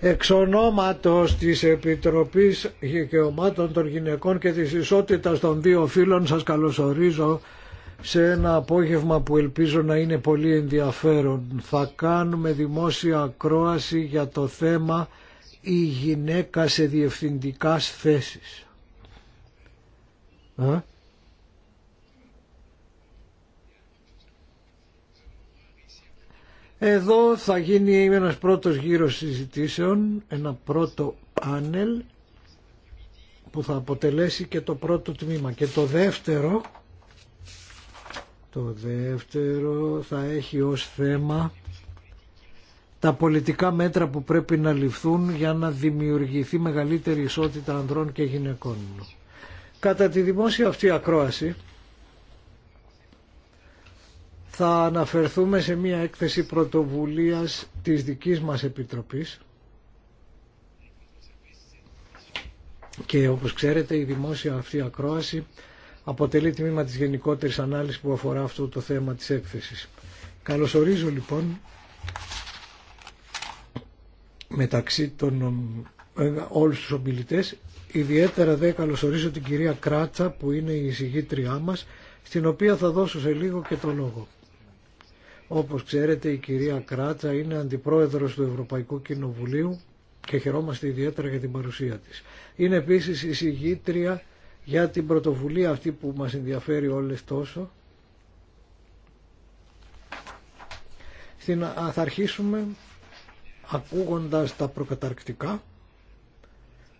Εξ ονόματος της Επιτροπής Δικαιωμάτων των Γυναικών και της Ισότητας των Δύο Φύλων σας καλωσορίζω σε ένα απόγευμα που ελπίζω να είναι πολύ ενδιαφέρον. Θα κάνουμε δημόσια ακρόαση για το θέμα «Η γυναίκα σε διευθυντικά θέσεις». Εδώ θα γίνει ένας πρώτος γύρος συζητήσεων, ένα πρώτο πάνελ που θα αποτελέσει και το πρώτο τμήμα. Και το δεύτερο, το δεύτερο θα έχει ως θέμα τα πολιτικά μέτρα που πρέπει να ληφθούν για να δημιουργηθεί μεγαλύτερη ισότητα ανδρών και γυναικών. Κατά τη δημόσια αυτή ακρόαση θα αναφερθούμε σε μια έκθεση πρωτοβουλίας της δικής μας Επιτροπής και όπως ξέρετε η δημόσια αυτή ακρόαση αποτελεί τμήμα της γενικότερης ανάλυσης που αφορά αυτό το θέμα της έκθεσης. Καλωσορίζω λοιπόν μεταξύ των ε, όλους τους ομιλητές ιδιαίτερα δε καλωσορίζω την κυρία Κράτσα που είναι η εισηγήτριά μας στην οποία θα δώσω σε λίγο και το λόγο. Όπως ξέρετε η κυρία Κράτσα είναι αντιπρόεδρος του Ευρωπαϊκού Κοινοβουλίου και χαιρόμαστε ιδιαίτερα για την παρουσία της. Είναι επίσης συγγήτρια για την πρωτοβουλία αυτή που μας ενδιαφέρει όλες τόσο. Στην, θα αρχίσουμε ακούγοντας τα προκαταρκτικά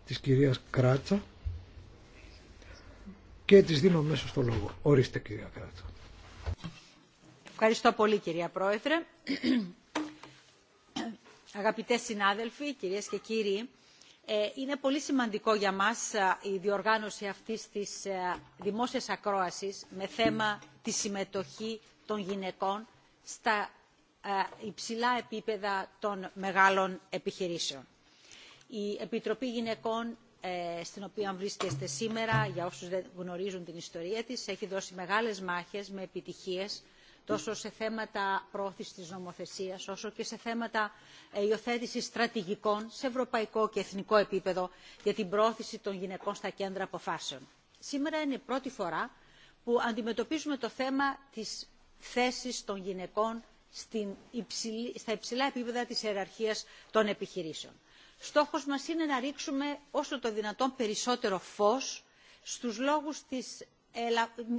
της κυρίας Κράτσα και της δίνω μέσα στο λόγο. Ορίστε κυρία Κράτσα. Ευχαριστώ πολύ κυρία Πρόεδρε. Αγαπητές συνάδελφοι, κυρίες και κύριοι, ε, είναι πολύ σημαντικό για μας ε, η διοργάνωση αυτής της ε, δημόσιας ακρόασης με θέμα τη συμμετοχή των γυναικών στα υψηλά επίπεδα των μεγάλων επιχειρήσεων. Η Επιτροπή Γυναικών στην οποία βρίσκεστε σήμερα, για όσους δεν γνωρίζουν την ιστορία της, έχει δώσει μεγάλες μάχες με επιτυχίες τόσο σε θέματα πρόθεσης της νομοθεσίας, όσο και σε θέματα ε, υιοθέτησης στρατηγικών σε ευρωπαϊκό και εθνικό επίπεδο για την πρόθεση των γυναικών στα κέντρα αποφάσεων. Σήμερα είναι η πρώτη φορά που αντιμετωπίζουμε το θέμα της θέσης των γυναικών στην στα υψηλά επίπεδα της ιεραρχίας των επιχειρήσεων. Στόχος μας είναι να ρίξουμε όσο το δυνατόν περισσότερο φως στους λόγους της ε,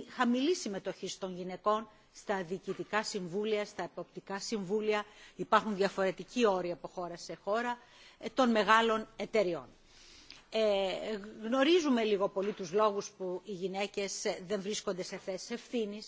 χαμηλής συμμετοχής των γυναικών στα διοικητικά συμβούλια, στα εποπτικά συμβούλια, υπάρχουν διαφορετικοί όροι από χώρα σε χώρα, ε, των μεγάλων εταιριών. Ε, γνωρίζουμε λίγο πολύ τους λόγους που οι γυναίκες ε, δεν βρίσκονται σε θέσεις ευθύνη.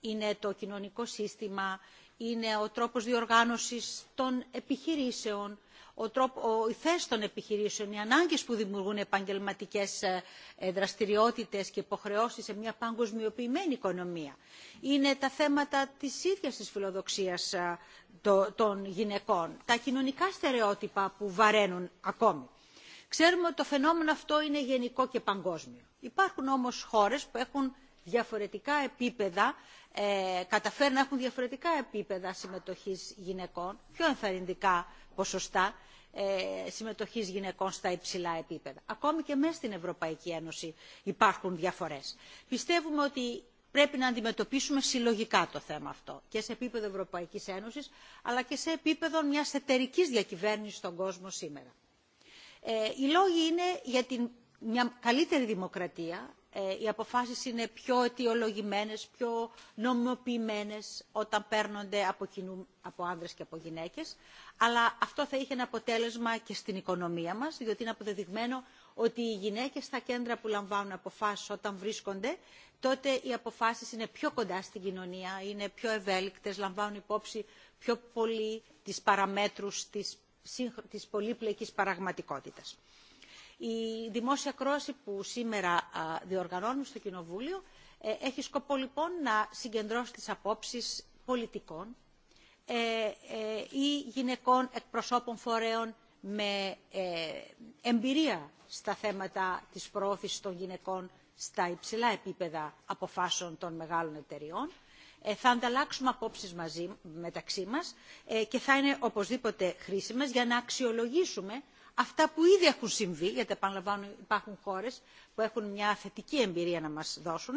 Είναι το κοινωνικό σύστημα, είναι ο τρόπος διοργάνωσης των επιχειρήσεων, ο τρόπο, των επιχειρήσεων, οι ανάγκε που δημιουργούν επαγγελματικέ ε, ε, δραστηριότητε και υποχρεώσει σε μια παγκοσμιοποιημένη οικονομία. Είναι τα θέματα της ίδια της φιλοδοξία ε, των γυναικών, τα κοινωνικά στερεότυπα που βαραίνουν ακόμη. Ξέρουμε ότι το φαινόμενο αυτό είναι γενικό και παγκόσμιο. Υπάρχουν όμως χώρες που έχουν διαφορετικά επίπεδα, ε, καταφέρουν να έχουν διαφορετικά επίπεδα συμμετοχής γυναικών, πιο ενθαρρυντικά ποσοστά ε, συμμετοχής γυναικών στα υψηλά επίπεδα. Ακόμη και μέσα στην Ευρωπαϊκή Ένωση υπάρχουν διαφορές. Πιστεύουμε ότι πρέπει να αντιμετωπίσουμε συλλογικά το θέμα αυτό και σε επίπεδο Ευρωπαϊκής Ένωσης αλλά και σε επίπεδο μιας εταιρική διακυβέρνησης στον κόσμο σήμερα. Ε, οι λόγοι είναι για την, μια καλύτερη δημοκρατία, ε, οι αποφάσεις είναι πιο αιτιολογημένες, πιο νομιμοποιημένες όταν παίρνονται από κοινού άνδρες και από γυναίκες. Αλλά αυτό θα είχε ένα αποτέλεσμα και στην οικονομία μας, διότι είναι αποδεδειγμένο ότι οι γυναίκες στα κέντρα που λαμβάνουν αποφάσεις όταν βρίσκονται, τότε οι αποφάσεις είναι πιο κοντά στην κοινωνία, είναι πιο ευέλικτες, λαμβάνουν υπόψη πιο πολύ τις παραμέτρους της, της πολύπλεκης παραγματικότητας. Η δημόσια κρόση που σήμερα διοργανώνουμε στο Κοινοβούλιο ε, έχει σκοπό λοιπόν να συγκεντρώσει τις απόψεις πολιτικών ε, ε, ή γυναικών εκπροσώπων φορέων με εμπειρία στα θέματα της προώθησης των γυναικών στα υψηλά επίπεδα αποφάσεων των μεγάλων εταιριών. Θα ανταλλάξουμε απόψεις μαζί, μεταξύ μας και θα είναι οπωσδήποτε χρήσιμες για να αξιολογήσουμε αυτά που ήδη έχουν συμβεί, γιατί επαναλαμβάνω υπάρχουν χώρες που έχουν μια θετική εμπειρία να μας δώσουν,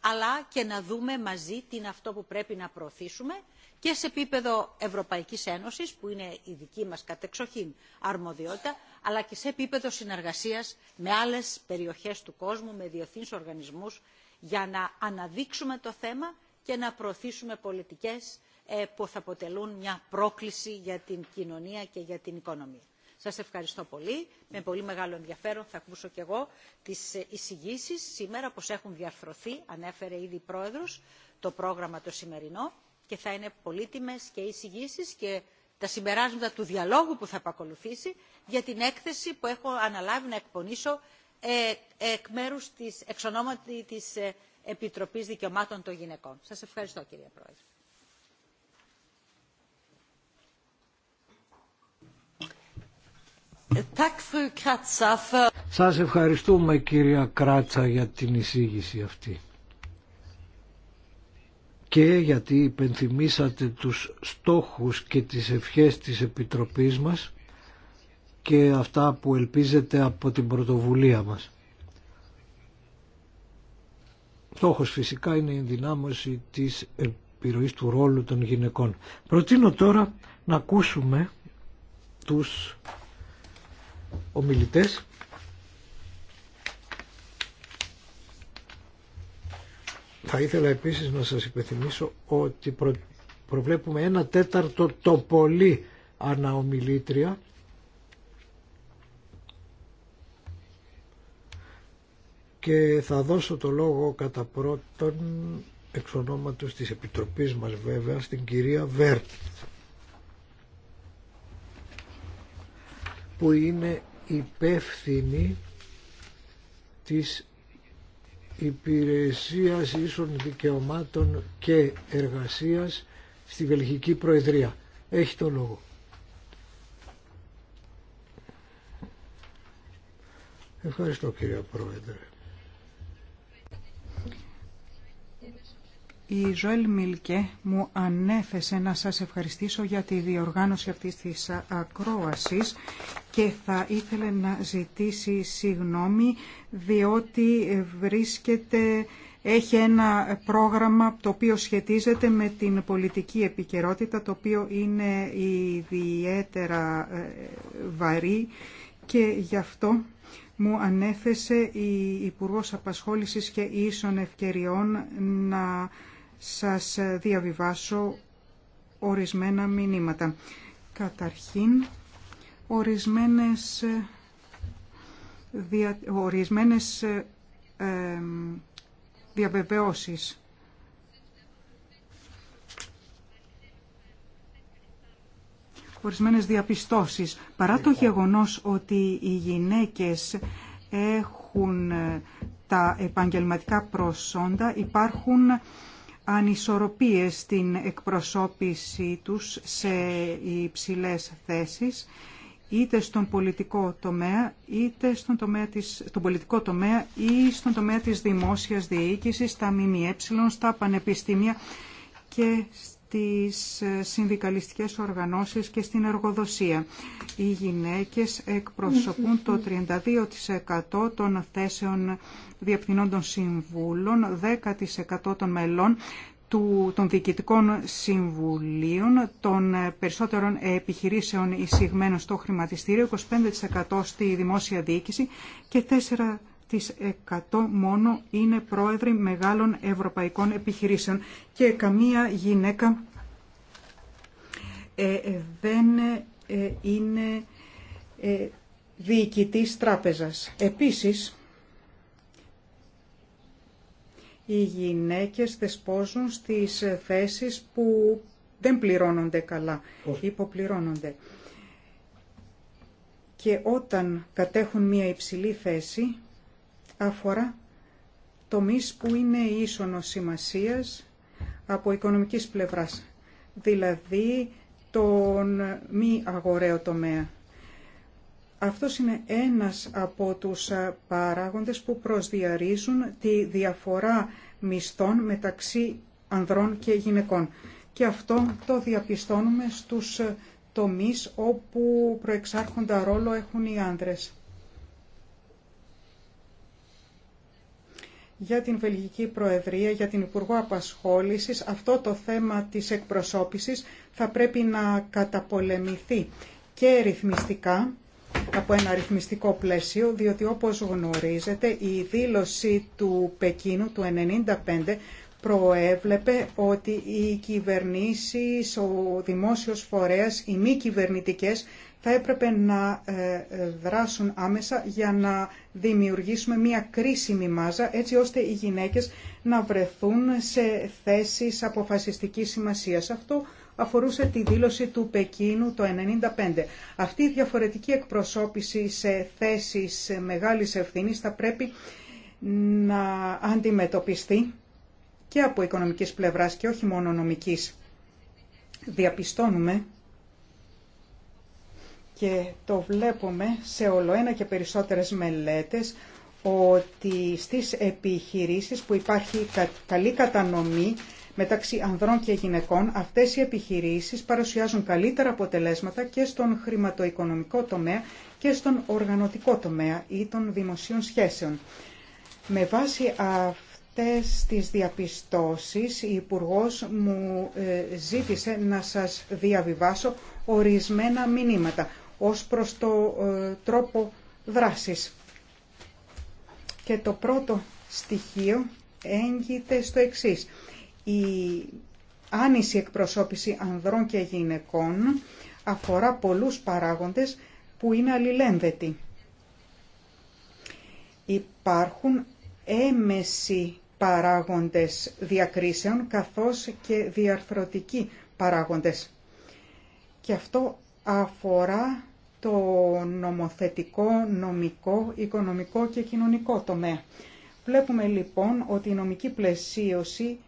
αλλά και να δούμε μαζί τι είναι αυτό που πρέπει να προωθήσουμε και σε επίπεδο Ευρωπαϊκής Ένωσης, που είναι η δική μας κατεξοχήν αρμοδιότητα, αλλά και σε επίπεδο συνεργασίας με άλλες περιοχές του κόσμου, με διεθνείς οργανισμούς, για να αναδείξουμε το θέμα και να προωθήσουμε πολιτικές ε, που θα αποτελούν μια πρόκληση για την κοινωνία και για την οικονομία. Σας ευχαριστώ πολύ. Με πολύ μεγάλο ενδιαφέρον θα ακούσω και εγώ τις ε, εισηγήσει σήμερα πως έχουν διαρθρωθεί, ανέφερε ήδη η Πρόεδρος, το πρόγραμμα το σημερινό και θα είναι πολύτιμες και οι εισηγήσει και τα συμπεράσματα του διαλόγου που θα επακολουθήσει για την έκθεση που έχω αναλάβει να εκπονήσω ε, εκ μέρους της, εξ της ε, Επιτροπής Δικαιωμάτων των Γυναικών. Σας ευχαριστώ κυρία Πρόεδρε. Σας ευχαριστούμε κυρία Κράτσα για την εισήγηση αυτή και γιατί υπενθυμίσατε τους στόχους και τις ευχές της Επιτροπής μας και αυτά που ελπίζετε από την πρωτοβουλία μας. Στόχος φυσικά είναι η ενδυνάμωση της επιρροής του ρόλου των γυναικών. Προτείνω τώρα να ακούσουμε τους ομιλητές. Θα ήθελα επίσης να σας υπενθυμίσω ότι προβλέπουμε ένα τέταρτο το πολύ αναομιλήτρια και θα δώσω το λόγο κατά πρώτον εξ ονόματος της Επιτροπής μας βέβαια στην κυρία Βέρτ. που είναι υπεύθυνη της υπηρεσίας ίσων δικαιωμάτων και εργασίας στη Βελγική Προεδρία. Έχει το λόγο. Ευχαριστώ κύριε Πρόεδρε. Η Ζωέλ Μιλκέ μου ανέθεσε να σας ευχαριστήσω για τη διοργάνωση αυτής της ακρόασης και θα ήθελε να ζητήσει συγνώμη διότι βρίσκεται, έχει ένα πρόγραμμα το οποίο σχετίζεται με την πολιτική επικαιρότητα το οποίο είναι ιδιαίτερα ε, βαρύ και γι' αυτό μου ανέθεσε η Υπουργός Απασχόλησης και Ίσων Ευκαιριών να σας διαβιβάσω ορισμένα μηνύματα. Καταρχήν, ορισμένες, δια, ορισμένες ε, διαβεβαιώσεις. Ορισμένες διαπιστώσεις. Παρά το λοιπόν. γεγονός ότι οι γυναίκες έχουν τα επαγγελματικά προσόντα, υπάρχουν ανισορροπίες στην εκπροσώπησή τους σε υψηλές θέσεις είτε στον πολιτικό τομέα, είτε στον, τομέα της, στον πολιτικό τομέα ή στον τομέα της δημόσιας διοίκησης, στα ΜΜΕ, στα πανεπιστήμια και τις ε, συνδικαλιστικές οργανώσεις και στην εργοδοσία. Οι γυναίκες εκπροσωπούν το 32% των θέσεων διευθυνόντων συμβούλων, 10% των μελών των διοικητικών συμβουλίων, των περισσότερων επιχειρήσεων εισηγμένων στο χρηματιστήριο, 25% στη δημόσια διοίκηση και 4% της 100 μόνο είναι πρόεδροι μεγάλων ευρωπαϊκών επιχειρήσεων και καμία γυναίκα ε, δεν ε, είναι ε, διοικητής τράπεζας. Επίσης, οι γυναίκες δεσπόζουν στις θέσεις που δεν πληρώνονται καλά, υποπληρώνονται. Και όταν κατέχουν μία υψηλή θέση, αφορά τομείς που είναι ίσονος σημασίας από οικονομικής πλευράς, δηλαδή τον μη αγοραίο τομέα. Αυτός είναι ένας από τους παράγοντες που προσδιαρίζουν τη διαφορά μισθών μεταξύ ανδρών και γυναικών. Και αυτό το διαπιστώνουμε στους τομείς όπου προεξάρχοντα ρόλο έχουν οι άνδρες. για την Βελγική Προεδρία, για την Υπουργό Απασχόλησης, αυτό το θέμα της εκπροσώπησης θα πρέπει να καταπολεμηθεί και ρυθμιστικά, από ένα ρυθμιστικό πλαίσιο, διότι όπως γνωρίζετε η δήλωση του Πεκίνου του 1995 προέβλεπε ότι οι κυβερνήσεις, ο δημόσιος φορέας, οι μη κυβερνητικές θα έπρεπε να ε, ε, δράσουν άμεσα για να δημιουργήσουμε μια κρίσιμη μάζα έτσι ώστε οι γυναίκες να βρεθούν σε θέσεις αποφασιστικής σημασίας. Αυτό αφορούσε τη δήλωση του Πεκίνου το 1995. Αυτή η διαφορετική εκπροσώπηση σε θέσεις μεγάλης ευθύνης θα πρέπει να αντιμετωπιστεί και από οικονομικής πλευράς και όχι μόνο νομικής. Διαπιστώνουμε και το βλέπουμε σε ολοένα και περισσότερες μελέτες ότι στις επιχειρήσεις που υπάρχει καλή κατανομή μεταξύ ανδρών και γυναικών, αυτές οι επιχειρήσεις παρουσιάζουν καλύτερα αποτελέσματα και στον χρηματοοικονομικό τομέα και στον οργανωτικό τομέα ή των δημοσίων σχέσεων. Με βάση αυτές τις διαπιστώσεις, η Υπουργός μου ε, ζήτησε να σας διαβιβάσω ορισμένα μηνύματα ως προς το ε, τρόπο δράσης. Και το πρώτο στοιχείο έγκυται στο εξής. Η άνηση εκπροσώπηση ανδρών και γυναικών αφορά πολλούς παράγοντες που είναι αλληλένδετοι. Υπάρχουν έμεση παράγοντες διακρίσεων καθώς και διαρθρωτικοί παράγοντες. Και αυτό αφορά το νομοθετικό, νομικό, οικονομικό και κοινωνικό τομέα. Βλέπουμε λοιπόν ότι η νομική πλαισίωση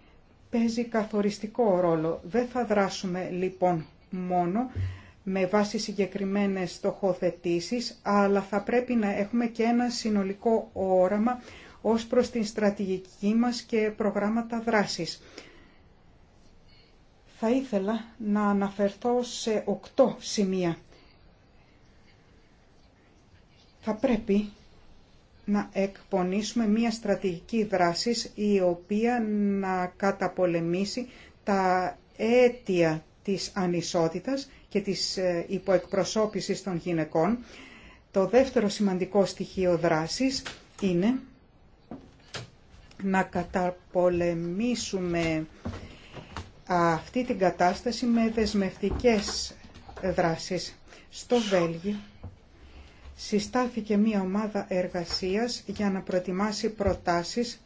παίζει καθοριστικό ρόλο. Δεν θα δράσουμε λοιπόν μόνο με βάση συγκεκριμένες στοχοθετήσεις, αλλά θα πρέπει να έχουμε και ένα συνολικό όραμα ως προς την στρατηγική μας και προγράμματα δράσης. Θα ήθελα να αναφερθώ σε οκτώ σημεία θα πρέπει να εκπονήσουμε μία στρατηγική δράση η οποία να καταπολεμήσει τα αίτια της ανισότητας και της ε, υποεκπροσώπησης των γυναικών. Το δεύτερο σημαντικό στοιχείο δράσης είναι να καταπολεμήσουμε αυτή την κατάσταση με δεσμευτικές δράσεις. Στο Βέλγιο συστάθηκε μία ομάδα εργασίας για να προετοιμάσει προτάσεις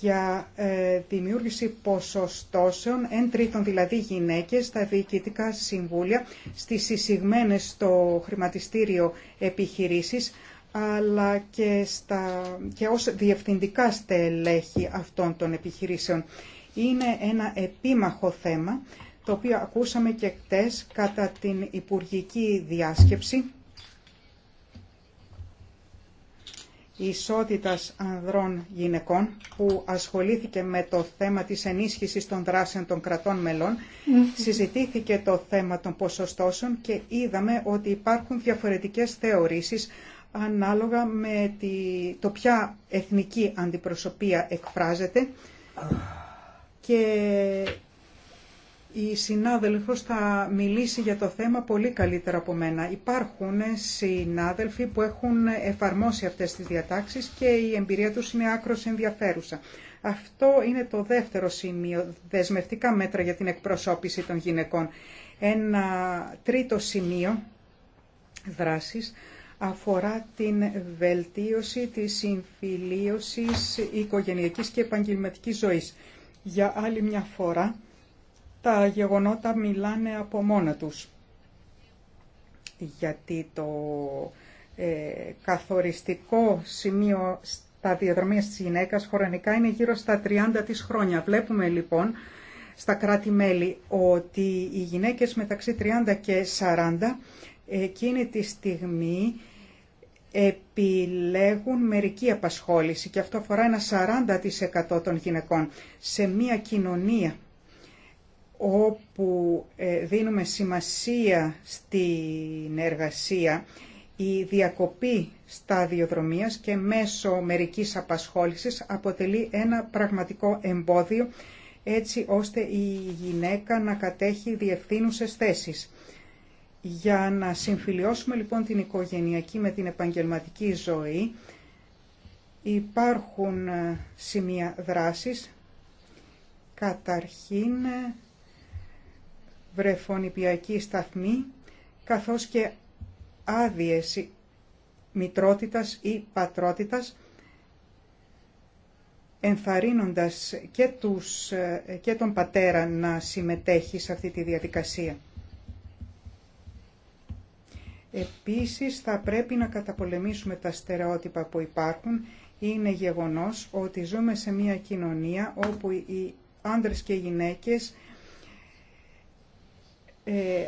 για ε, δημιούργηση ποσοστώσεων, εν τρίτον δηλαδή γυναίκες, στα διοικητικά συμβούλια, στις εισηγμένες στο χρηματιστήριο επιχειρήσεις, αλλά και, στα, και ως διευθυντικά στελέχη αυτών των επιχειρήσεων. Είναι ένα επίμαχο θέμα, το οποίο ακούσαμε και χτες κατά την Υπουργική Διάσκεψη ισότητας ανδρών γυναικών που ασχολήθηκε με το θέμα της ενίσχυσης των δράσεων των κρατών μελών συζητήθηκε το θέμα των ποσοστώσεων και είδαμε ότι υπάρχουν διαφορετικές θεωρήσεις ανάλογα με το ποια εθνική αντιπροσωπεία εκφράζεται και η συνάδελφος θα μιλήσει για το θέμα πολύ καλύτερα από μένα. Υπάρχουν συνάδελφοι που έχουν εφαρμόσει αυτές τις διατάξεις και η εμπειρία τους είναι άκρος ενδιαφέρουσα. Αυτό είναι το δεύτερο σημείο, δεσμευτικά μέτρα για την εκπροσώπηση των γυναικών. Ένα τρίτο σημείο δράσης αφορά την βελτίωση της συμφιλίωσης οικογενειακής και επαγγελματικής ζωής. Για άλλη μια φορά τα γεγονότα μιλάνε από μόνα τους. Γιατί το ε, καθοριστικό σημείο στα διαδρομία της γυναίκας χρονικά είναι γύρω στα 30 της χρόνια. Βλέπουμε λοιπόν στα κράτη-μέλη ότι οι γυναίκες μεταξύ 30 και 40 εκείνη τη στιγμή επιλέγουν μερική απασχόληση και αυτό αφορά ένα 40% των γυναικών σε μια κοινωνία όπου ε, δίνουμε σημασία στην εργασία, η διακοπή στα σταδιοδρομίας και μέσω μερικής απασχόλησης αποτελεί ένα πραγματικό εμπόδιο έτσι ώστε η γυναίκα να κατέχει διευθύνουσες θέσεις. Για να συμφιλιώσουμε λοιπόν την οικογενειακή με την επαγγελματική ζωή υπάρχουν ε, σημεία δράσης. Καταρχήν βρεφονιπιακή σταθμή, καθώς και άδειε μητρότητας ή πατρότητας, ενθαρρύνοντας και, τους, και τον πατέρα να συμμετέχει σε αυτή τη διαδικασία. Επίσης θα πρέπει να καταπολεμήσουμε τα στερεότυπα που υπάρχουν. Είναι γεγονός ότι ζούμε σε μια κοινωνία όπου οι άντρες και οι γυναίκες ε,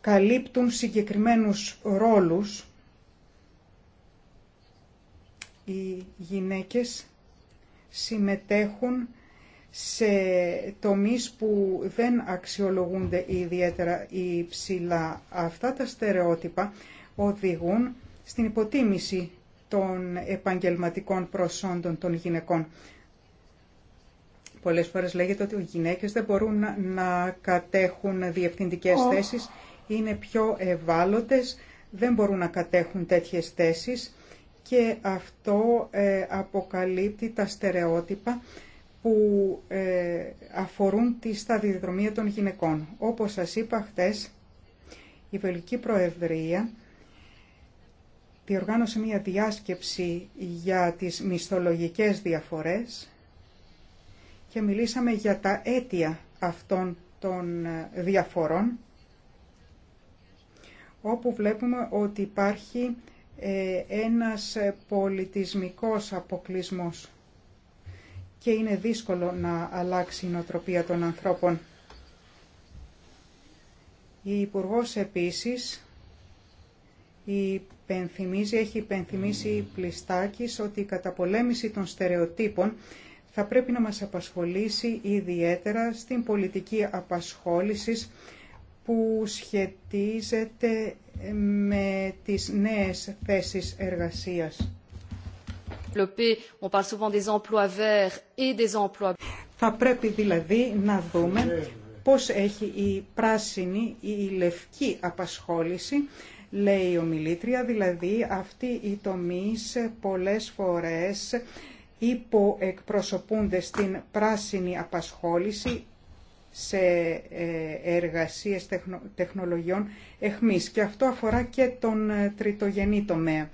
καλύπτουν συγκεκριμένους ρόλους οι γυναίκες συμμετέχουν σε τομείς που δεν αξιολογούνται ιδιαίτερα ψηλά Αυτά τα στερεότυπα οδηγούν στην υποτίμηση των επαγγελματικών προσόντων των γυναικών. Πολλές φορές λέγεται ότι οι γυναίκες δεν μπορούν να κατέχουν διευθυντικές oh. θέσεις, είναι πιο ευάλωτες, δεν μπορούν να κατέχουν τέτοιες θέσεις και αυτό ε, αποκαλύπτει τα στερεότυπα που ε, αφορούν τη σταδιοδρομία των γυναικών. Όπως σας είπα χτες, η Βελική Προεδρία διοργάνωσε μια διάσκεψη για τις μισθολογικές διαφορές και μιλήσαμε για τα αίτια αυτών των ε, διαφορών όπου βλέπουμε ότι υπάρχει ε, ένας ε, πολιτισμικός αποκλισμός και είναι δύσκολο να αλλάξει η νοοτροπία των ανθρώπων. Η Υπουργός επίσης έχει υπενθυμίσει πλιστάκης ότι η καταπολέμηση των στερεοτύπων θα πρέπει να μας απασχολήσει ιδιαίτερα στην πολιτική απασχόλησης που σχετίζεται με τις νέες θέσεις εργασίας. Θα πρέπει δηλαδή να δούμε πώς έχει η πράσινη ή η λευκή απασχόληση, λέει η ομιλήτρια, δηλαδή δηλαδη αυτή πολλές πολλές φορές υποεκπροσωπούνται στην πράσινη απασχόληση σε ε, εργασίες τεχνολογιών εχμής. Και αυτό αφορά και τον ε, τριτογενή τομέα.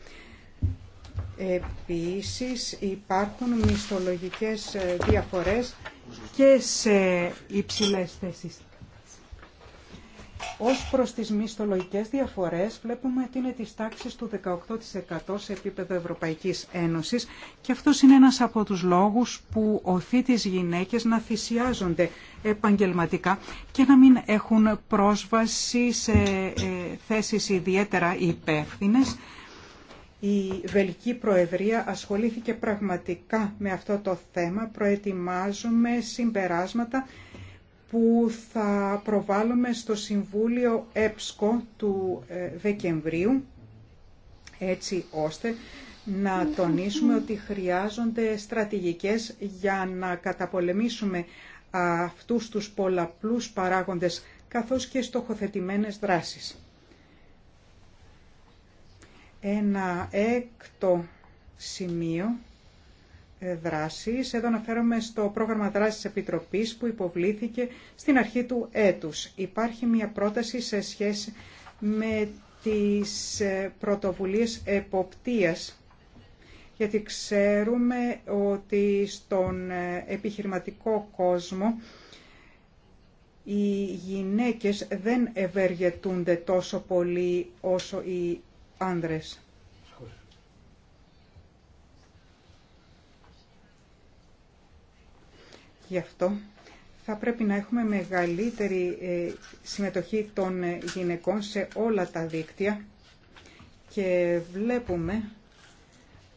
Επίσης υπάρχουν μισθολογικές ε, διαφορές και σε υψηλές θέσεις. Ως προς τις μισθολογικές διαφορές βλέπουμε ότι είναι της τάξης του 18% σε επίπεδο Ευρωπαϊκής Ένωσης και αυτό είναι ένας από τους λόγους που οθεί τις γυναίκες να θυσιάζονται επαγγελματικά και να μην έχουν πρόσβαση σε ε, θέσεις ιδιαίτερα υπεύθυνε. Η Βελική Προεδρία ασχολήθηκε πραγματικά με αυτό το θέμα. Προετοιμάζουμε συμπεράσματα που θα προβάλλουμε στο Συμβούλιο ΕΠΣΚΟ του ε, Δεκεμβρίου, έτσι ώστε να τονίσουμε ότι χρειάζονται στρατηγικές για να καταπολεμήσουμε αυτούς τους πολλαπλούς παράγοντες καθώς και στοχοθετημένες δράσεις. Ένα έκτο σημείο ε, Εδώ αναφέρομαι στο πρόγραμμα δράσης Επιτροπής που υποβλήθηκε στην αρχή του έτους. Υπάρχει μια πρόταση σε σχέση με τις ε, πρωτοβουλίες εποπτείας γιατί ξέρουμε ότι στον ε, επιχειρηματικό κόσμο οι γυναίκες δεν ευεργετούνται τόσο πολύ όσο οι άνδρες. Γι' αυτό θα πρέπει να έχουμε μεγαλύτερη ε, συμμετοχή των ε, γυναικών σε όλα τα δίκτυα και βλέπουμε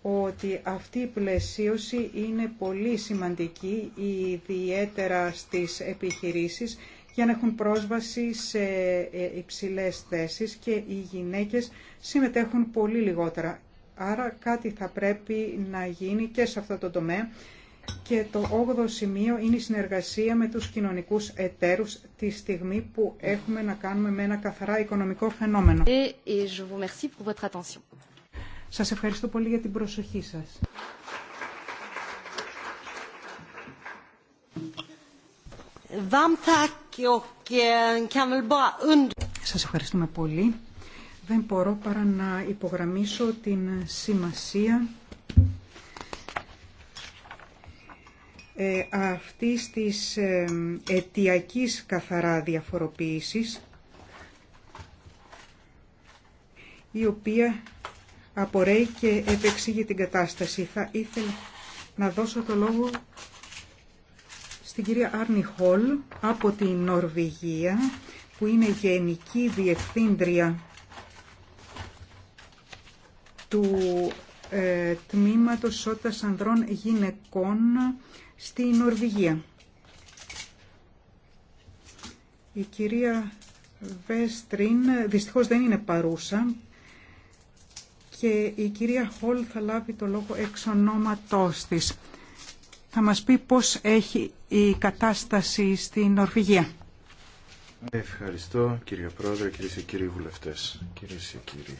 ότι αυτή η πλαισίωση είναι πολύ σημαντική, ιδιαίτερα στις επιχειρήσεις, για να έχουν πρόσβαση σε ε, υψηλές θέσεις και οι γυναίκες συμμετέχουν πολύ λιγότερα. Άρα κάτι θα πρέπει να γίνει και σε αυτό το τομέα και το 8 σημείο είναι η συνεργασία με τους κοινωνικούς εταίρους τη στιγμή που έχουμε να κάνουμε με ένα καθαρά οικονομικό φαινόμενο. Σας ευχαριστώ πολύ για την προσοχή σας. Eh, σας ευχαριστούμε πολύ. Δεν μπορώ παρά να υπογραμμίσω την σημασία ε, αυτής της ε, αιτιακής καθαρά διαφοροποίησης η οποία απορρέει και επεξήγει την κατάσταση. Θα ήθελα να δώσω το λόγο στην κυρία Άρνη Χολ από την Νορβηγία που είναι Γενική Διευθύντρια του ε, Τμήματος Σώτας Ανδρών Γυναικών στη Νορβηγία. Η κυρία Βέστριν δυστυχώς δεν είναι παρούσα και η κυρία Χολ θα λάβει το λόγο εξ ονόματός της. Θα μας πει πώς έχει η κατάσταση στη Νορβηγία. Ευχαριστώ κύριε Πρόεδρε, κυρίες και κύριοι βουλευτές, κυρίες και κύριοι.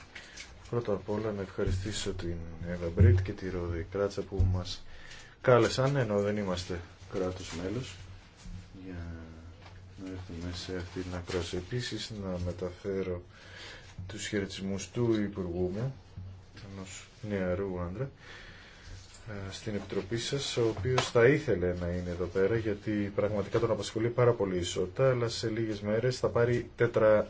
Πρώτα απ' όλα να ευχαριστήσω την Εύα Μπρίτ και τη Ρόδη που μας κάλεσαν, ενώ δεν είμαστε κράτος μέλος, για να έρθουμε σε αυτή την ακρόαση. Επίσης, να μεταφέρω τους χαιρετισμούς του Υπουργού μου, ενός νεαρού άντρα, στην Επιτροπή σας, ο οποίος θα ήθελε να είναι εδώ πέρα, γιατί πραγματικά τον απασχολεί πάρα πολύ η ισότητα, αλλά σε λίγες μέρες θα πάρει τετρα...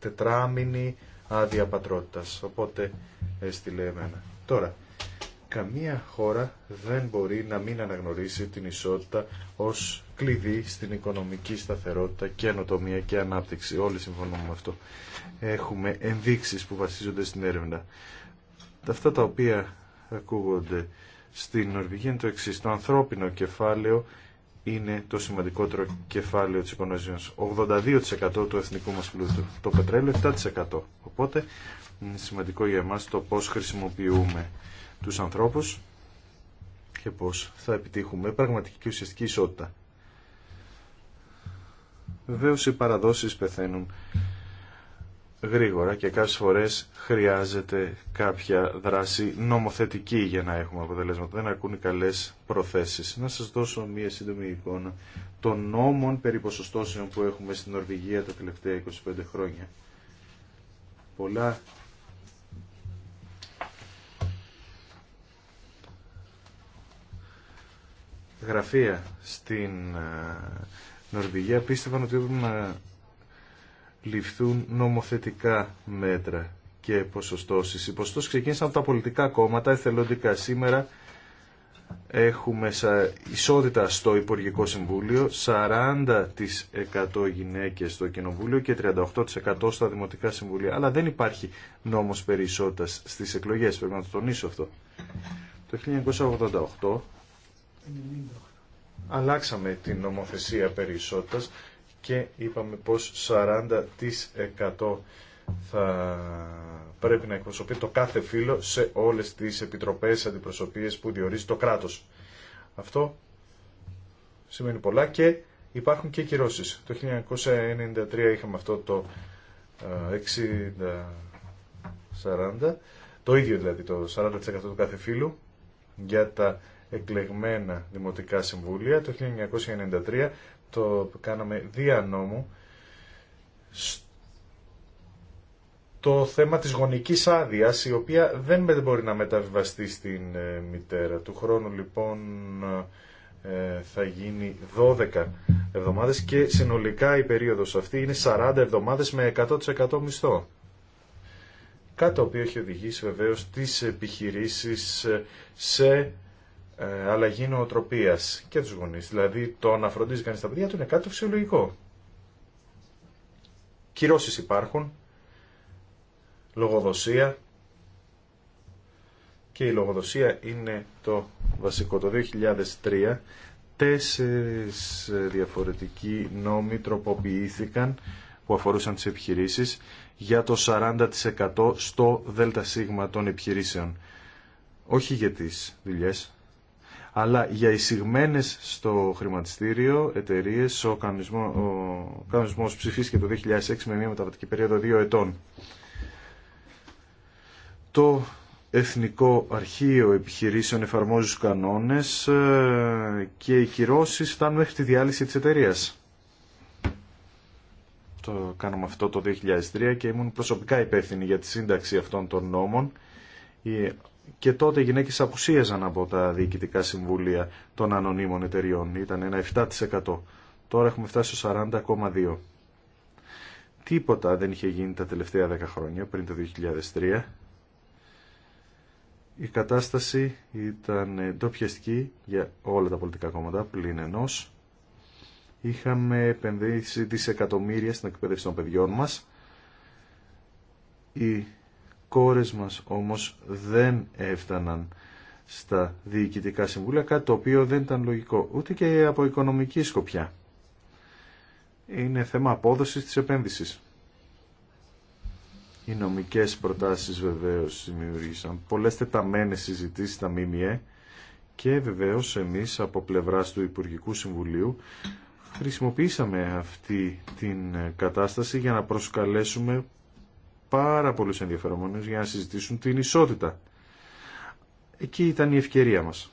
τετράμινη άδεια πατρότητας. Οπότε έστειλε εμένα. Τώρα, καμία χώρα δεν μπορεί να μην αναγνωρίσει την ισότητα ως κλειδί στην οικονομική σταθερότητα, και ανοτομία και ανάπτυξη. Όλοι συμφωνούμε με αυτό. Έχουμε ενδείξεις που βασίζονται στην έρευνα. Αυτά τα οποία ακούγονται στην Νορβηγία είναι το εξή. Το ανθρώπινο κεφάλαιο είναι το σημαντικότερο κεφάλαιο της οικονομίας. 82% του εθνικού μας πλούτου. Το πετρέλαιο 7%. Οπότε είναι σημαντικό για εμάς το πώς χρησιμοποιούμε τους ανθρώπους και πώς θα επιτύχουμε πραγματική και ουσιαστική ισότητα. Βεβαίω οι παραδόσεις πεθαίνουν γρήγορα και κάποιες φορές χρειάζεται κάποια δράση νομοθετική για να έχουμε αποτελέσματα. Δεν αρκούν οι καλές προθέσεις. Να σας δώσω μία σύντομη εικόνα των νόμων περί ποσοστώσεων που έχουμε στην Νορβηγία τα τελευταία 25 χρόνια. Πολλά γραφεία στην ε, Νορβηγία πίστευαν ότι έπρεπε να ληφθούν νομοθετικά μέτρα και ποσοστώσεις. Οι ποσοστώσεις ξεκίνησαν από τα πολιτικά κόμματα εθελοντικά. Σήμερα έχουμε ισότητα στο Υπουργικό Συμβούλιο, 40% γυναίκες στο Κοινοβούλιο και 38% στα Δημοτικά Συμβούλια. Αλλά δεν υπάρχει νόμος περί ισότητας στις εκλογές, πρέπει να το τονίσω αυτό. Το 1988 αλλάξαμε την νομοθεσία περί και είπαμε πως 40% θα πρέπει να εκπροσωπεί το κάθε φύλλο σε όλες τις επιτροπές αντιπροσωπείες που διορίζει το κράτος. Αυτό σημαίνει πολλά και υπάρχουν και κυρώσεις. Το 1993 είχαμε αυτό το 60-40, το ίδιο δηλαδή το 40% του κάθε φύλλου για τα εκλεγμένα δημοτικά συμβούλια. Το 1993 το κάναμε δια νόμου το θέμα της γονικής άδειας, η οποία δεν μπορεί να μεταβιβαστεί στην ε, μητέρα. Του χρόνου λοιπόν ε, θα γίνει 12 εβδομάδες και συνολικά η περίοδος αυτή είναι 40 εβδομάδες με 100% μισθό. Κάτι το οποίο έχει οδηγήσει βεβαίως τις επιχειρήσεις ε, σε ε, αλλαγή νοοτροπία και του γονείς. Δηλαδή το να φροντίζει κανεί τα παιδιά του είναι κάτι φυσιολογικό. Κυρώσεις υπάρχουν, λογοδοσία και η λογοδοσία είναι το βασικό. Το 2003 τέσσερις διαφορετικοί νόμοι τροποποιήθηκαν που αφορούσαν τις επιχειρήσεις για το 40% στο ΔΣ των επιχειρήσεων. Όχι για τις δουλειές, αλλά για εισηγμένε στο χρηματιστήριο εταιρείε ο, κανονισμό, ψηφίστηκε το 2006 με μια μεταβατική περίοδο δύο ετών. Το Εθνικό Αρχείο Επιχειρήσεων εφαρμόζει του κανόνες ε, και οι κυρώσει φτάνουν μέχρι τη διάλυση τη εταιρεία. Το κάναμε αυτό το 2003 και ήμουν προσωπικά υπεύθυνη για τη σύνταξη αυτών των νόμων και τότε οι γυναίκες απουσίαζαν από τα διοικητικά συμβούλια των ανωνύμων εταιριών. Ήταν ένα 7%. Τώρα έχουμε φτάσει στο 40,2%. Τίποτα δεν είχε γίνει τα τελευταία 10 χρόνια, πριν το 2003. Η κατάσταση ήταν ντοπιαστική για όλα τα πολιτικά κόμματα, πλην ενός. Είχαμε επενδύσει δισεκατομμύρια στην εκπαίδευση των παιδιών μας. Η κόρες μας όμως δεν έφταναν στα διοικητικά συμβούλια, κάτι το οποίο δεν ήταν λογικό, ούτε και από οικονομική σκοπιά. Είναι θέμα απόδοσης της επένδυσης. Οι νομικές προτάσεις βεβαίως δημιουργήσαν πολλές τεταμένες συζητήσεις στα ΜΜΕ και βεβαίως εμείς από πλευράς του Υπουργικού Συμβουλίου χρησιμοποίησαμε αυτή την κατάσταση για να προσκαλέσουμε πάρα πολλούς ενδιαφερόμενους για να συζητήσουν την ισότητα. Εκεί ήταν η ευκαιρία μας.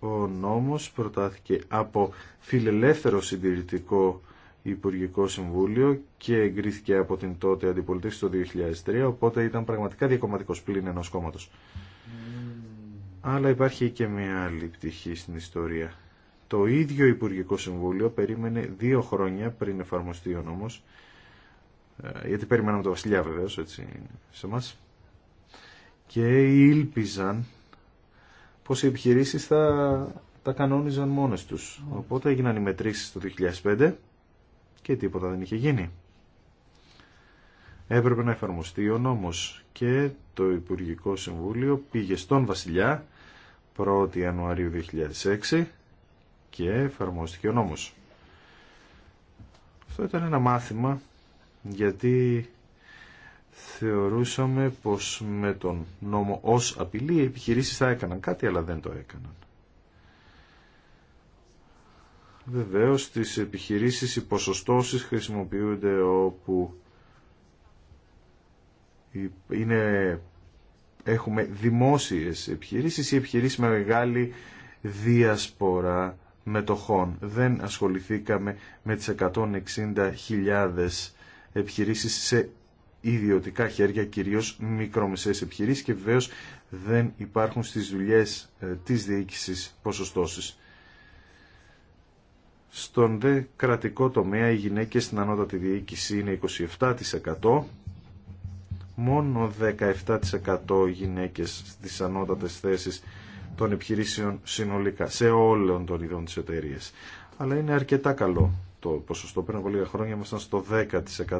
Ο νόμος προτάθηκε από φιλελεύθερο συντηρητικό Υπουργικό Συμβούλιο και εγκρίθηκε από την τότε αντιπολίτευση το 2003, οπότε ήταν πραγματικά διακομματικός πλήν ενός κόμματος. Mm. Αλλά υπάρχει και μια άλλη πτυχή στην ιστορία. Το ίδιο Υπουργικό Συμβούλιο περίμενε δύο χρόνια πριν εφαρμοστεί ο νόμος ε, γιατί περιμέναμε το βασιλιά βεβαίως, έτσι, σε μας και ήλπιζαν πως οι επιχειρήσεις θα τα κανόνιζαν μόνες τους. Οπότε έγιναν οι μετρήσεις το 2005 και τίποτα δεν είχε γίνει. Έπρεπε να εφαρμοστεί ο νόμος και το Υπουργικό Συμβούλιο πήγε στον Βασιλιά 1η Ιανουαρίου 2006 και εφαρμόστηκε ο νόμος. Αυτό ήταν ένα μάθημα γιατί θεωρούσαμε πως με τον νόμο ως απειλή οι επιχειρήσεις θα έκαναν κάτι αλλά δεν το έκαναν. Βεβαίως στις επιχειρήσεις οι ποσοστώσεις χρησιμοποιούνται όπου είναι, έχουμε δημόσιες επιχειρήσεις ή επιχειρήσεις με μεγάλη διασπορά μετοχών. Δεν ασχοληθήκαμε με τις 160.000 επιχειρήσεις σε ιδιωτικά χέρια, κυρίως μικρομεσαίες επιχειρήσεις και βεβαίως δεν υπάρχουν στις δουλειές ε, της διοίκησης ποσοστώσεις. Στον δε κρατικό τομέα οι γυναίκες στην ανώτατη διοίκηση είναι 27%, μόνο 17% γυναίκες στις ανώτατες θέσεις των επιχειρήσεων συνολικά, σε όλων των ειδών της εταιρείας. Αλλά είναι αρκετά καλό το ποσοστό. Πριν από λίγα χρόνια ήμασταν στο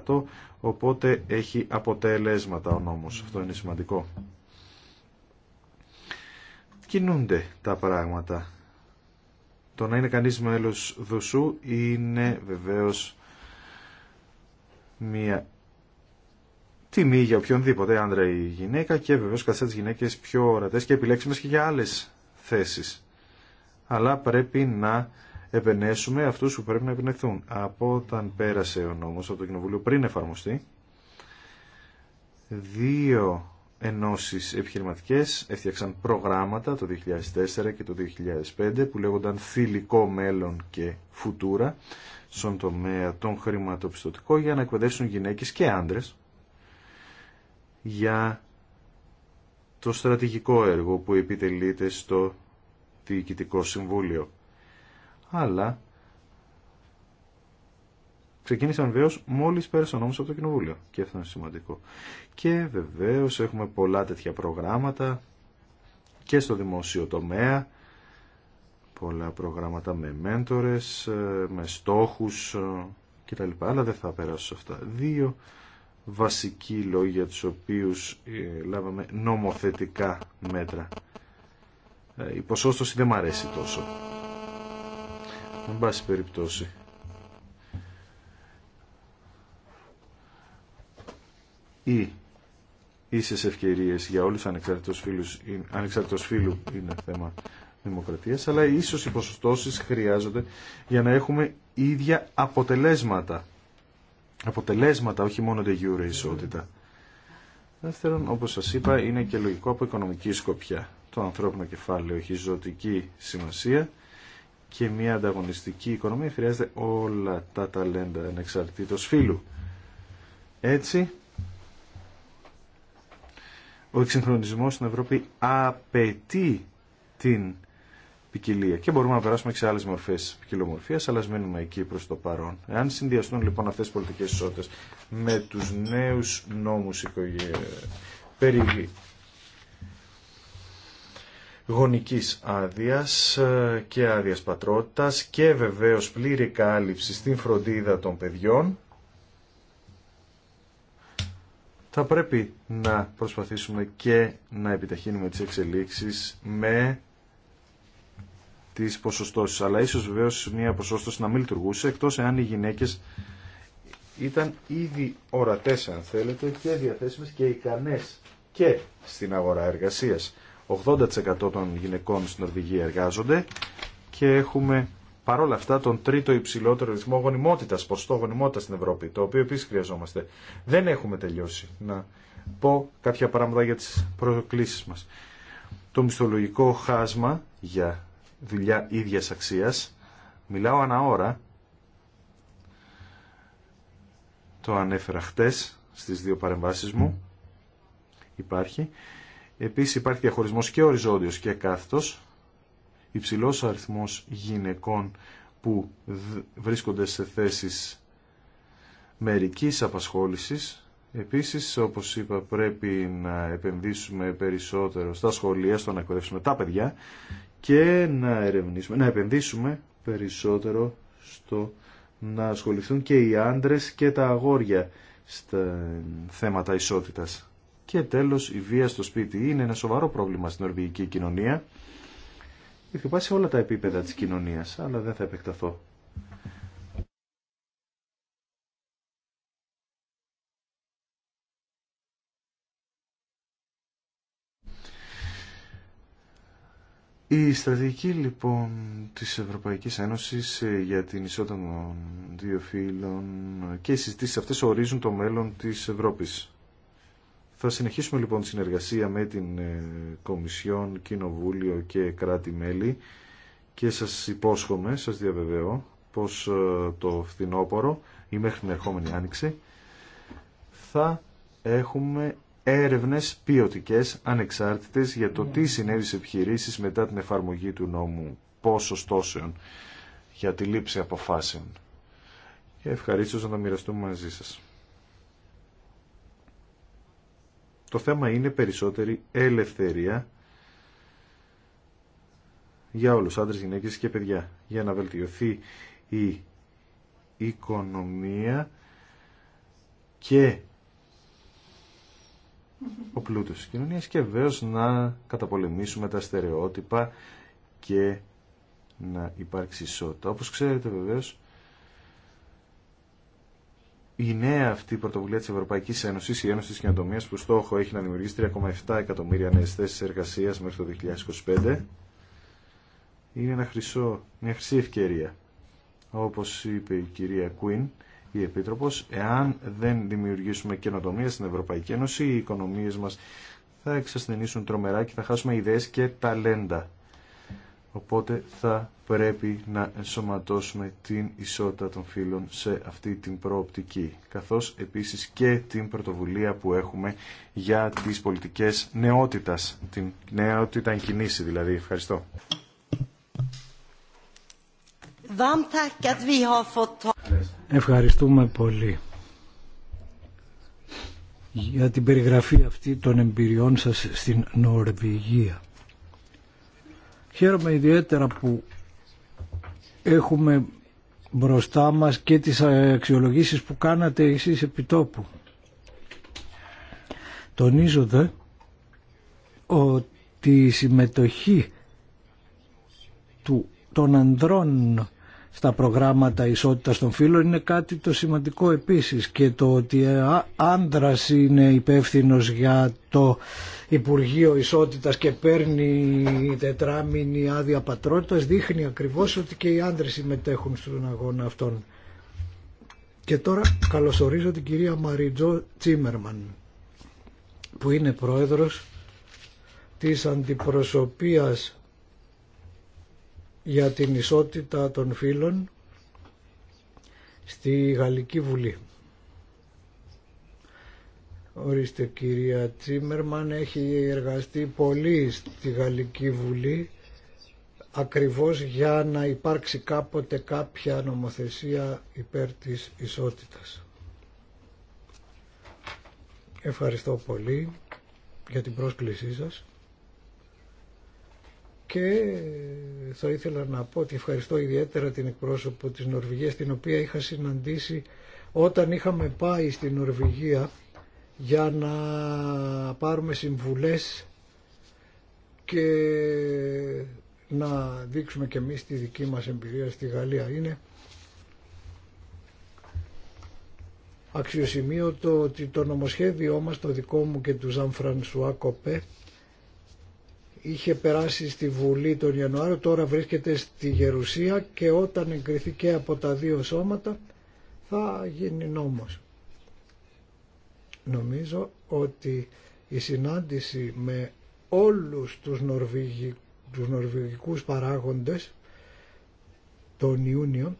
10%, οπότε έχει αποτελέσματα ο νόμος. Αυτό είναι σημαντικό. Κινούνται τα πράγματα. Το να είναι κανείς μέλος δοσού είναι βεβαίως μία τιμή για οποιονδήποτε άντρα ή γυναίκα και βεβαίως καθιστά τις γυναίκες πιο ορατές και επιλέξιμες και για άλλες θέσεις. Αλλά πρέπει να επενέσουμε αυτούς που πρέπει να επενεθούν. Από όταν πέρασε ο νόμος από το Κοινοβούλιο πριν εφαρμοστεί, δύο ενώσεις επιχειρηματικές έφτιαξαν προγράμματα το 2004 και το 2005 που λέγονταν θηλυκό μέλλον και φουτούρα στον τομέα των χρηματοπιστωτικών για να εκπαιδεύσουν γυναίκες και άντρες για το στρατηγικό έργο που επιτελείται στο Διοικητικό Συμβούλιο αλλά ξεκίνησαν βεβαίω μόλις πέρασε ο νόμος από το Κοινοβούλιο και αυτό είναι σημαντικό. Και βεβαίω έχουμε πολλά τέτοια προγράμματα και στο δημόσιο τομέα, πολλά προγράμματα με μέντορες, με στόχους ε, κτλ. Αλλά δεν θα περάσω σε αυτά. Δύο βασικοί λόγοι για τους οποίους ε, λάβαμε νομοθετικά μέτρα. Ε, η ποσόστοση δεν μ' αρέσει τόσο. Εν πάση περιπτώσει. Ή ίσες ευκαιρίες για όλους ανεξάρτητος, φίλους, ανεξάρτητος φίλου είναι θέμα δημοκρατίας, αλλά ίσως οι ποσοστώσεις χρειάζονται για να έχουμε ίδια αποτελέσματα. Αποτελέσματα, όχι μόνο τη γιούρα ισότητα. Δεύτερον, όπως σας είπα, είναι και λογικό από οικονομική σκοπιά. Το ανθρώπινο κεφάλαιο έχει ζωτική σημασία και μια ανταγωνιστική οικονομία χρειάζεται όλα τα ταλέντα ανεξαρτήτως φύλου. Έτσι, ο εξυγχρονισμός στην Ευρώπη απαιτεί την ποικιλία και μπορούμε να περάσουμε και σε άλλες μορφές ποικιλομορφίας, αλλά μένουμε εκεί προς το παρόν. Εάν συνδυαστούν λοιπόν αυτές τις πολιτικές ισότητες με τους νέους νόμους περί γονικής άδειας ε, και άδειας πατρότητας και βεβαίως πλήρη κάλυψη στην φροντίδα των παιδιών. Θα πρέπει να προσπαθήσουμε και να επιταχύνουμε τις εξελίξεις με τις ποσοστώσεις. Αλλά ίσως βεβαίως μια ποσόστοση να μην λειτουργούσε εκτός εάν οι γυναίκες ήταν ήδη ορατές αν θέλετε και διαθέσιμες και ικανές και στην αγορά εργασίας. 80% των γυναικών στην Νορβηγία εργάζονται και έχουμε παρόλα αυτά τον τρίτο υψηλότερο ρυθμό γονιμότητας, ποστό γονιμότητας στην Ευρώπη, το οποίο επίσης χρειαζόμαστε. Δεν έχουμε τελειώσει να πω κάποια πράγματα για τις προκλήσεις μας. Το μισθολογικό χάσμα για δουλειά ίδιας αξίας, μιλάω ανά ώρα, το ανέφερα χτες στις δύο παρεμβάσεις μου, υπάρχει. Επίσης υπάρχει διαχωρισμός και οριζόντιος και κάθετος. Υψηλός αριθμός γυναικών που βρίσκονται σε θέσεις μερικής απασχόλησης. Επίσης, όπως είπα, πρέπει να επενδύσουμε περισσότερο στα σχολεία, στο να εκπαιδεύσουμε τα παιδιά και να ερευνήσουμε, να επενδύσουμε περισσότερο στο να ασχοληθούν και οι άντρες και τα αγόρια στα θέματα ισότητας. Και τέλος η βία στο σπίτι είναι ένα σοβαρό πρόβλημα στην ορβηγική κοινωνία. Χτυπά σε όλα τα επίπεδα της κοινωνίας, αλλά δεν θα επεκταθώ. Η στρατηγική λοιπόν της Ευρωπαϊκής Ένωσης ε, για την ισότητα των δύο φύλων ε, και οι συζητήσεις αυτές ορίζουν το μέλλον της Ευρώπης. Θα συνεχίσουμε λοιπόν τη συνεργασία με την ε, Κομισιόν, Κοινοβούλιο και κράτη-μέλη και σας υπόσχομαι, σας διαβεβαιώ, πως ε, το φθινόπωρο ή μέχρι την ερχόμενη άνοιξη θα έχουμε έρευνες ποιοτικέ ανεξάρτητες για το τι συνέβη σε επιχειρήσεις μετά την εφαρμογή του νόμου στόσεων για τη λήψη αποφάσεων. Και ευχαρίστω να τα μοιραστούμε μαζί σας. Το θέμα είναι περισσότερη ελευθερία για όλους, άντρες, γυναίκες και παιδιά, για να βελτιωθεί η οικονομία και ο πλούτος της κοινωνίας και βέβαιως να καταπολεμήσουμε τα στερεότυπα και να υπάρξει ισότητα. Όπως ξέρετε βεβαίως η νέα αυτή πρωτοβουλία της Ευρωπαϊκής Ένωση, η Ένωση τη Κοινοτομία, που στόχο έχει να δημιουργήσει 3,7 εκατομμύρια νέες θέσεις εργασίας μέχρι το 2025, είναι ένα χρυσό, μια χρυσή ευκαιρία. Όπως είπε η κυρία Κουίν, η επίτροπο, εάν δεν δημιουργήσουμε καινοτομία στην Ευρωπαϊκή Ένωση, οι οικονομίε μα θα εξασθενήσουν τρομερά και θα χάσουμε ιδέε και ταλέντα. Οπότε θα πρέπει να ενσωματώσουμε την ισότητα των φύλων σε αυτή την προοπτική, καθώς επίσης και την πρωτοβουλία που έχουμε για τις πολιτικές νεότητας, την νεότητα κινήσει δηλαδή. Ευχαριστώ. Ευχαριστούμε πολύ για την περιγραφή αυτή των εμπειριών σας στην Νορβηγία. Χαίρομαι ιδιαίτερα που έχουμε μπροστά μας και τις αξιολογήσεις που κάνατε εσείς επιτόπου. Τονίζω δε ότι η συμμετοχή του, των ανδρών στα προγράμματα ισότητας των φύλων είναι κάτι το σημαντικό επίσης και το ότι ε, άνδρας είναι υπεύθυνο για το Υπουργείο Ισότητας και παίρνει τετράμινη άδεια πατρότητας δείχνει ακριβώς ότι και οι άνδρες συμμετέχουν στον αγώνα αυτών. Και τώρα καλωσορίζω την κυρία Μαριτζό Τσίμερμαν που είναι πρόεδρος της αντιπροσωπείας για την ισότητα των φύλων στη Γαλλική Βουλή. Ορίστε κυρία Τσίμερμαν έχει εργαστεί πολύ στη Γαλλική Βουλή ακριβώς για να υπάρξει κάποτε κάποια νομοθεσία υπέρ της ισότητας. Ευχαριστώ πολύ για την πρόσκλησή σας και θα ήθελα να πω ότι ευχαριστώ ιδιαίτερα την εκπρόσωπο της Νορβηγίας την οποία είχα συναντήσει όταν είχαμε πάει στην Νορβηγία για να πάρουμε συμβουλές και να δείξουμε και εμείς τη δική μας εμπειρία στη Γαλλία. Είναι αξιοσημείωτο ότι το νομοσχέδιό μας, το δικό μου και του Ζαν Φρανσουά Κοπέ, είχε περάσει στη Βουλή τον Ιανουάριο, τώρα βρίσκεται στη Γερουσία και όταν εγκριθεί και από τα δύο σώματα θα γίνει νόμος. Νομίζω ότι η συνάντηση με όλους τους, τους νορβηγικούς παράγοντες τον Ιούνιο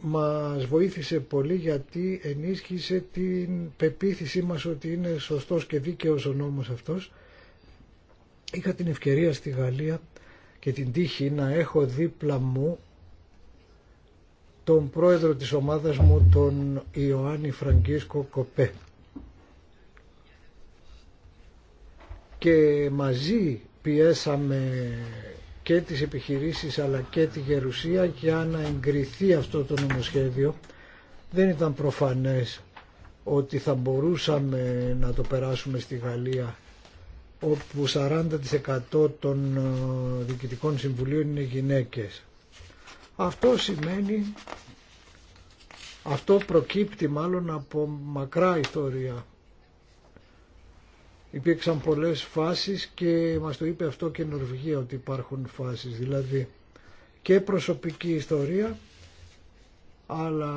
μας βοήθησε πολύ γιατί ενίσχυσε την πεποίθησή μας ότι είναι σωστός και δίκαιος ο νόμος αυτός Είχα την ευκαιρία στη Γαλλία και την τύχη να έχω δίπλα μου τον πρόεδρο της ομάδας μου, τον Ιωάννη Φραγκίσκο Κοπέ. Και μαζί πιέσαμε και τις επιχειρήσεις αλλά και τη Γερουσία για να εγκριθεί αυτό το νομοσχέδιο. Δεν ήταν προφανές ότι θα μπορούσαμε να το περάσουμε στη Γαλλία όπου 40% των ε, διοικητικών συμβουλίων είναι γυναίκες. Αυτό σημαίνει, αυτό προκύπτει μάλλον από μακρά ιστορία. Υπήρξαν πολλές φάσεις και μας το είπε αυτό και η Νορβηγία ότι υπάρχουν φάσεις, δηλαδή και προσωπική ιστορία, αλλά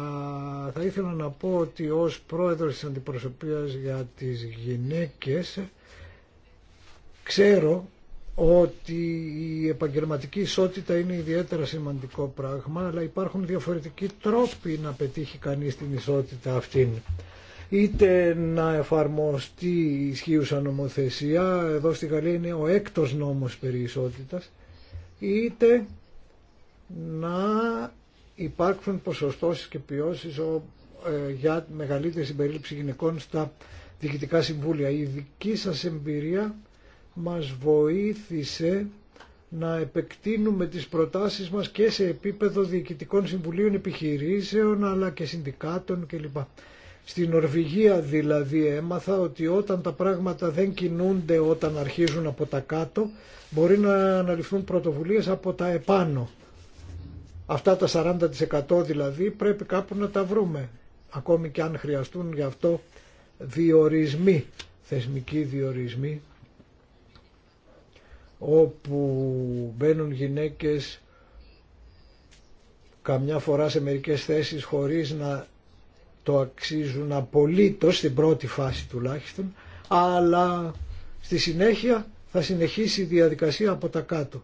θα ήθελα να πω ότι ως πρόεδρος της αντιπροσωπείας για τις γυναίκες Ξέρω ότι η επαγγελματική ισότητα είναι ιδιαίτερα σημαντικό πράγμα, αλλά υπάρχουν διαφορετικοί τρόποι να πετύχει κανείς την ισότητα αυτήν. Είτε να εφαρμοστεί η ισχύουσα νομοθεσία, εδώ στη Γαλλία είναι ο έκτος νόμος περί ισότητας, είτε να υπάρχουν ποσοστώσεις και ποιώσεις ε, για μεγαλύτερη συμπερίληψη γυναικών στα διοικητικά συμβούλια. Η δική σας εμπειρία μας βοήθησε να επεκτείνουμε τις προτάσεις μας και σε επίπεδο διοικητικών συμβουλίων επιχειρήσεων αλλά και συνδικάτων κλπ. Στην Νορβηγία δηλαδή έμαθα ότι όταν τα πράγματα δεν κινούνται όταν αρχίζουν από τα κάτω μπορεί να αναλυφθούν πρωτοβουλίες από τα επάνω. Αυτά τα 40% δηλαδή πρέπει κάπου να τα βρούμε ακόμη και αν χρειαστούν γι' αυτό διορισμοί, θεσμικοί διορισμοί όπου μπαίνουν γυναίκες καμιά φορά σε μερικές θέσεις χωρίς να το αξίζουν απολύτως στην πρώτη φάση τουλάχιστον αλλά στη συνέχεια θα συνεχίσει η διαδικασία από τα κάτω.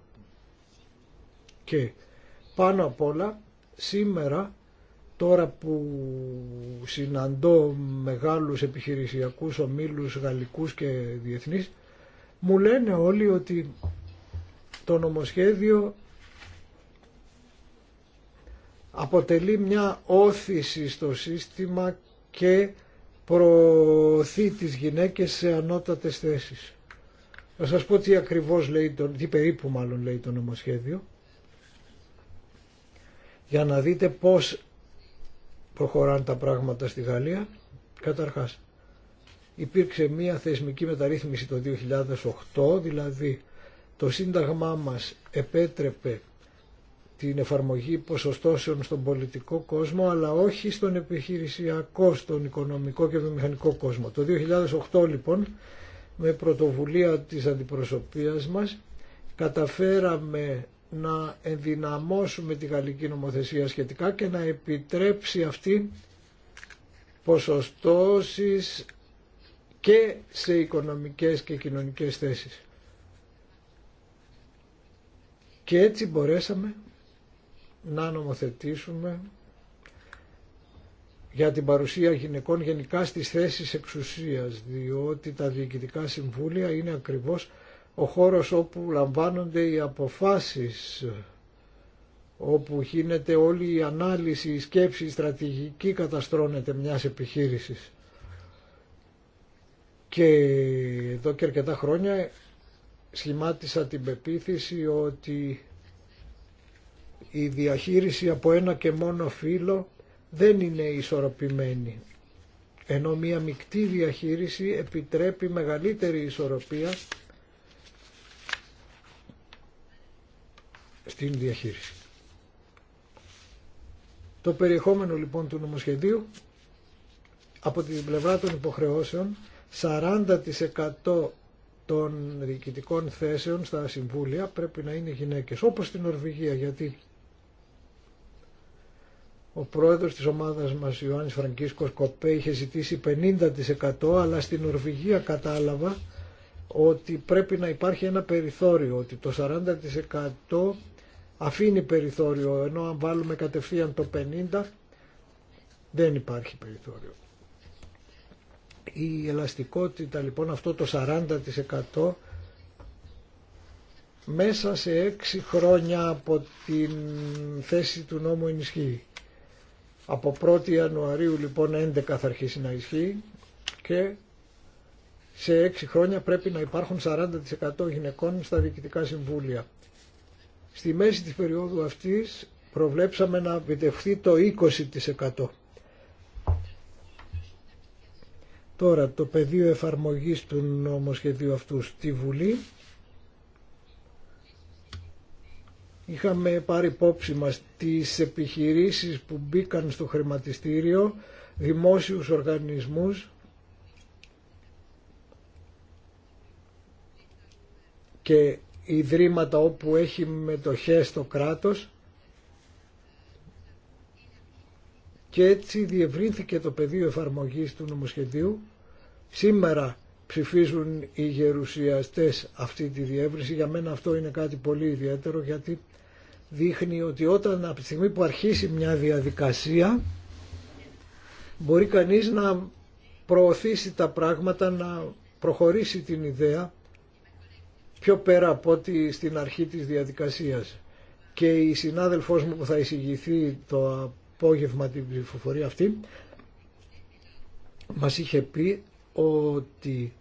Και πάνω απ' όλα σήμερα τώρα που συναντώ μεγάλους επιχειρησιακούς ομίλους γαλλικούς και διεθνείς μου λένε όλοι ότι το νομοσχέδιο αποτελεί μια όθηση στο σύστημα και προωθεί τις γυναίκες σε ανώτατες θέσεις. Θα σας πω τι ακριβώς λέει, το, τι περίπου μάλλον λέει το νομοσχέδιο, για να δείτε πώς προχωράνε τα πράγματα στη Γαλλία, καταρχάς υπήρξε μία θεσμική μεταρρύθμιση το 2008, δηλαδή το Σύνταγμά μας επέτρεπε την εφαρμογή ποσοστώσεων στον πολιτικό κόσμο, αλλά όχι στον επιχειρησιακό, στον οικονομικό και βιομηχανικό κόσμο. Το 2008 λοιπόν, με πρωτοβουλία της αντιπροσωπείας μας, καταφέραμε να ενδυναμώσουμε τη γαλλική νομοθεσία σχετικά και να επιτρέψει αυτή ποσοστώσεις και σε οικονομικές και κοινωνικές θέσεις. Και έτσι μπορέσαμε να νομοθετήσουμε για την παρουσία γυναικών γενικά στις θέσεις εξουσίας, διότι τα διοικητικά συμβούλια είναι ακριβώς ο χώρος όπου λαμβάνονται οι αποφάσεις, όπου γίνεται όλη η ανάλυση, η σκέψη, η στρατηγική καταστρώνεται μιας επιχείρησης. Και εδώ και αρκετά χρόνια σχημάτισα την πεποίθηση ότι η διαχείριση από ένα και μόνο φύλλο δεν είναι ισορροπημένη. Ενώ μία μεικτή διαχείριση επιτρέπει μεγαλύτερη ισορροπία στην διαχείριση. Το περιεχόμενο λοιπόν του νομοσχεδίου από την πλευρά των υποχρεώσεων 40% των διοικητικών θέσεων στα συμβούλια πρέπει να είναι γυναίκες, όπως στην Νορβηγία, γιατί ο πρόεδρος της ομάδας μας Ιωάννης Φραγκίσκος Κοπέ είχε ζητήσει 50% αλλά στην Νορβηγία κατάλαβα ότι πρέπει να υπάρχει ένα περιθώριο, ότι το 40% αφήνει περιθώριο, ενώ αν βάλουμε κατευθείαν το 50% δεν υπάρχει περιθώριο. Η ελαστικότητα λοιπόν αυτό το 40% μέσα σε έξι χρόνια από την θέση του νόμου ενισχύει. Από 1η Ιανουαρίου λοιπόν 11 θα αρχίσει να ισχύει και σε έξι χρόνια πρέπει να υπάρχουν 40% γυναικών στα διοικητικά συμβούλια. Στη μέση της περίοδου αυτής προβλέψαμε να επιτευχθεί το 20%. Τώρα το πεδίο εφαρμογής του νομοσχεδίου αυτού στη Βουλή είχαμε πάρει υπόψη μας τις επιχειρήσεις που μπήκαν στο χρηματιστήριο, δημόσιους οργανισμούς και ιδρύματα όπου έχει μετοχές το κράτος και έτσι διευρύνθηκε το πεδίο εφαρμογής του νομοσχεδίου. Σήμερα ψηφίζουν οι γερουσιαστές αυτή τη διεύρυνση. Για μένα αυτό είναι κάτι πολύ ιδιαίτερο γιατί δείχνει ότι όταν από τη στιγμή που αρχίσει μια διαδικασία μπορεί κανείς να προωθήσει τα πράγματα, να προχωρήσει την ιδέα πιο πέρα από ό,τι στην αρχή της διαδικασίας. Και η συνάδελφός μου που θα εισηγηθεί το απόγευμα την ψηφοφορία αυτή μας είχε πει ότι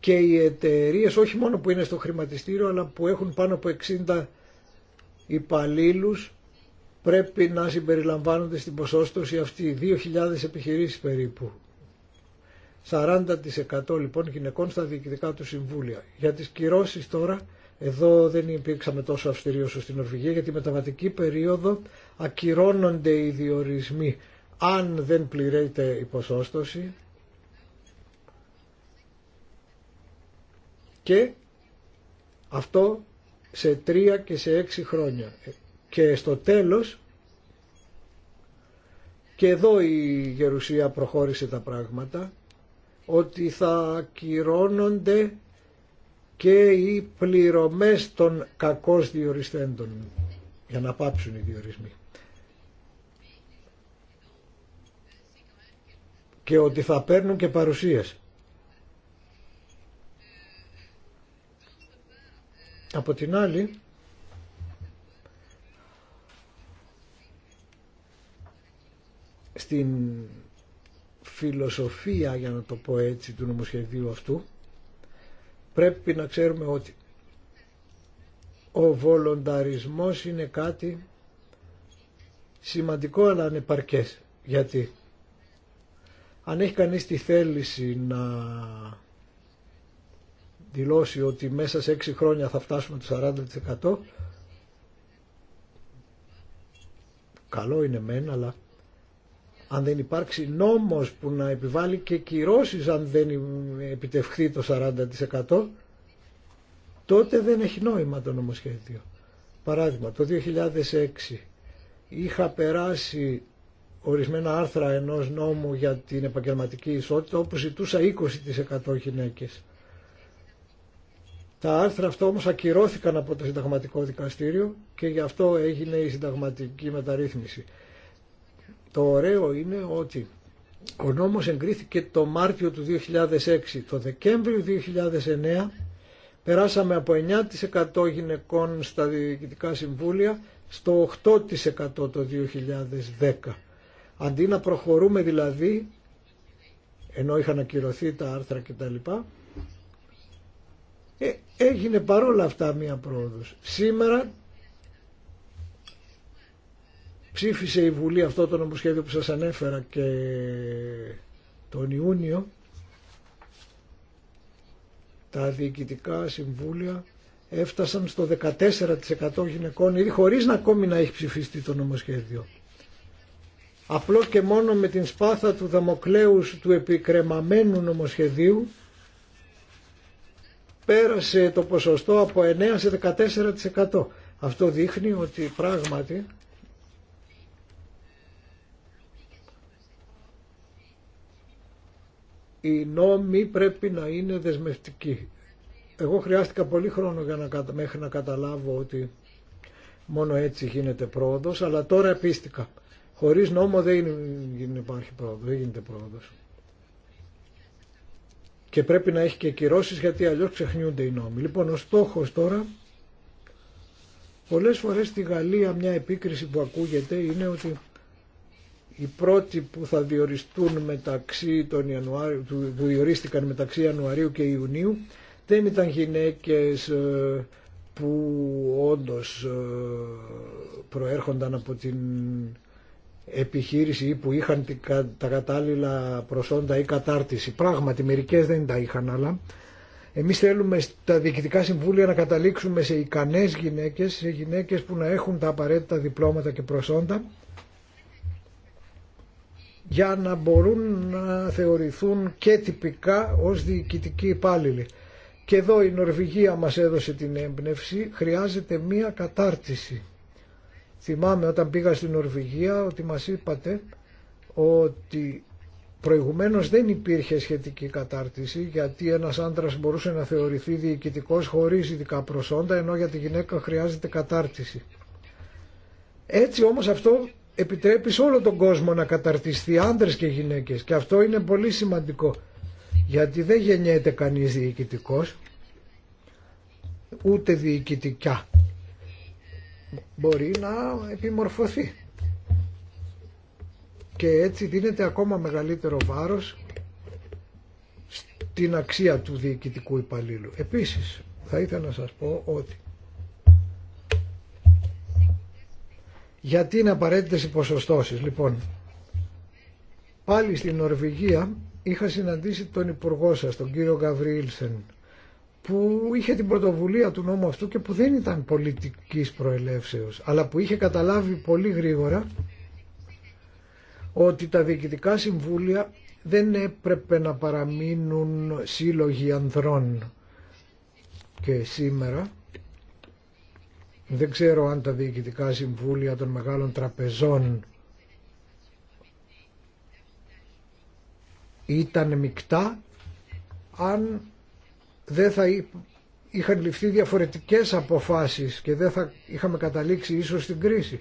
και οι εταιρείε όχι μόνο που είναι στο χρηματιστήριο αλλά που έχουν πάνω από 60 υπαλλήλου πρέπει να συμπεριλαμβάνονται στην ποσόστοση αυτή 2.000 επιχειρήσεις περίπου. 40% λοιπόν γυναικών στα διοικητικά του συμβούλια. Για τις κυρώσεις τώρα, εδώ δεν υπήρξαμε τόσο αυστηρίωσο στην Ορβηγία γιατί η μεταβατική περίοδο ακυρώνονται οι διορισμοί αν δεν πληρέεται η ποσόστοση και αυτό σε τρία και σε έξι χρόνια. Και στο τέλος και εδώ η Γερουσία προχώρησε τα πράγματα ότι θα ακυρώνονται και οι πληρωμές των κακώς διοριστέντων για να πάψουν οι διορισμοί. και ότι θα παίρνουν και παρουσίες. Από την άλλη, στην φιλοσοφία, για να το πω έτσι, του νομοσχεδίου αυτού, πρέπει να ξέρουμε ότι ο βολονταρισμός είναι κάτι σημαντικό αλλά ανεπαρκές. Γιατί αν έχει κανείς τη θέληση να δηλώσει ότι μέσα σε 6 χρόνια θα φτάσουμε το 40% καλό είναι μένα, αλλά αν δεν υπάρξει νόμος που να επιβάλλει και κυρώσεις αν δεν επιτευχθεί το 40% τότε δεν έχει νόημα το νομοσχέδιο. Παράδειγμα, το 2006 είχα περάσει ορισμένα άρθρα ενός νόμου για την επαγγελματική ισότητα όπου ζητούσα 20% γυναίκες. Τα άρθρα αυτά όμως ακυρώθηκαν από το συνταγματικό δικαστήριο και γι' αυτό έγινε η συνταγματική μεταρρύθμιση. Το ωραίο είναι ότι ο νόμος εγκρίθηκε το Μάρτιο του 2006. Το Δεκέμβριο 2009 περάσαμε από 9% γυναικών στα διοικητικά συμβούλια στο 8% το 2010. Αντί να προχωρούμε δηλαδή, ενώ είχαν ακυρωθεί τα άρθρα κτλ, ε, έγινε παρόλα αυτά μία πρόοδος. Σήμερα ψήφισε η Βουλή αυτό το νομοσχέδιο που σας ανέφερα και τον Ιούνιο τα διοικητικά συμβούλια έφτασαν στο 14% γυναικών ήδη χωρίς να ακόμη να έχει ψηφιστεί το νομοσχέδιο. Απλό και μόνο με την σπάθα του δαμοκλέους του επικρεμαμένου νομοσχεδίου πέρασε το ποσοστό από 9 σε 14%. Αυτό δείχνει ότι πράγματι οι νόμοι πρέπει να είναι δεσμευτικοί. Εγώ χρειάστηκα πολύ χρόνο για να, μέχρι να καταλάβω ότι μόνο έτσι γίνεται πρόοδος, αλλά τώρα επίστηκα. Χωρίς νόμο δεν υπάρχει πρόοδο, δεν γίνεται πρόοδος. Και πρέπει να έχει και κυρώσεις γιατί αλλιώς ξεχνιούνται οι νόμοι. Λοιπόν, ο στόχος τώρα, πολλές φορές στη Γαλλία μια επίκριση που ακούγεται είναι ότι οι πρώτοι που θα διοριστούν μεταξύ τον Ιανουάριο, που διορίστηκαν μεταξύ Ιανουαρίου και Ιουνίου δεν ήταν γυναίκες ε, που όντως ε, προέρχονταν από την επιχείρηση που είχαν τα κατάλληλα προσόντα ή κατάρτιση. Πράγματι, μερικές δεν τα είχαν, αλλά εμείς θέλουμε στα διοικητικά συμβούλια να καταλήξουμε σε ικανές γυναίκες, σε γυναίκες που να έχουν τα απαραίτητα διπλώματα και προσόντα, για να μπορούν να θεωρηθούν και τυπικά ως διοικητικοί υπάλληλοι. Και εδώ η Νορβηγία μας έδωσε την έμπνευση, χρειάζεται μία κατάρτιση Θυμάμαι όταν πήγα στην Νορβηγία ότι μας είπατε ότι προηγουμένως δεν υπήρχε σχετική κατάρτιση γιατί ένας άντρας μπορούσε να θεωρηθεί διοικητικός χωρίς ειδικά προσόντα ενώ για τη γυναίκα χρειάζεται κατάρτιση. Έτσι όμως αυτό επιτρέπει σε όλο τον κόσμο να καταρτιστεί άντρες και γυναίκες και αυτό είναι πολύ σημαντικό γιατί δεν γεννιέται κανείς διοικητικός ούτε διοικητικά μπορεί να επιμορφωθεί. Και έτσι δίνεται ακόμα μεγαλύτερο βάρος στην αξία του διοικητικού υπαλλήλου. Επίσης, θα ήθελα να σας πω ότι γιατί είναι απαραίτητε οι ποσοστώσεις. Λοιπόν, πάλι στην Νορβηγία είχα συναντήσει τον υπουργό σας, τον κύριο Γκαβρίλσεν, που είχε την πρωτοβουλία του νόμου αυτού και που δεν ήταν πολιτικής προελεύσεως, αλλά που είχε καταλάβει πολύ γρήγορα ότι τα διοικητικά συμβούλια δεν έπρεπε να παραμείνουν σύλλογοι ανδρών. Και σήμερα δεν ξέρω αν τα διοικητικά συμβούλια των μεγάλων τραπεζών ήταν μεικτά, αν δεν θα είχαν ληφθεί διαφορετικές αποφάσεις και δεν θα είχαμε καταλήξει ίσως στην κρίση.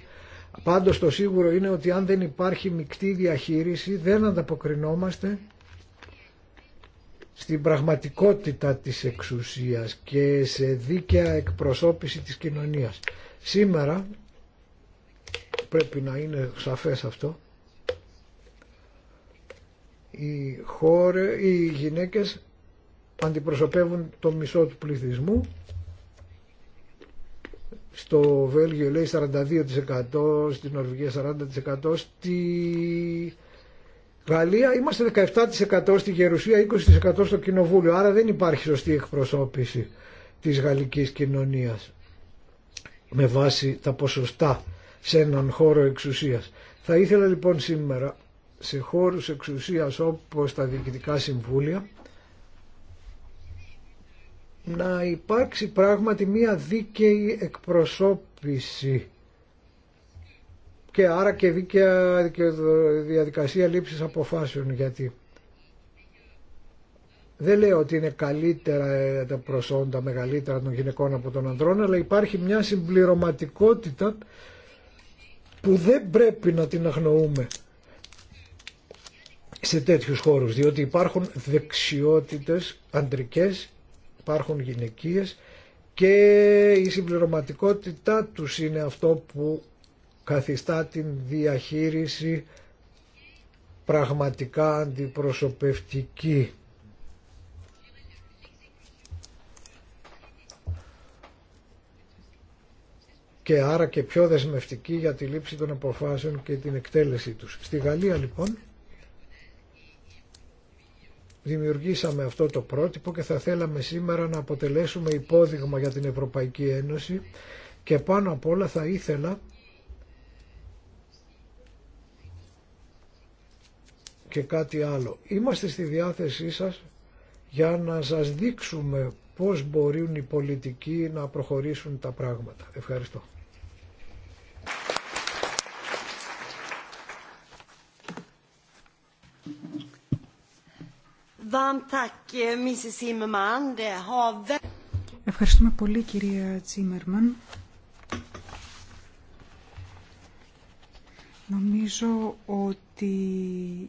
Πάντως το σίγουρο είναι ότι αν δεν υπάρχει μεικτή διαχείριση δεν ανταποκρινόμαστε στην πραγματικότητα της εξουσίας και σε δίκαια εκπροσώπηση της κοινωνίας. Σήμερα, πρέπει να είναι σαφές αυτό, οι, χώρες, οι γυναίκες αντιπροσωπεύουν το μισό του πληθυσμού. Στο Βέλγιο λέει 42%, στην Νορβηγία 40%, στη Γαλλία είμαστε 17%, στη Γερουσία 20% στο Κοινοβούλιο. Άρα δεν υπάρχει σωστή εκπροσώπηση της γαλλικής κοινωνίας με βάση τα ποσοστά σε έναν χώρο εξουσίας. Θα ήθελα λοιπόν σήμερα σε χώρους εξουσίας όπως τα διοικητικά συμβούλια να υπάρξει πράγματι μία δίκαιη εκπροσώπηση και άρα και δίκαια και διαδικασία λήψης αποφάσεων γιατί δεν λέω ότι είναι καλύτερα ε, τα προσόντα μεγαλύτερα των γυναικών από των ανδρών αλλά υπάρχει μια συμπληρωματικότητα που δεν πρέπει να την αγνοούμε σε τέτοιους χώρους διότι υπάρχουν δεξιότητες αντρικές υπάρχουν γυναικείες και η συμπληρωματικότητά τους είναι αυτό που καθιστά την διαχείριση πραγματικά αντιπροσωπευτική. και άρα και πιο δεσμευτική για τη λήψη των αποφάσεων και την εκτέλεσή τους. Στη Γαλλία λοιπόν δημιουργήσαμε αυτό το πρότυπο και θα θέλαμε σήμερα να αποτελέσουμε υπόδειγμα για την Ευρωπαϊκή Ένωση και πάνω απ' όλα θα ήθελα και κάτι άλλο. Είμαστε στη διάθεσή σας για να σας δείξουμε πώς μπορούν οι πολιτικοί να προχωρήσουν τα πράγματα. Ευχαριστώ. Eh, Ευχαριστούμε πολύ κυρία Τσίμερμαν. Νομίζω ότι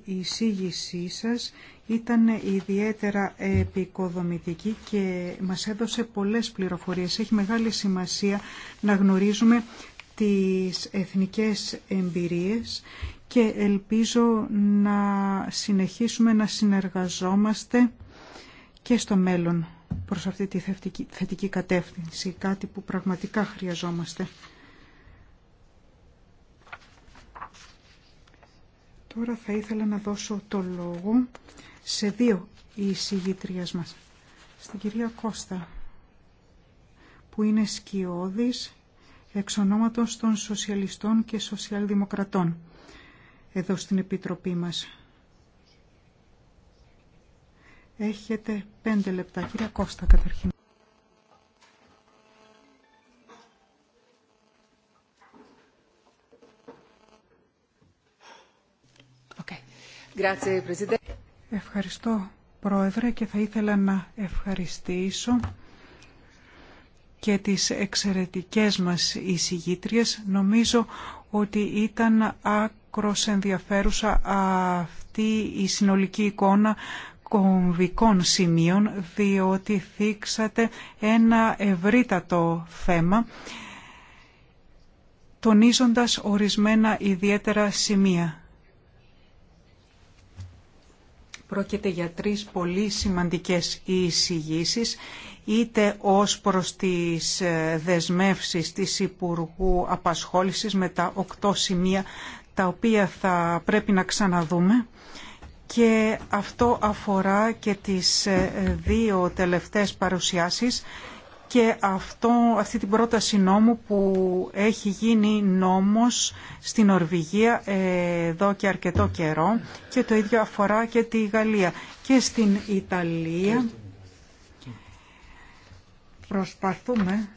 η εισήγησή σας ήταν ιδιαίτερα επικοδομητική και μας έδωσε πολλές πληροφορίες. Έχει μεγάλη σημασία να γνωρίζουμε τις εθνικές εμπειρίες και ελπίζω να συνεχίσουμε να συνεργαζόμαστε και στο μέλλον προς αυτή τη θετική κατεύθυνση, κάτι που πραγματικά χρειαζόμαστε. Τώρα θα ήθελα να δώσω το λόγο σε δύο εισηγήτριες μας. Στην κυρία Κώστα, που είναι σκιώδης εξ ονόματος των σοσιαλιστών και σοσιαλδημοκρατών εδώ στην Επιτροπή μας. Έχετε πέντε λεπτά. Κύριε Κώστα, καταρχήν. Ευχαριστώ, Πρόεδρε, και θα ήθελα να ευχαριστήσω και τις εξαιρετικές μας εισηγήτριες. Νομίζω ότι ήταν άκρη άκρος ενδιαφέρουσα αυτή η συνολική εικόνα κομβικών σημείων, διότι θίξατε ένα ευρύτατο θέμα, τονίζοντας ορισμένα ιδιαίτερα σημεία. Πρόκειται για τρεις πολύ σημαντικές εισηγήσει είτε ως προς τις ε, δεσμεύσεις της Υπουργού Απασχόλησης με τα οκτώ σημεία τα οποία θα πρέπει να ξαναδούμε και αυτό αφορά και τις ε, ε, δύο τελευταίες παρουσιάσεις και αυτό, αυτή την πρόταση νόμου που έχει γίνει νόμος στην Ορβηγία ε, εδώ και αρκετό καιρό και το ίδιο αφορά και τη Γαλλία και στην Ιταλία. Προσπαθούμε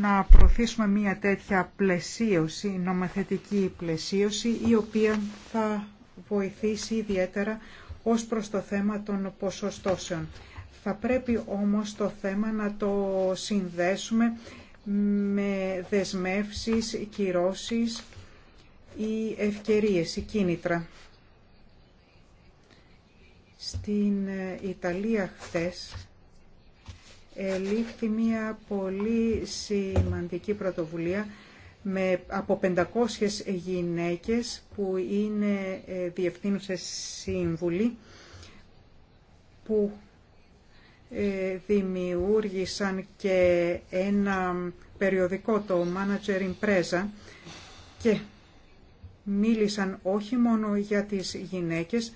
να προωθήσουμε μια τέτοια πλαισίωση, νομοθετική πλαισίωση, η οποία θα βοηθήσει ιδιαίτερα ως προς το θέμα των ποσοστώσεων. Θα πρέπει όμως το θέμα να το συνδέσουμε με δεσμεύσεις, κυρώσεις ή ευκαιρίες, ή κίνητρα. Στην Ιταλία χθες Έληφθη μια πολύ σημαντική πρωτοβουλία με από 500 γυναίκες που είναι ε, διευθύνουσες σύμβουλοι που ε, δημιούργησαν και ένα περιοδικό το Manager Impresa και μίλησαν όχι μόνο για τις γυναίκες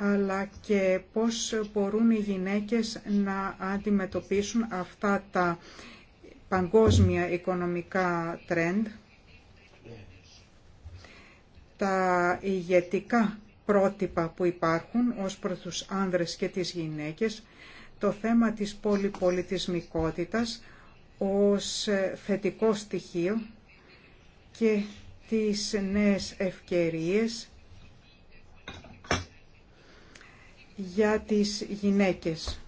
αλλά και πώς μπορούν οι γυναίκες να αντιμετωπίσουν αυτά τα παγκόσμια οικονομικά τρέντ, τα ηγετικά πρότυπα που υπάρχουν ως προς τους άνδρες και τις γυναίκες, το θέμα της πολυπολιτισμικότητας ως θετικό στοιχείο και τις νέες ευκαιρίες για τις γυναίκες.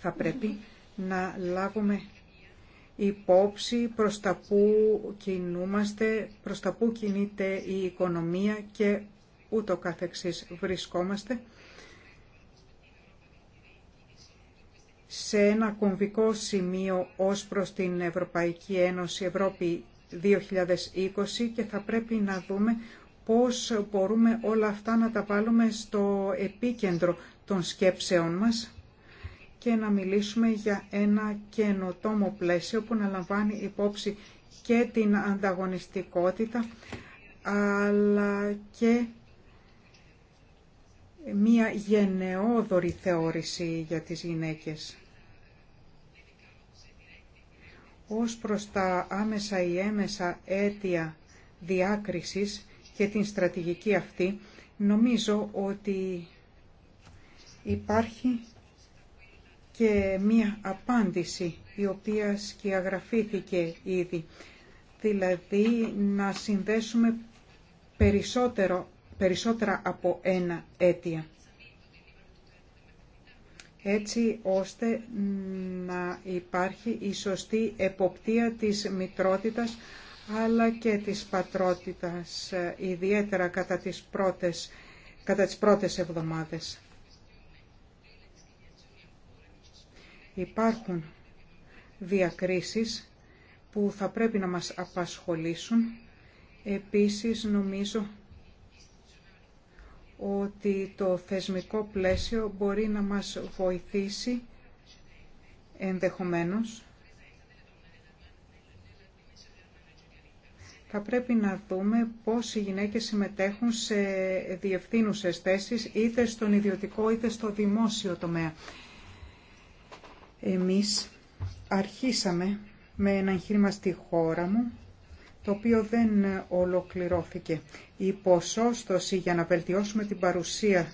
Θα πρέπει να λάβουμε υπόψη προς τα που κινούμαστε, προς τα που κινείται η οικονομία και ούτω καθεξής βρισκόμαστε σε ένα κομβικό σημείο ως προς την Ευρωπαϊκή Ένωση Ευρώπη 2020 και θα πρέπει να δούμε πώς μπορούμε όλα αυτά να τα βάλουμε στο επίκεντρο των σκέψεών μας και να μιλήσουμε για ένα καινοτόμο πλαίσιο που να λαμβάνει υπόψη και την ανταγωνιστικότητα αλλά και μία γενναιόδορη θεώρηση για τις γυναίκες. Ως προς τα άμεσα ή έμεσα αίτια διάκρισης για την στρατηγική αυτή, νομίζω ότι υπάρχει και μία απάντηση η οποία σκιαγραφήθηκε ήδη. Δηλαδή να συνδέσουμε περισσότερο, περισσότερα από ένα αίτια. Έτσι ώστε να υπάρχει η σωστή εποπτεία της μητρότητας αλλά και της πατρότητας, ε, ιδιαίτερα κατά τις πρώτες, κατά τις πρώτες εβδομάδες. Υπάρχουν διακρίσεις που θα πρέπει να μας απασχολήσουν. Επίσης νομίζω ότι το θεσμικό πλαίσιο μπορεί να μας βοηθήσει ενδεχομένως θα πρέπει να δούμε πώς οι γυναίκες συμμετέχουν σε διευθύνουσες θέσεις είτε στον ιδιωτικό είτε στο δημόσιο τομέα. Εμείς αρχίσαμε με ένα εγχείρημα στη χώρα μου το οποίο δεν ολοκληρώθηκε. Η ποσόστοση για να βελτιώσουμε την παρουσία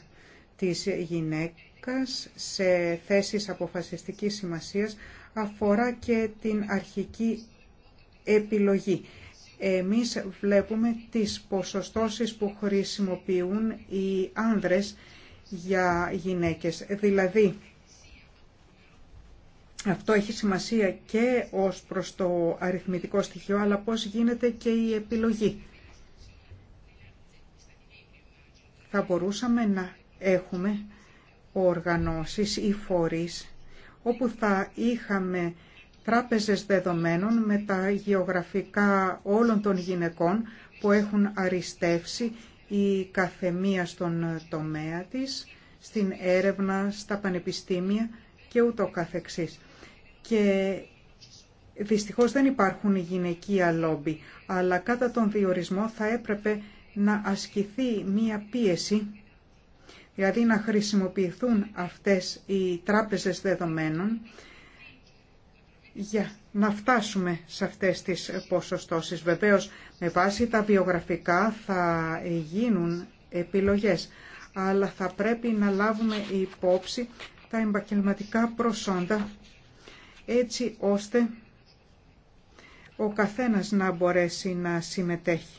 της γυναίκας σε θέσεις αποφασιστικής σημασίας αφορά και την αρχική επιλογή. Εμείς βλέπουμε τις ποσοστώσεις που χρησιμοποιούν οι άνδρες για γυναίκες. Δηλαδή, αυτό έχει σημασία και ως προς το αριθμητικό στοιχείο, αλλά πώς γίνεται και η επιλογή. Θα μπορούσαμε να έχουμε οργανώσεις ή φορείς όπου θα είχαμε τράπεζες δεδομένων με τα γεωγραφικά όλων των γυναικών που έχουν αριστεύσει η καθεμία στον τομέα της, στην έρευνα, στα πανεπιστήμια και ούτω καθεξής. Και δυστυχώς δεν υπάρχουν γυναικεία λόμπι, αλλά κατά τον διορισμό θα έπρεπε να ασκηθεί μία πίεση, δηλαδή να χρησιμοποιηθούν αυτές οι τράπεζες δεδομένων για να φτάσουμε σε αυτές τις ποσοστώσεις. Βεβαίως, με βάση τα βιογραφικά θα γίνουν επιλογές, αλλά θα πρέπει να λάβουμε υπόψη τα επαγγελματικά προσόντα, έτσι ώστε ο καθένας να μπορέσει να συμμετέχει.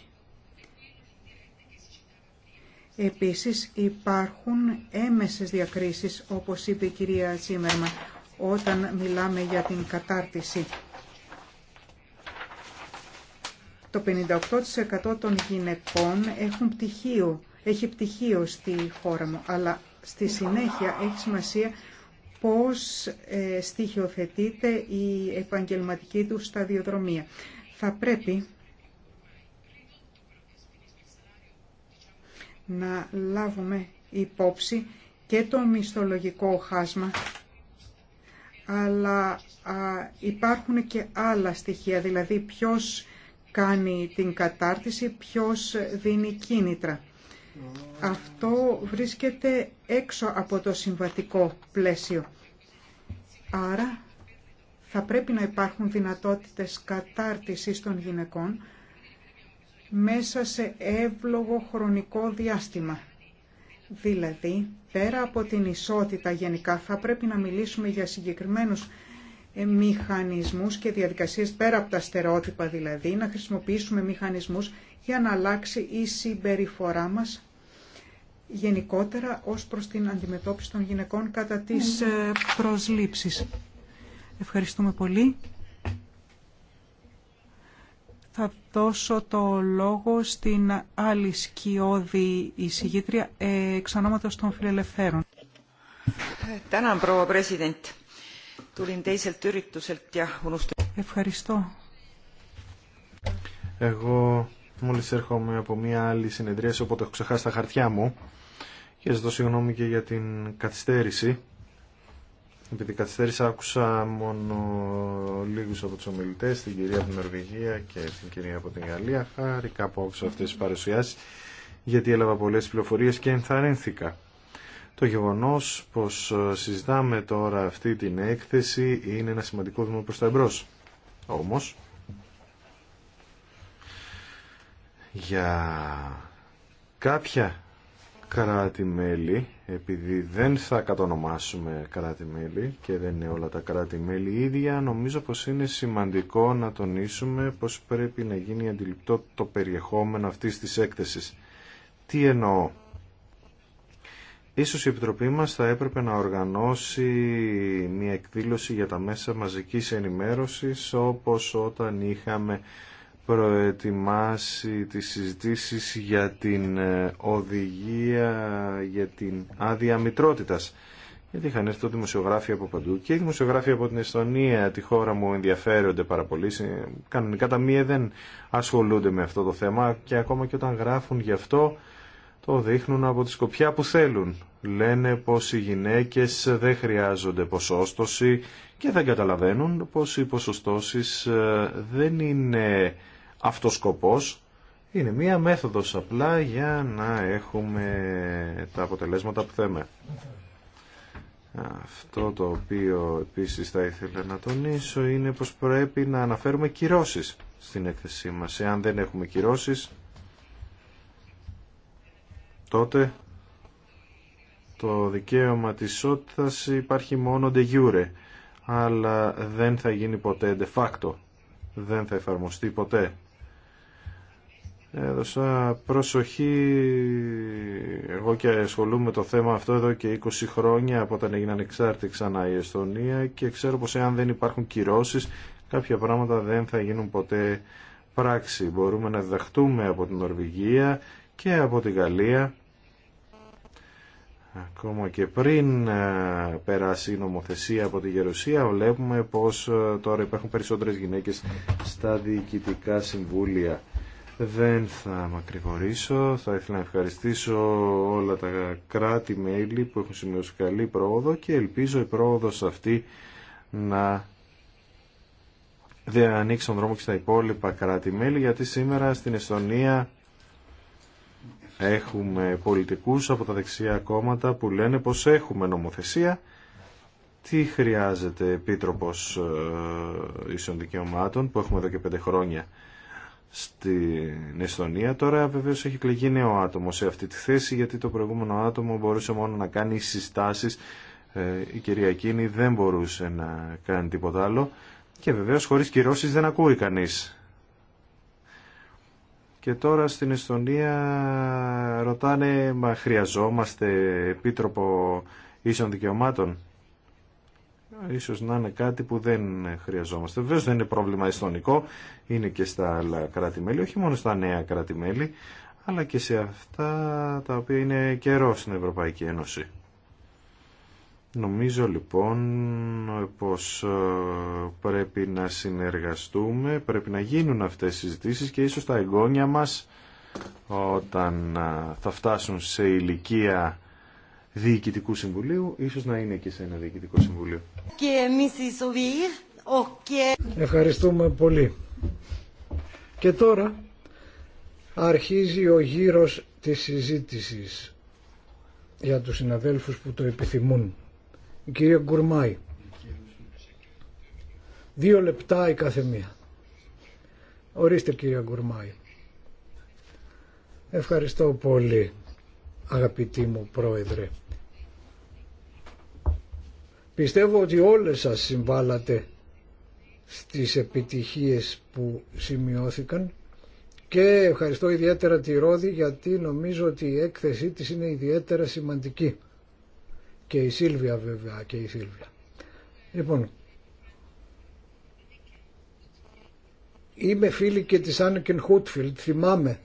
Επίσης υπάρχουν έμεσες διακρίσεις, όπως είπε η κυρία Τσίμερμαν, όταν μιλάμε για την κατάρτιση. Το 58% των γυναικών έχουν πτυχίο, έχει πτυχίο στη χώρα μου, αλλά στη συνέχεια έχει σημασία πώς ε, στοιχειοθετείται η επαγγελματική του σταδιοδρομία. Θα πρέπει να λάβουμε υπόψη και το μισθολογικό χάσμα αλλά υπάρχουν και άλλα στοιχεία, δηλαδή ποιος κάνει την κατάρτιση, ποιος δίνει κίνητρα. Αυτό βρίσκεται έξω από το συμβατικό πλαίσιο. Άρα θα πρέπει να υπάρχουν δυνατότητες κατάρτισης των γυναικών μέσα σε εύλογο χρονικό διάστημα. Δηλαδή, πέρα από την ισότητα γενικά, θα πρέπει να μιλήσουμε για συγκεκριμένους ε, μηχανισμούς και διαδικασίες πέρα από τα στερεότυπα δηλαδή, να χρησιμοποιήσουμε μηχανισμούς για να αλλάξει η συμπεριφορά μας γενικότερα ως προς την αντιμετώπιση των γυναικών κατά τις ναι. ε, προσλήψεις. Ευχαριστούμε πολύ. Θα δώσω το λόγο στην άλλη σκιώδη εισηγήτρια ε, εξ ονόματος των φιλελευθέρων. Ευχαριστώ. Εγώ μόλις έρχομαι από μια άλλη συνεδρίαση, οπότε έχω ξεχάσει τα χαρτιά μου και ζητώ συγγνώμη και για την καθυστέρηση. Επειδή καθυστέρησα άκουσα μόνο λίγου από του ομιλητέ. την κυρία από την Νορβηγία και την κυρία από την Γαλλία, χάρηκα που άκουσα αυτές τις παρουσιάσεις, γιατί έλαβα πολλές πληροφορίες και ενθαρρύνθηκα. Το γεγονός πως συζητάμε τώρα αυτή την έκθεση είναι ένα σημαντικό βήμα προ τα εμπρό. Όμω. για κάποια κράτη-μέλη, επειδή δεν θα κατονομάσουμε κράτη-μέλη και δεν είναι όλα τα κράτη-μέλη ίδια, νομίζω πως είναι σημαντικό να τονίσουμε πως πρέπει να γίνει αντιληπτό το περιεχόμενο αυτής της έκθεσης. Τι εννοώ. Ίσως η Επιτροπή μας θα έπρεπε να οργανώσει μια εκδήλωση για τα μέσα μαζικής ενημέρωσης όπως όταν είχαμε προετοιμάσει τις συζητήσεις για την ε, οδηγία για την άδεια μητρότητας. Γιατί είχαν έρθει τότε δημοσιογράφοι από παντού και οι δημοσιογράφοι από την Εστονία, τη χώρα μου, ενδιαφέρονται πάρα πολύ. Κανονικά τα μία δεν ασχολούνται με αυτό το θέμα και ακόμα και όταν γράφουν γι' αυτό το δείχνουν από τη σκοπιά που θέλουν. Λένε πως οι γυναίκες δεν χρειάζονται ποσόστοση και δεν καταλαβαίνουν πως οι ποσοστώσεις ε, δεν είναι αυτός σκοπός. Είναι μία μέθοδος απλά για να έχουμε τα αποτελέσματα που θέλουμε. Αυτό το οποίο επίσης θα ήθελα να τονίσω είναι πως πρέπει να αναφέρουμε κυρώσεις στην έκθεσή μας. Εάν δεν έχουμε κυρώσεις, τότε το δικαίωμα της ισότητας υπάρχει μόνο de jure, αλλά δεν θα γίνει ποτέ de facto, δεν θα εφαρμοστεί ποτέ. Έδωσα προσοχή, εγώ και ασχολούμαι με το θέμα αυτό εδώ και 20 χρόνια από όταν έγιναν ανεξάρτητη ξανά η Εστονία και ξέρω πως εάν δεν υπάρχουν κυρώσεις κάποια πράγματα δεν θα γίνουν ποτέ πράξη. Μπορούμε να διδαχτούμε από την Νορβηγία και από την Γαλλία ακόμα και πριν περάσει η νομοθεσία από τη Γερουσία βλέπουμε πως τώρα υπάρχουν περισσότερες γυναίκες στα διοικητικά συμβούλια δεν θα μακρηγορήσω. Θα ήθελα να ευχαριστήσω όλα τα κράτη-μέλη που έχουν σημειώσει καλή πρόοδο και ελπίζω η πρόοδος αυτή να διανοίξει ανοίξει τον δρόμο και στα υπόλοιπα κράτη-μέλη γιατί σήμερα στην Εστονία έχουμε πολιτικούς από τα δεξιά κόμματα που λένε πως έχουμε νομοθεσία τι χρειάζεται επίτροπος ίσων ε, δικαιωμάτων που έχουμε εδώ και πέντε χρόνια στην Εστονία. Τώρα βεβαίω έχει εκλεγεί νέο άτομο σε αυτή τη θέση γιατί το προηγούμενο άτομο μπορούσε μόνο να κάνει συστάσεις ε, η κυρία Κίνη δεν μπορούσε να κάνει τίποτα άλλο και βεβαίως χωρίς κυρώσει δεν ακούει κανείς. Και τώρα στην Εστονία ρωτάνε, μα χρειαζόμαστε επίτροπο ίσων δικαιωμάτων ίσως να είναι κάτι που δεν χρειαζόμαστε. Βέβαια δεν είναι πρόβλημα ιστονικό, είναι και στα άλλα κράτη-μέλη, όχι μόνο στα νέα κράτη-μέλη, αλλά και σε αυτά τα οποία είναι καιρό στην Ευρωπαϊκή Ένωση. Νομίζω λοιπόν πως ε, πρέπει να συνεργαστούμε, πρέπει να γίνουν αυτές οι συζητήσεις και ίσως τα εγγόνια μας όταν ε, θα φτάσουν σε ηλικία Διοικητικού Συμβουλίου, ίσως να είναι και σε ένα Διοικητικό Συμβουλίο. Και Ευχαριστούμε πολύ. Και τώρα αρχίζει ο γύρος της συζήτησης για τους συναδέλφους που το επιθυμούν. Η κυρία Γκουρμάη. Δύο λεπτά η κάθε μία Ορίστε κυρία Γκουρμάη. Ευχαριστώ πολύ αγαπητή μου πρόεδρε. Πιστεύω ότι όλες σας συμβάλατε στις επιτυχίες που σημειώθηκαν και ευχαριστώ ιδιαίτερα τη Ρόδη γιατί νομίζω ότι η έκθεσή της είναι ιδιαίτερα σημαντική. Και η Σίλβια βέβαια και η Σίλβια. Λοιπόν, είμαι φίλη και της Άνικεν Χούτφιλτ, θυμάμαι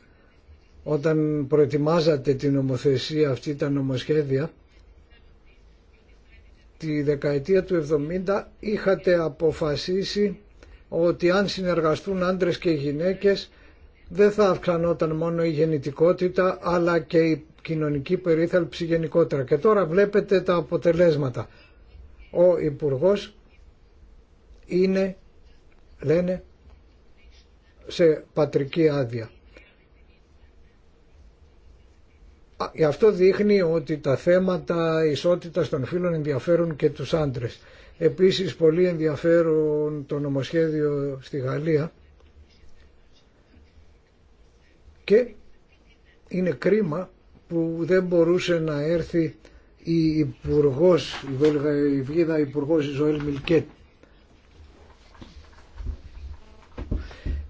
όταν προετοιμάζατε την νομοθεσία αυτή τα νομοσχέδια τη δεκαετία του 70 είχατε αποφασίσει ότι αν συνεργαστούν άντρες και γυναίκες δεν θα αυξανόταν μόνο η γεννητικότητα αλλά και η κοινωνική περίθαλψη γενικότερα. Και τώρα βλέπετε τα αποτελέσματα. Ο Υπουργός είναι, λένε, σε πατρική άδεια. αυτό δείχνει ότι τα θέματα ισότητας των φύλων ενδιαφέρουν και τους άντρες. Επίσης πολύ ενδιαφέρον το νομοσχέδιο στη Γαλλία και είναι κρίμα που δεν μπορούσε να έρθει η Υπουργός, η η Υπουργός Ζωέλ Μιλκέτ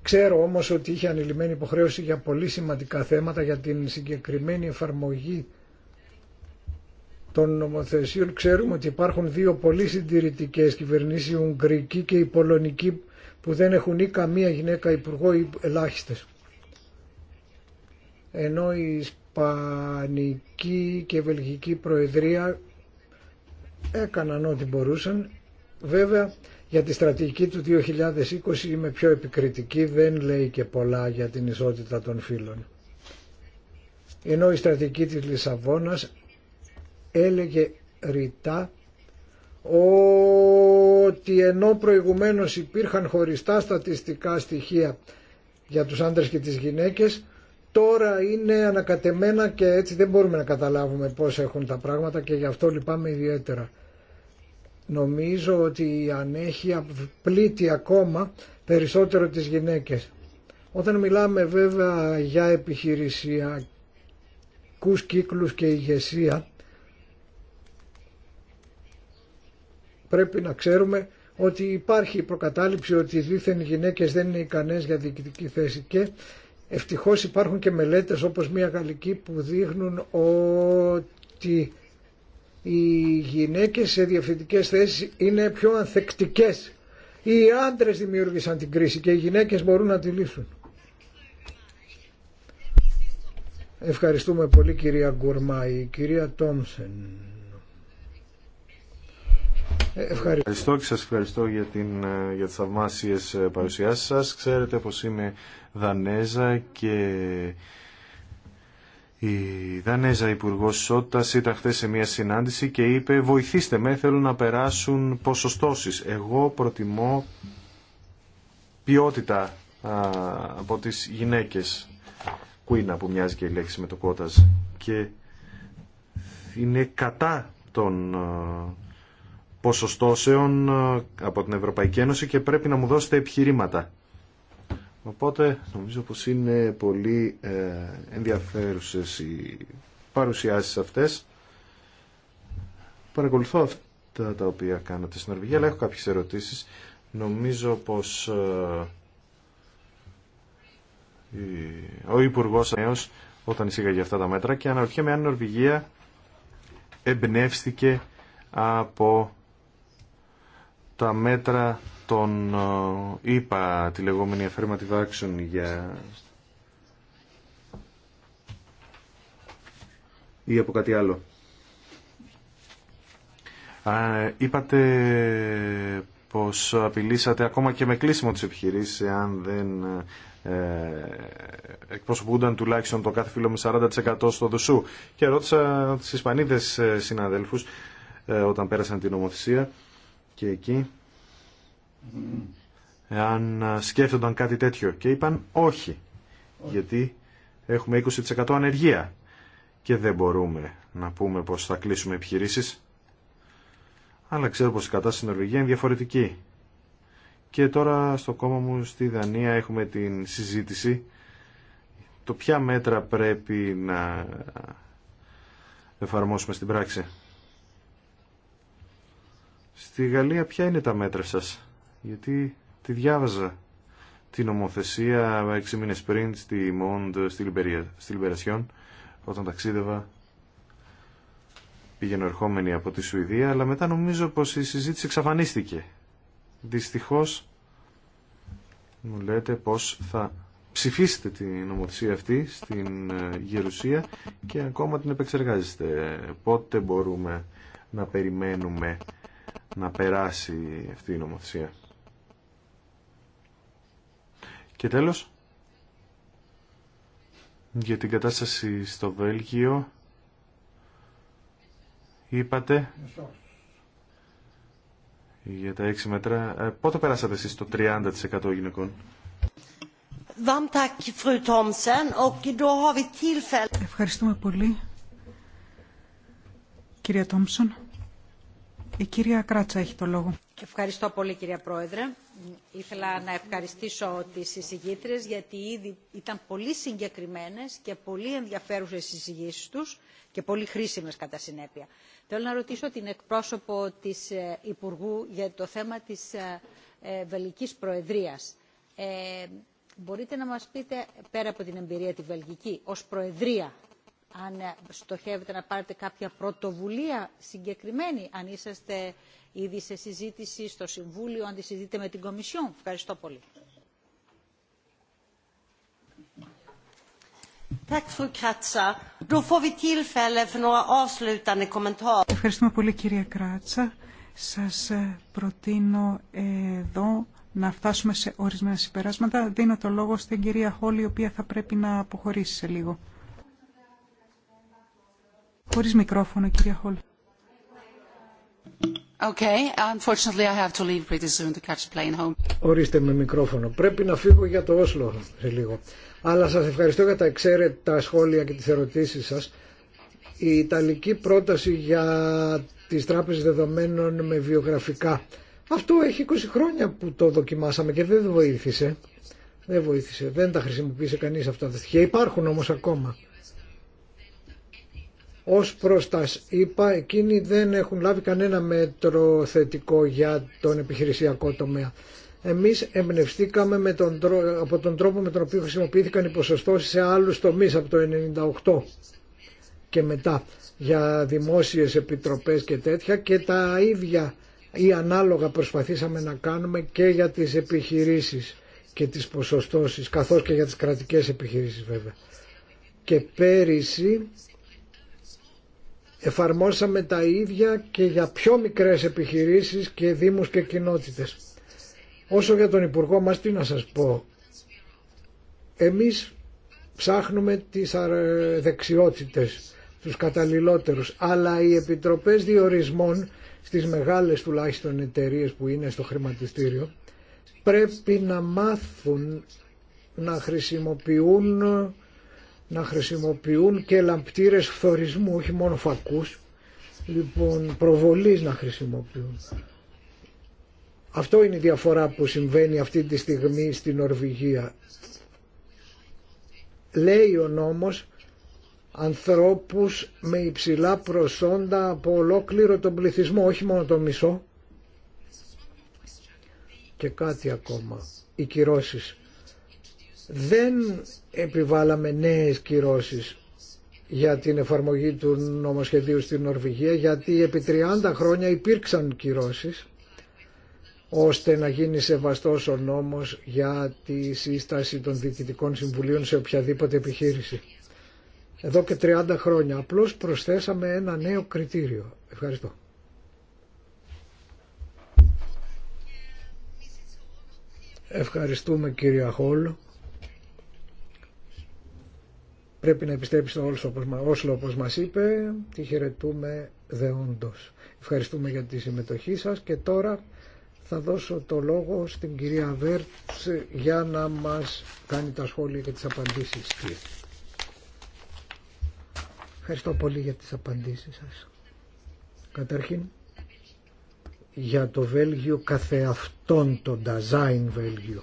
Ξέρω όμως ότι είχε ανηλυμένη υποχρέωση για πολύ σημαντικά θέματα για την συγκεκριμένη εφαρμογή των νομοθεσίων. Ξέρουμε ότι υπάρχουν δύο πολύ συντηρητικέ κυβερνήσει η Ουγγρική και η Πολωνική, που δεν έχουν ή καμία γυναίκα υπουργό ή ελάχιστες. Ενώ η καμια γυναικα υπουργο η ελαχιστε ενω η ισπανικη και η Βελγική Προεδρία έκαναν ό,τι μπορούσαν. Βέβαια για τη στρατηγική του 2020 είμαι πιο επικριτική, δεν λέει και πολλά για την ισότητα των φύλων. Ενώ η στρατηγική της Λισαβόνας έλεγε ρητά ότι ενώ προηγουμένως υπήρχαν χωριστά στατιστικά στοιχεία για τους άντρες και τις γυναίκες, τώρα είναι ανακατεμένα και έτσι δεν μπορούμε να καταλάβουμε πώς έχουν τα πράγματα και γι' αυτό λυπάμαι ιδιαίτερα. Νομίζω ότι η ανέχεια πλήττει ακόμα περισσότερο τις γυναίκες. Όταν μιλάμε βέβαια για επιχειρησιακούς κύκλους και ηγεσία, πρέπει να ξέρουμε ότι υπάρχει η προκατάληψη ότι δήθεν οι γυναίκες δεν είναι ικανές για διοικητική θέση και ευτυχώς υπάρχουν και μελέτες όπως μια γαλλική που δείχνουν ότι οι γυναίκες σε διευθυντικές θέσεις είναι πιο ανθεκτικές. Οι άντρες δημιούργησαν την κρίση και οι γυναίκες μπορούν να τη λύσουν. Ευχαριστούμε πολύ κυρία Γκουρμάη. Κυρία Τόμσεν. Ευχαριστώ. ευχαριστώ και σας ευχαριστώ για, την, ε, για τις θαυμάσιες ε, παρουσιάσεις σας. Ξέρετε πως είμαι Δανέζα και η Δανέζα Υπουργό Ισότητα ήταν χθε σε μια συνάντηση και είπε «Βοηθήστε με, θέλουν να περάσουν ποσοστώσει. Εγώ προτιμώ ποιότητα από τις γυναίκες». Κουίνα που μοιάζει και η λέξη με το κότας Και είναι κατά των ποσοστώσεων από την Ευρωπαϊκή Ένωση και πρέπει να μου δώσετε επιχειρήματα. Οπότε νομίζω πως είναι πολύ ε, ενδιαφέρουσες οι παρουσιάσεις αυτές. Παρακολουθώ αυτά τα οποία κάνατε στην Νορβηγία, αλλά έχω κάποιες ερωτήσεις. Νομίζω πως ε, ο υπουργό Νέος όταν εισήγαγε αυτά τα μέτρα και αναρωτιέμαι αν η Νορβηγία εμπνεύστηκε από τα μέτρα τον ε, είπα τη λεγόμενη affirmative action για ή από κάτι άλλο. Α, είπατε πως απειλήσατε ακόμα και με κλείσιμο της επιχειρήσης αν δεν ε, εκπροσωπούνταν τουλάχιστον το κάθε φύλλο με 40% στο δουσού. Και ρώτησα τις Ισπανίδες ε, συναδέλφους ε, όταν πέρασαν την νομοθεσία και εκεί αν σκέφτονταν κάτι τέτοιο και είπαν όχι, γιατί έχουμε 20% ανεργία και δεν μπορούμε να πούμε πως θα κλείσουμε επιχειρήσεις, αλλά ξέρω πως η κατάσταση στην Νορβηγία είναι διαφορετική. Και τώρα στο κόμμα μου στη Δανία έχουμε την συζήτηση το ποια μέτρα πρέπει να εφαρμόσουμε στην πράξη. Στη Γαλλία ποια είναι τα μέτρα σας γιατί τη διάβαζα την νομοθεσία έξι μήνες πριν στη Μόντ, στη, στη Λιμπερασιόν, όταν ταξίδευα πήγαινε ερχόμενη από τη Σουηδία, αλλά μετά νομίζω πως η συζήτηση εξαφανίστηκε. Δυστυχώς μου λέτε πως θα ψηφίσετε την νομοθεσία αυτή στην ε, Γερουσία και ακόμα την επεξεργάζεστε. Πότε μπορούμε να περιμένουμε να περάσει αυτή η νομοθεσία. Και τέλος, για την κατάσταση στο Βέλγιο, είπατε για τα έξι μέτρα. Ε, πότε περάσατε εσείς το 30% γυναικών. Ευχαριστούμε πολύ, κυρία Τόμψον. Η κυρία Κράτσα έχει το λόγο. Ευχαριστώ πολύ, κυρία Πρόεδρε ήθελα να ευχαριστήσω τις συζητήτρες γιατί ήδη ήταν πολύ συγκεκριμένες και πολύ ενδιαφέρουσες οι συζητήσεις τους και πολύ χρήσιμες κατά συνέπεια. Θέλω να ρωτήσω την εκπρόσωπο της ε, Υπουργού για το θέμα της ε, ε, Βελγικής Προεδρίας. Ε, μπορείτε να μας πείτε, πέρα από την εμπειρία τη Βελγική, ως Προεδρία, αν στοχεύετε να πάρετε κάποια πρωτοβουλία συγκεκριμένη, αν είσαστε ήδη σε συζήτηση στο Συμβούλιο, αν τη συζητείτε με την Κομισιόν. Ευχαριστώ πολύ. Ευχαριστούμε πολύ κυρία Κράτσα. Σας ε, προτείνω εδώ να φτάσουμε σε ορισμένα συμπεράσματα. Δίνω το λόγο στην κυρία Χόλη, η οποία θα πρέπει να αποχωρήσει σε λίγο. Χωρίς μικρόφωνο, κυρία Χόλ. Okay. Ορίστε με μικρόφωνο. Πρέπει να φύγω για το Όσλο σε λίγο. Αλλά σας ευχαριστώ για τα εξαίρετα σχόλια και τις ερωτήσεις σας. Η Ιταλική πρόταση για τις τράπεζες δεδομένων με βιογραφικά. Αυτό έχει 20 χρόνια που το δοκιμάσαμε και δεν βοήθησε. Δεν βοήθησε. Δεν τα χρησιμοποίησε κανείς αυτά τα στοιχεία. Υπάρχουν όμως ακόμα. Ως προς τα ΣΥΠΑ, εκείνοι δεν έχουν λάβει κανένα μέτρο θετικό για τον επιχειρησιακό τομέα. Εμείς εμπνευστήκαμε με τον, από τον τρόπο με τον οποίο χρησιμοποιήθηκαν οι ποσοστώσεις σε άλλους τομείς από το 1998 και μετά για δημόσιες επιτροπές και τέτοια και τα ίδια ή ανάλογα προσπαθήσαμε να κάνουμε και για τις επιχειρήσεις και τις ποσοστώσεις καθώς και για τις κρατικές επιχειρήσεις βέβαια. Και πέρυσι Εφαρμόσαμε τα ίδια και για πιο μικρές επιχειρήσεις και δήμους και κοινότητες. Όσο για τον Υπουργό μας, τι να σας πω. Εμείς ψάχνουμε τις δεξιότητες, τους καταλληλότερους, αλλά οι επιτροπές διορισμών στις μεγάλες τουλάχιστον εταιρείες που είναι στο χρηματιστήριο πρέπει να μάθουν να χρησιμοποιούν να χρησιμοποιούν και λαμπτήρες φθορισμού, όχι μόνο φακούς, λοιπόν προβολής να χρησιμοποιούν. Αυτό είναι η διαφορά που συμβαίνει αυτή τη στιγμή στην Νορβηγία. Λέει ο νόμος ανθρώπους με υψηλά προσόντα από ολόκληρο τον πληθυσμό, όχι μόνο το μισό. Και κάτι ακόμα, οι κυρώσεις δεν επιβάλαμε νέες κυρώσεις για την εφαρμογή του νομοσχεδίου στην Νορβηγία γιατί επί 30 χρόνια υπήρξαν κυρώσεις ώστε να γίνει σεβαστός ο νόμος για τη σύσταση των διοικητικών συμβουλίων σε οποιαδήποτε επιχείρηση. Εδώ και 30 χρόνια απλώς προσθέσαμε ένα νέο κριτήριο. Ευχαριστώ. Ευχαριστούμε κύριε Χόλ πρέπει να επιστρέψει στο Όσλο όπως, Όσλο όπως μας είπε. Τη χαιρετούμε δεόντως. Ευχαριστούμε για τη συμμετοχή σας και τώρα θα δώσω το λόγο στην κυρία Βέρτς για να μας κάνει τα σχόλια και τις απαντήσεις της. Ευχαριστώ πολύ για τις απαντήσεις σας. Καταρχήν, για το Βέλγιο καθεαυτόν το Design Βέλγιο.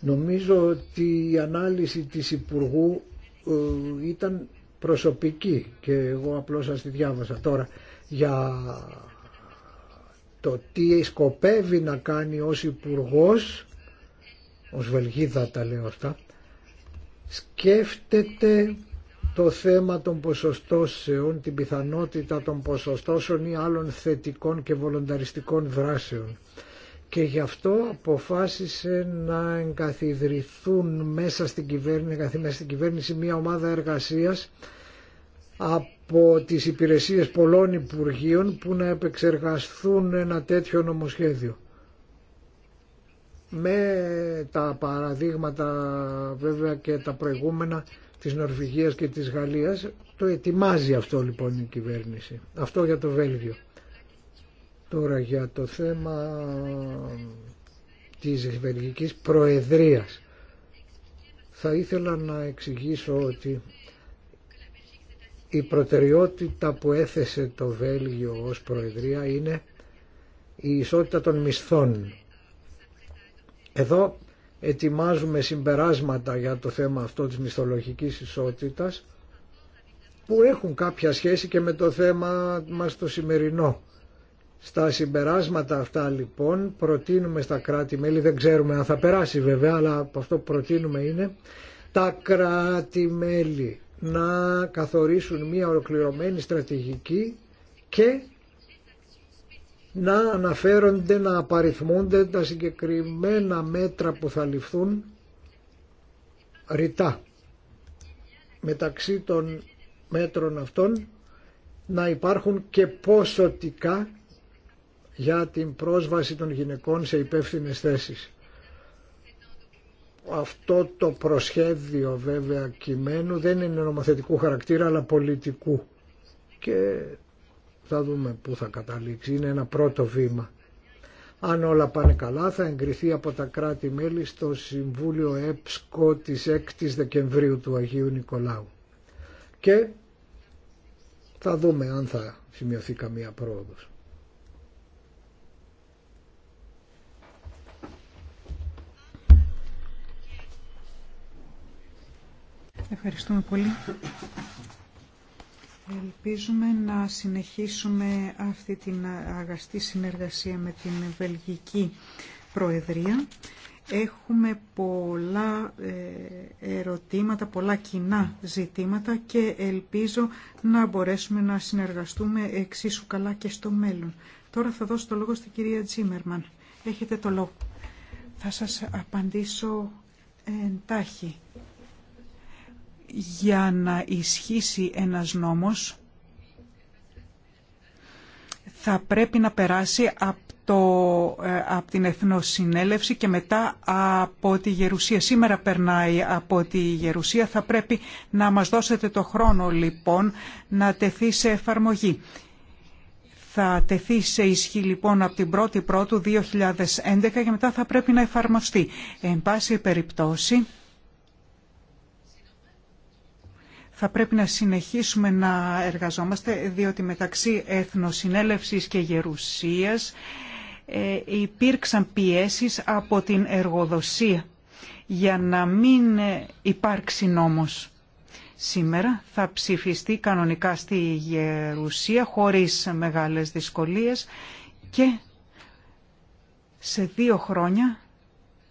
Νομίζω ότι η ανάλυση της Υπουργού ε, ήταν προσωπική και εγώ απλώς σας τη διάβασα τώρα για το τι σκοπεύει να κάνει ως υπουργό, ως Βελγίδα τα λέω αυτά, σκέφτεται το θέμα των ποσοστώσεων, την πιθανότητα των ποσοστώσεων ή άλλων θετικών και βολονταριστικών δράσεων και γι' αυτό αποφάσισε να εγκαθιδρυθούν μέσα στην κυβέρνηση, μέσα στην κυβέρνηση μια ομάδα εργασίας από τις υπηρεσίες πολλών Υπουργείων που να επεξεργαστούν ένα τέτοιο νομοσχέδιο. Με τα παραδείγματα βέβαια και τα προηγούμενα της Νορβηγίας και της Γαλλίας το ετοιμάζει αυτό λοιπόν η κυβέρνηση. Αυτό για το Βέλγιο. Τώρα για το θέμα της Βελγικής Προεδρίας. Θα ήθελα να εξηγήσω ότι η προτεραιότητα που έθεσε το Βέλγιο ως Προεδρία είναι η ισότητα των μισθών. Εδώ ετοιμάζουμε συμπεράσματα για το θέμα αυτό της μισθολογικής ισότητας που έχουν κάποια σχέση και με το θέμα μας το σημερινό στα συμπεράσματα αυτά λοιπόν προτείνουμε στα κράτη-μέλη, δεν ξέρουμε αν θα περάσει βέβαια, αλλά από αυτό που προτείνουμε είναι τα κράτη-μέλη να καθορίσουν μια ολοκληρωμένη στρατηγική και να αναφέρονται, να απαριθμούνται τα συγκεκριμένα μέτρα που θα ληφθούν ρητά. Μεταξύ των μέτρων αυτών να υπάρχουν και ποσοτικά για την πρόσβαση των γυναικών σε υπεύθυνες θέσεις. Αυτό το προσχέδιο βέβαια κειμένου δεν είναι νομοθετικού χαρακτήρα αλλά πολιτικού και θα δούμε πού θα καταλήξει. Είναι ένα πρώτο βήμα. Αν όλα πάνε καλά θα εγκριθεί από τα κράτη-μέλη στο Συμβούλιο ΕΠΣΚΟ της 6ης Δεκεμβρίου του Αγίου Νικολάου. Και θα δούμε αν θα σημειωθεί καμία πρόοδος. Ευχαριστούμε πολύ. Ελπίζουμε να συνεχίσουμε αυτή την αγαστή συνεργασία με την Βελγική Προεδρία. Έχουμε πολλά ε, ερωτήματα, πολλά κοινά ζητήματα και ελπίζω να μπορέσουμε να συνεργαστούμε εξίσου καλά και στο μέλλον. Τώρα θα δώσω το λόγο στην κυρία Τζίμερμαν. Έχετε το λόγο. Θα σας απαντήσω εντάχει για να ισχύσει ένας νόμος θα πρέπει να περάσει από, το, ε, από την Εθνοσυνέλευση και μετά από τη Γερουσία. Σήμερα περνάει από τη Γερουσία. Θα πρέπει να μας δώσετε το χρόνο λοιπόν να τεθεί σε εφαρμογή. Θα τεθεί σε ισχύ λοιπόν από την 1η Πρώτου 2011 και μετά θα πρέπει να εφαρμοστεί. Εν πάση περιπτώσει θα πρέπει να συνεχίσουμε να εργαζόμαστε, διότι μεταξύ Εθνοσυνέλευσης και Γερουσίας ε, υπήρξαν πιέσεις από την εργοδοσία για να μην ε, υπάρξει νόμος. Σήμερα θα ψηφιστεί κανονικά στη Γερουσία χωρίς μεγάλες δυσκολίες και σε δύο χρόνια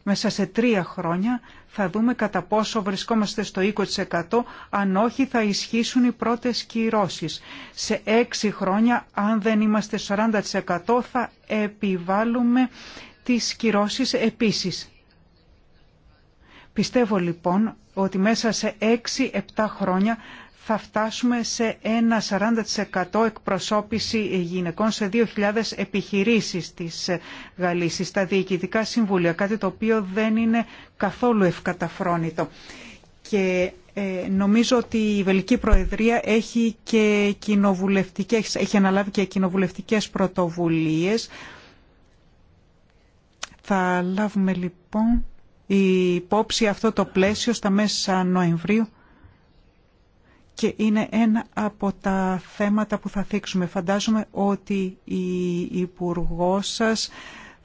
μέσα σε τρία χρόνια θα δούμε κατά πόσο βρισκόμαστε στο 20%, αν όχι θα ισχύσουν οι πρώτες κυρώσεις. Σε έξι χρόνια, αν δεν είμαστε 40%, θα επιβάλλουμε τις κυρώσεις επίσης. Πιστεύω λοιπόν ότι μέσα σε 6-7 χρόνια θα φτάσουμε σε ένα 40% εκπροσώπηση γυναικών σε 2.000 επιχειρήσεις της Γαλλίας, στα διοικητικά συμβούλια, κάτι το οποίο δεν είναι καθόλου ευκαταφρόνητο. Και ε, νομίζω ότι η Βελική Προεδρία έχει, και κοινοβουλευτικές, έχει αναλάβει και κοινοβουλευτικές πρωτοβουλίες. Θα λάβουμε λοιπόν υπόψη αυτό το πλαίσιο στα μέσα Νοεμβρίου και είναι ένα από τα θέματα που θα θίξουμε. Φαντάζομαι ότι η υπουργό σας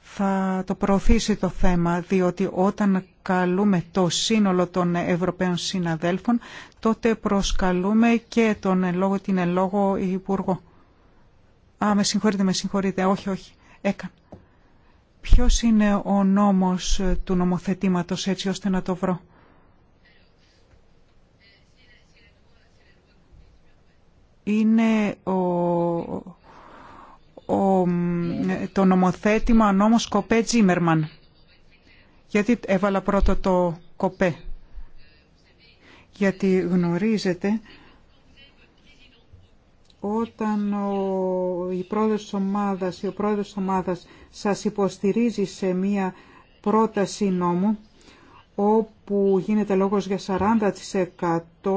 θα το προωθήσει το θέμα, διότι όταν καλούμε το σύνολο των Ευρωπαίων συναδέλφων, τότε προσκαλούμε και τον ελόγο, την ελόγο υπουργό. Α, με συγχωρείτε, με συγχωρείτε. Όχι, όχι. Έκανα. Ποιος είναι ο νόμος του νομοθετήματος έτσι ώστε να το βρω. είναι ο, ο, το νομοθέτημα νόμος Κοπέ Τζίμερμαν. Γιατί έβαλα πρώτο το Κοπέ. Γιατί γνωρίζετε όταν ο, η πρόεδρος της ομάδας, ο πρόεδρος ομάδας σας υποστηρίζει σε μία πρόταση νόμου, όπου γίνεται λόγος για 40%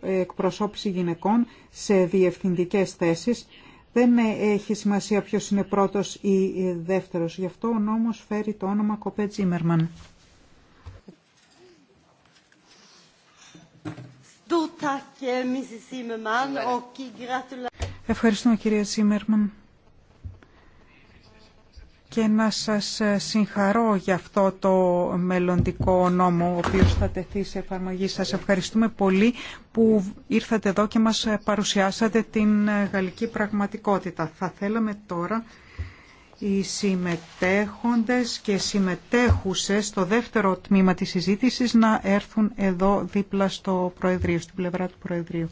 εκπροσώπηση γυναικών σε διευθυντικές θέσεις. Δεν έχει σημασία ποιος είναι πρώτος ή δεύτερος. Γι' αυτό ο νόμος φέρει το όνομα Κοπέ Τζίμερμαν. Ευχαριστούμε κυρία Τζίμερμαν και να σας ε, συγχαρώ για αυτό το μελλοντικό νόμο ο οποίος θα τεθεί σε εφαρμογή. Σας ευχαριστούμε πολύ που ήρθατε εδώ και μας ε, παρουσιάσατε την ε, γαλλική πραγματικότητα. Θα θέλαμε τώρα οι συμμετέχοντες και συμμετέχουσες στο δεύτερο τμήμα της συζήτησης να έρθουν εδώ δίπλα στο Προεδρείο, στην πλευρά του Προεδρείου.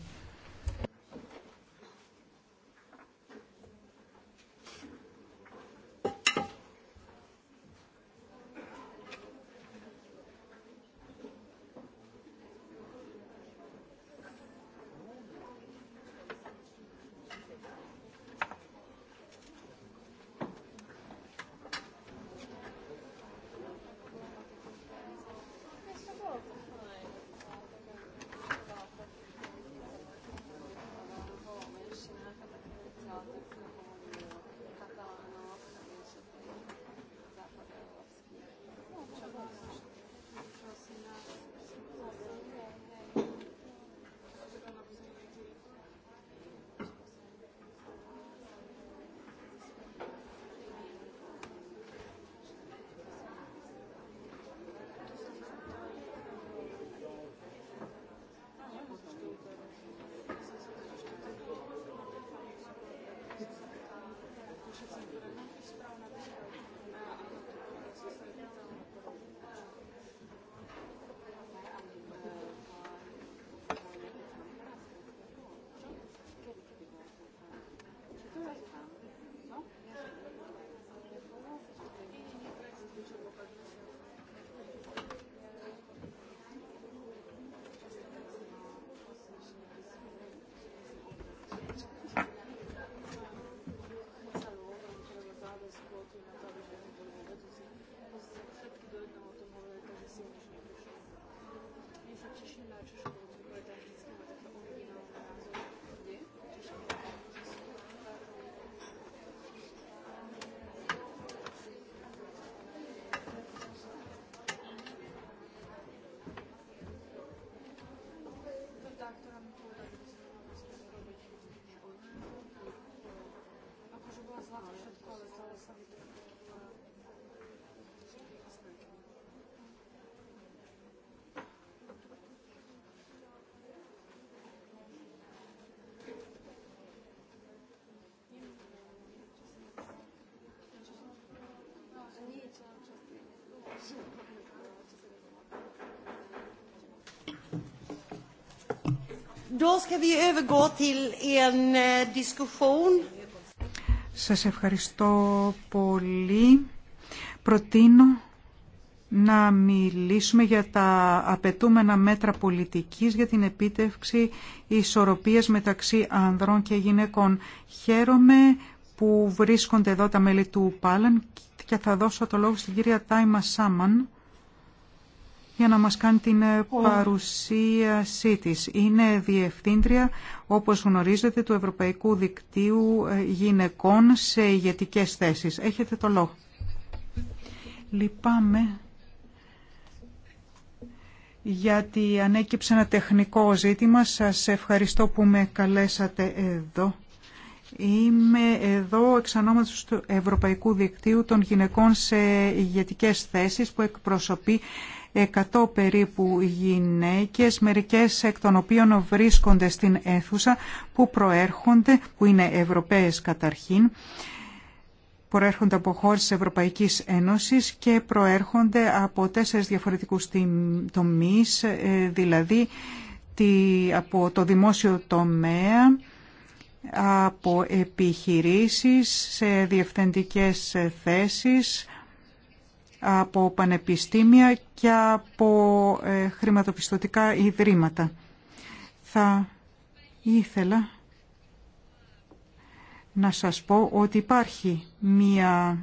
Eh, Σας ευχαριστώ πολύ. Προτείνω να μιλήσουμε για τα απαιτούμενα μέτρα πολιτικής για την επίτευξη ισορροπίας μεταξύ ανδρών και γυναικών. Χαίρομαι που βρίσκονται εδώ τα μέλη του ΠΑΛΕΝ και θα δώσω το λόγο στην κυρία Τάιμα Σάμαν για να μας κάνει την ε, παρουσίασή της. Είναι διευθύντρια, όπως γνωρίζετε, του Ευρωπαϊκού Δικτύου ε, Γυναικών σε ηγετικέ θέσεις. Έχετε το λόγο. Λυπάμαι γιατί ανέκυψε ένα τεχνικό ζήτημα. Σας ευχαριστώ που με καλέσατε εδώ. Είμαι εδώ εξ του Ευρωπαϊκού Δικτύου των Γυναικών σε ηγετικές θέσεις που εκπροσωπεί 100 περίπου γυναίκες, μερικές εκ των οποίων βρίσκονται στην αίθουσα που προέρχονται, που είναι Ευρωπαίες καταρχήν, προέρχονται από χώρες της Ευρωπαϊκής Ένωσης και προέρχονται από τέσσερις διαφορετικούς τομείς, ε, δηλαδή από το δημόσιο τομέα, από επιχειρήσεις σε διευθυντικές θέσεις, από πανεπιστήμια και από ε, χρηματοπιστωτικά ιδρύματα. Θα ήθελα να σας πω ότι υπάρχει μια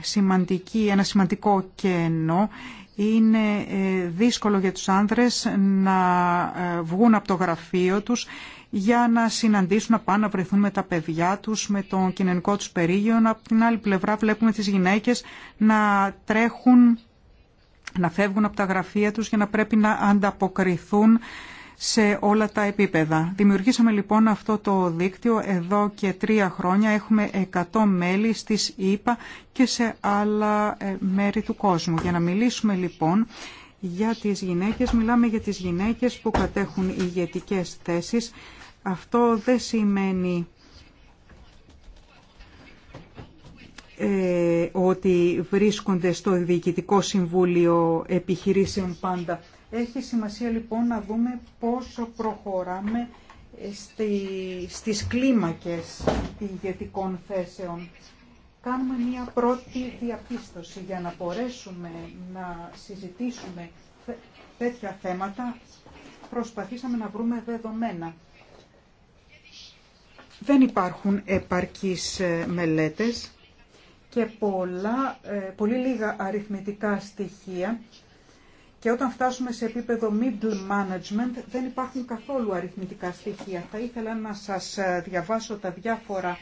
σημαντική, ένα σημαντικό κενό. Είναι ε, δύσκολο για τους άνδρες να ε, βγουν από το γραφείο τους για να συναντήσουν, να πάνε να βρεθούν με τα παιδιά τους, με τον κοινωνικό τους περίγειο. Από την άλλη πλευρά βλέπουμε τις γυναίκες να τρέχουν, να φεύγουν από τα γραφεία τους για να πρέπει να ανταποκριθούν σε όλα τα επίπεδα. Δημιουργήσαμε λοιπόν αυτό το δίκτυο εδώ και τρία χρόνια. Έχουμε 100 μέλη στις ΙΠΑ και σε άλλα ε, μέρη του κόσμου. Για να μιλήσουμε λοιπόν για τις γυναίκες, μιλάμε για τις γυναίκες που κατέχουν ηγετικές θέσεις αυτό δεν σημαίνει ε, ότι βρίσκονται στο Διοικητικό Συμβούλιο Επιχειρήσεων πάντα. Έχει σημασία λοιπόν να δούμε πόσο προχωράμε ε, στη, στις κλίμακες ηγετικών θέσεων. Κάνουμε μία πρώτη διαπίστωση για να μπορέσουμε να συζητήσουμε τέτοια θέματα. Προσπαθήσαμε να βρούμε δεδομένα. Δεν υπάρχουν επαρκείς ε, μελέτες και πολλά, ε, πολύ λίγα αριθμητικά στοιχεία και όταν φτάσουμε σε επίπεδο middle management δεν υπάρχουν καθόλου αριθμητικά στοιχεία. Θα ήθελα να σας ε, διαβάσω τα διάφορα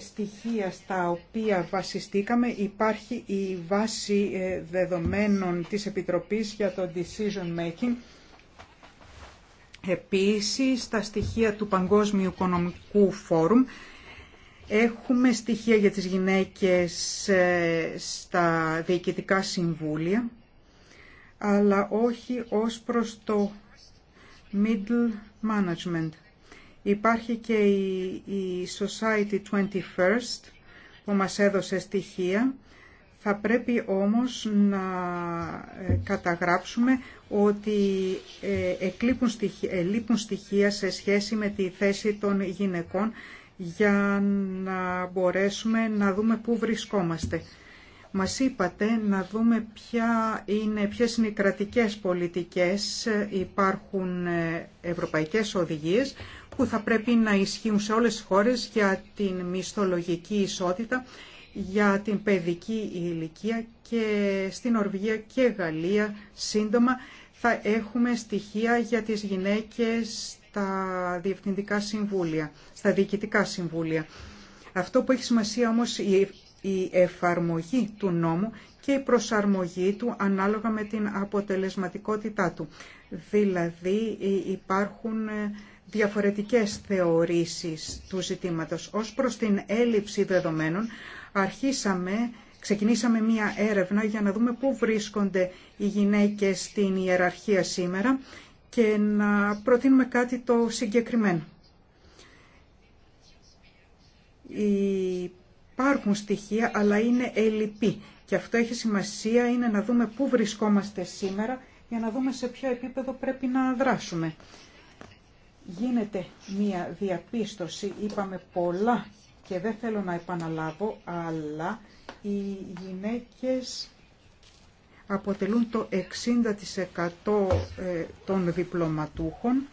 στοιχεία στα οποία βασιστήκαμε. Υπάρχει η βάση δεδομένων της Επιτροπής για το decision making Επίσης, στα στοιχεία του Παγκόσμιου Οικονομικού Φόρουμ έχουμε στοιχεία για τις γυναίκες ε, στα διοικητικά συμβούλια, αλλά όχι ως προς το middle management. Υπάρχει και η Society 21st που μας έδωσε στοιχεία. Θα πρέπει όμως να ε, καταγράψουμε ότι ε, εκλείπουν στοιχεία, λείπουν στοιχεία σε σχέση με τη θέση των γυναικών για να μπορέσουμε να δούμε πού βρισκόμαστε. Μας είπατε να δούμε ποια είναι, ποιες είναι οι κρατικές πολιτικές, υπάρχουν ε, ευρωπαϊκές οδηγίες που θα πρέπει να ισχύουν σε όλες τις χώρες για την μισθολογική ισότητα για την παιδική ηλικία και στην Ορβηγία και Γαλλία σύντομα θα έχουμε στοιχεία για τις γυναίκες στα διευθυντικά συμβούλια, στα διοικητικά συμβούλια. Αυτό που έχει σημασία όμως η εφαρμογή του νόμου και η προσαρμογή του ανάλογα με την αποτελεσματικότητά του. Δηλαδή ε, υπάρχουν ε, διαφορετικές θεωρήσεις του ζητήματος ως προς την έλλειψη δεδομένων αρχίσαμε, ξεκινήσαμε μία έρευνα για να δούμε πού βρίσκονται οι γυναίκες στην ιεραρχία σήμερα και να προτείνουμε κάτι το συγκεκριμένο. Υπάρχουν στοιχεία, αλλά είναι ελλειπή. Και αυτό έχει σημασία είναι να δούμε πού βρισκόμαστε σήμερα για να δούμε σε ποιο επίπεδο πρέπει να δράσουμε. Γίνεται μία διαπίστωση, είπαμε πολλά και δεν θέλω να επαναλάβω, αλλά οι γυναίκες αποτελούν το 60% ε, των διπλωματούχων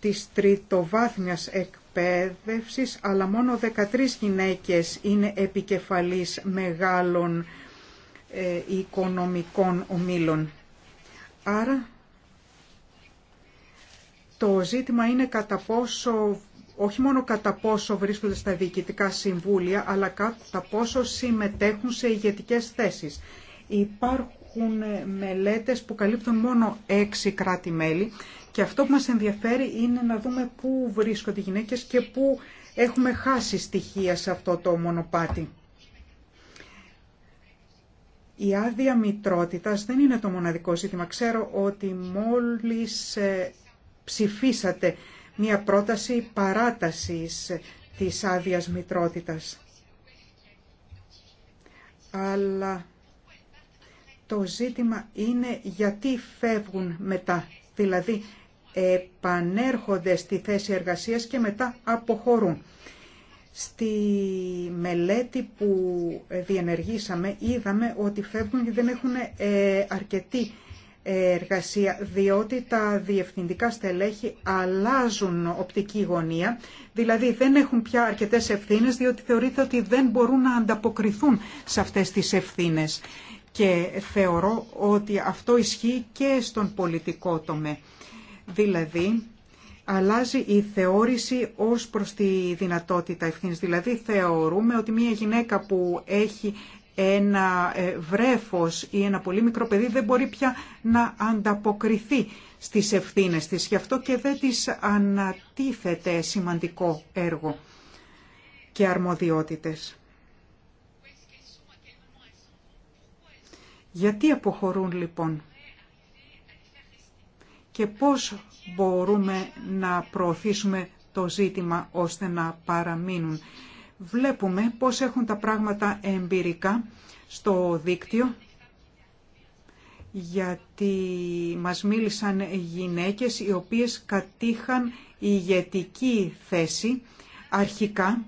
της τριτοβάθμιας εκπαίδευσης, αλλά μόνο 13 γυναίκες είναι επικεφαλής μεγάλων ε, οικονομικών ομίλων. Άρα το ζήτημα είναι κατά πόσο όχι μόνο κατά πόσο βρίσκονται στα διοικητικά συμβούλια, αλλά κατά πόσο συμμετέχουν σε ηγετικές θέσεις. Υπάρχουν ε, μελέτες που καλύπτουν μόνο έξι κράτη-μέλη και αυτό που μας ενδιαφέρει είναι να δούμε πού βρίσκονται οι γυναίκες και πού έχουμε χάσει στοιχεία σε αυτό το μονοπάτι. Η άδεια μητρότητας δεν είναι το μοναδικό ζήτημα. Ξέρω ότι μόλις ε, ψηφίσατε μια πρόταση παράτασης της άδεια μητρότητας. Αλλά το ζήτημα είναι γιατί φεύγουν μετά, δηλαδή επανέρχονται στη θέση εργασίας και μετά αποχωρούν. Στη μελέτη που διενεργήσαμε είδαμε ότι φεύγουν και δεν έχουν ε, αρκετή εργασία, διότι τα διευθυντικά στελέχη αλλάζουν οπτική γωνία, δηλαδή δεν έχουν πια αρκετές ευθύνες, διότι θεωρείται ότι δεν μπορούν να ανταποκριθούν σε αυτές τις ευθύνες. Και θεωρώ ότι αυτό ισχύει και στον πολιτικό τομέα. Δηλαδή, αλλάζει η θεώρηση ως προς τη δυνατότητα ευθύνης. Δηλαδή θεωρούμε ότι μια γυναίκα που έχει ένα ε, βρέφος ή ένα πολύ μικρό παιδί δεν μπορεί πια να ανταποκριθεί στις ευθύνες της. Γι' αυτό και δεν της ανατίθεται σημαντικό έργο και αρμοδιότητες. Γιατί αποχωρούν λοιπόν και πώς μπορούμε να προωθήσουμε το ζήτημα ώστε να παραμείνουν Βλέπουμε πώς έχουν τα πράγματα εμπειρικά στο δίκτυο γιατί μας μίλησαν γυναίκες οι οποίες κατήχαν ηγετική θέση αρχικά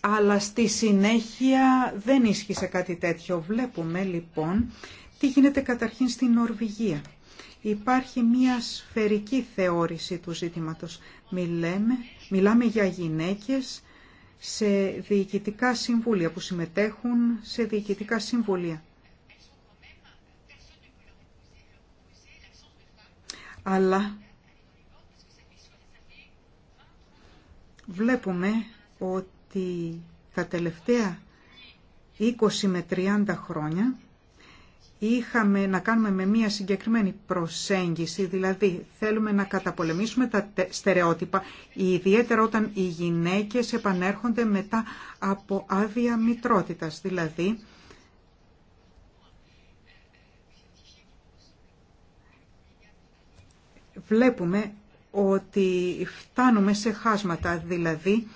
αλλά στη συνέχεια δεν ίσχυσε κάτι τέτοιο. Βλέπουμε λοιπόν τι γίνεται καταρχήν στην Νορβηγία υπάρχει μια σφαιρική θεώρηση του ζήτηματος. Μιλάμε, μιλάμε για γυναίκες σε διοικητικά συμβούλια, που συμμετέχουν σε διοικητικά συμβούλια. Αλλά βλέπουμε ότι τα τελευταία 20 με 30 χρόνια είχαμε να κάνουμε με μία συγκεκριμένη προσέγγιση, δηλαδή θέλουμε να καταπολεμήσουμε τα στερεότυπα, ιδιαίτερα όταν οι γυναίκες επανέρχονται μετά από άδεια μητρότητας, δηλαδή βλέπουμε ότι φτάνουμε σε χάσματα, δηλαδή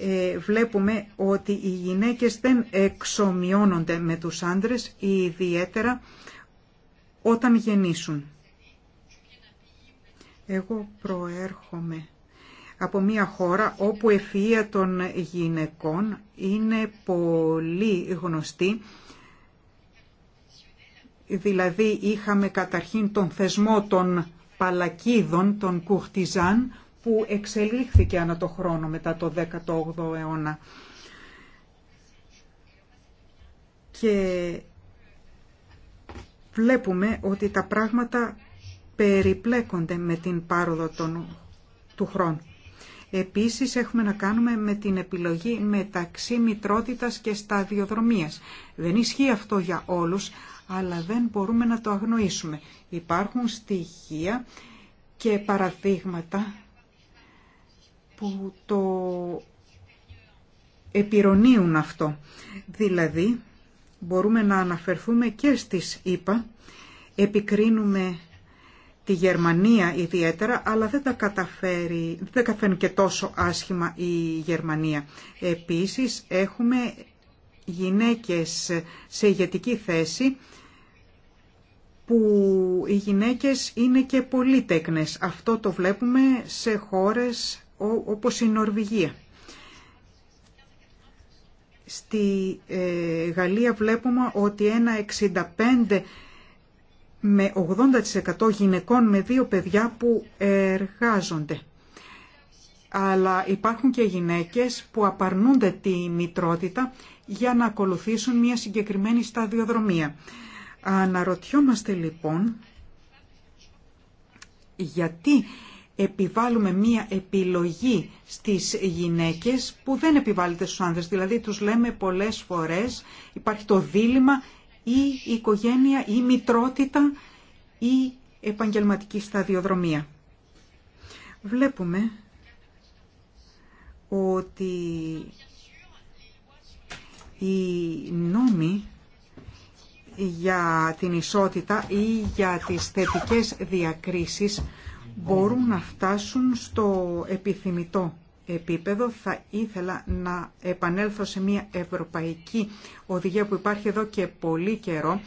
ε, βλέπουμε ότι οι γυναίκες δεν εξομοιώνονται με τους άντρες, ιδιαίτερα όταν γεννήσουν. Εγώ προέρχομαι από μια χώρα όπου η ευφυΐα των γυναικών είναι πολύ γνωστή. Δηλαδή είχαμε καταρχήν τον θεσμό των παλακίδων, των κουρτιζάν, που εξελίχθηκε ανά το χρόνο μετά το 18ο αιώνα. Και βλέπουμε ότι τα πράγματα περιπλέκονται με την πάροδο του χρόνου. Επίσης έχουμε να κάνουμε με την επιλογή μεταξύ μητρότητας και σταδιοδρομίας. Δεν ισχύει αυτό για όλους, αλλά δεν μπορούμε να το αγνοήσουμε. Υπάρχουν στοιχεία και παραδείγματα που το επιρρονίουν αυτό. Δηλαδή, μπορούμε να αναφερθούμε και στις ΗΠΑ, επικρίνουμε τη Γερμανία ιδιαίτερα, αλλά δεν τα, καταφέρει, δεν καταφέρνει και τόσο άσχημα η Γερμανία. Επίσης, έχουμε γυναίκες σε ηγετική θέση, που οι γυναίκες είναι και πολύτεκνες. Αυτό το βλέπουμε σε χώρες όπως η Νορβηγία. Στη ε, Γαλλία βλέπουμε ότι ένα 65 με 80% γυναικών με δύο παιδιά που εργάζονται. Αλλά υπάρχουν και γυναίκες που απαρνούνται τη μητρότητα για να ακολουθήσουν μια συγκεκριμένη σταδιοδρομία. Αναρωτιόμαστε λοιπόν γιατί επιβάλλουμε μία επιλογή στις γυναίκες που δεν επιβάλλεται στους άνδρες. Δηλαδή τους λέμε πολλές φορές υπάρχει το δίλημα ή οικογένεια ή μητρότητα ή επαγγελματική σταδιοδρομία. Βλέπουμε ότι οι νόμοι για την ισότητα ή για τις θετικές διακρίσεις μπορούν να φτάσουν στο επιθυμητό επίπεδο. Θα ήθελα να επανέλθω σε μια ευρωπαϊκή οδηγία που υπάρχει εδώ και πολύ καιρό,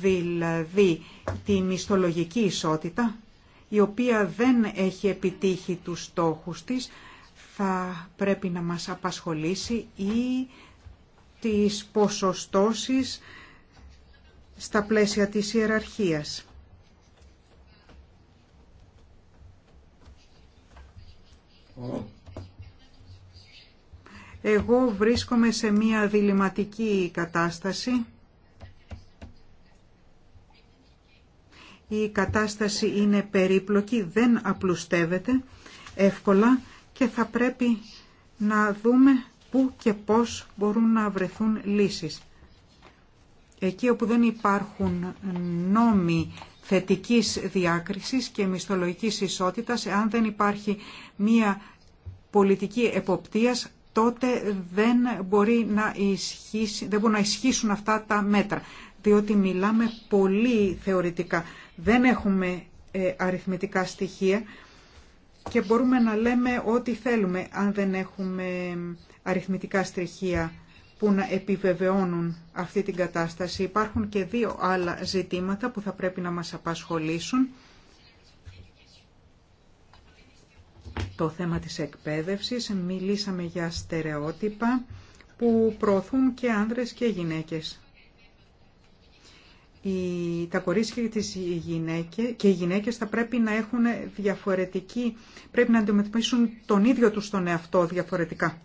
δηλαδή τη μισθολογική ισότητα, η οποία δεν έχει επιτύχει τους στόχους της, θα πρέπει να μας απασχολήσει ή τις ποσοστώσεις στα πλαίσια της ιεραρχίας. Εγώ βρίσκομαι σε μια διληματική κατάσταση. Η κατάσταση είναι περίπλοκη, δεν απλουστεύεται εύκολα και θα πρέπει να δούμε πού και πώς μπορούν να βρεθούν λύσεις. Εκεί όπου δεν υπάρχουν νόμοι θετικής διάκρισης και μισθολογικής ισότητας, αν δεν υπάρχει μία πολιτική εποπτείας, τότε δεν, μπορεί να δεν μπορούν να ισχύσουν αυτά τα μέτρα, διότι μιλάμε πολύ θεωρητικά. Δεν έχουμε ε, αριθμητικά στοιχεία και μπορούμε να λέμε ό,τι θέλουμε αν δεν έχουμε αριθμητικά στοιχεία που να επιβεβαιώνουν αυτή την κατάσταση. Υπάρχουν και δύο άλλα ζητήματα που θα πρέπει να μας απασχολήσουν. Το θέμα της εκπαίδευσης, μιλήσαμε για στερεότυπα που προωθούν και άνδρες και γυναίκες. Οι, τα κορίτσια και, και οι γυναίκες θα πρέπει να έχουν διαφορετική, πρέπει να αντιμετωπίσουν τον ίδιο τους τον εαυτό διαφορετικά.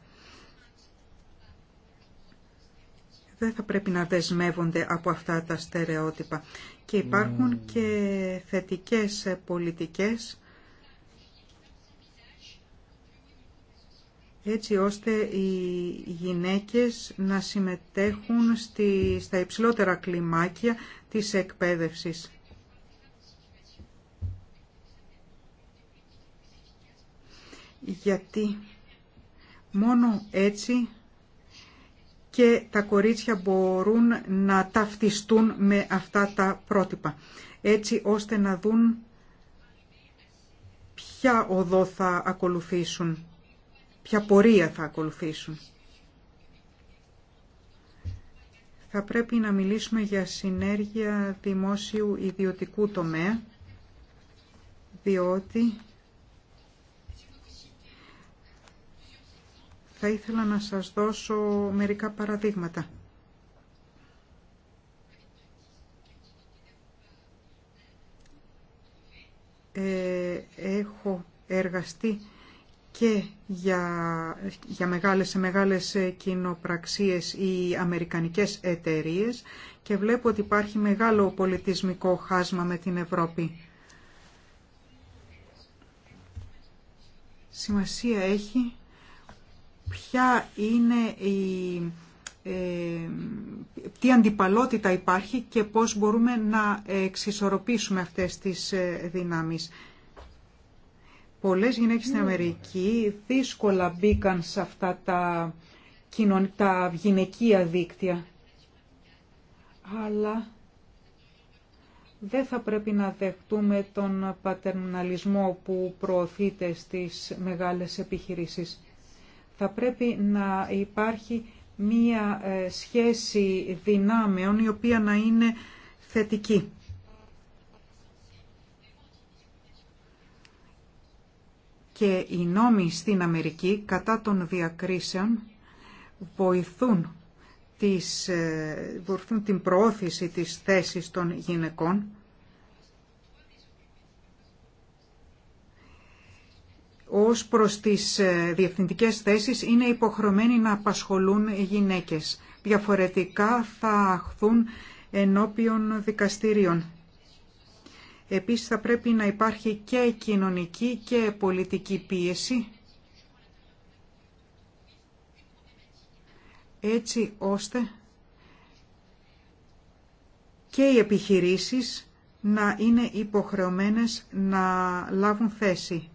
δεν θα πρέπει να δεσμεύονται από αυτά τα στερεότυπα. Και υπάρχουν mm. και θετικές πολιτικές έτσι ώστε οι γυναίκες να συμμετέχουν στη, στα υψηλότερα κλιμάκια της εκπαίδευσης. Γιατί μόνο έτσι και τα κορίτσια μπορούν να ταυτιστούν με αυτά τα πρότυπα, έτσι ώστε να δουν ποια οδό θα ακολουθήσουν, ποια πορεία θα ακολουθήσουν. Θα πρέπει να μιλήσουμε για συνέργεια δημόσιου ιδιωτικού τομέα, διότι Θα ήθελα να σας δώσω μερικά παραδείγματα. Ε, έχω έργαστη και για, για μεγάλες, σε μεγάλες κοινοπραξίες ή αμερικανικές εταιρείες και βλέπω ότι υπάρχει μεγάλο πολιτισμικό χάσμα με την Ευρώπη. Σημασία έχει ποια είναι η, ε, τι αντιπαλότητα υπάρχει και πώς μπορούμε να εξισορροπήσουμε αυτές τις ε, δυνάμεις. Πολλές γυναίκες στην ναι. Αμερική δύσκολα μπήκαν σε αυτά τα, τα γυναικεία δίκτυα. Αλλά δεν θα πρέπει να δεχτούμε τον πατερναλισμό που προωθείται στις μεγάλες επιχειρήσεις θα πρέπει να υπάρχει μία ε, σχέση δυνάμεων η οποία να είναι θετική. Και οι νόμοι στην Αμερική κατά των διακρίσεων βοηθούν, τις, ε, βοηθούν την προώθηση της θέσης των γυναικών ως προς τις ε, διευθυντικές θέσεις είναι υποχρεωμένοι να απασχολούν γυναίκες. Διαφορετικά θα αχθούν ενώπιον δικαστήριων. Επίσης θα πρέπει να υπάρχει και κοινωνική και πολιτική πίεση έτσι ώστε και οι επιχειρήσεις να είναι υποχρεωμένες να λάβουν θέση.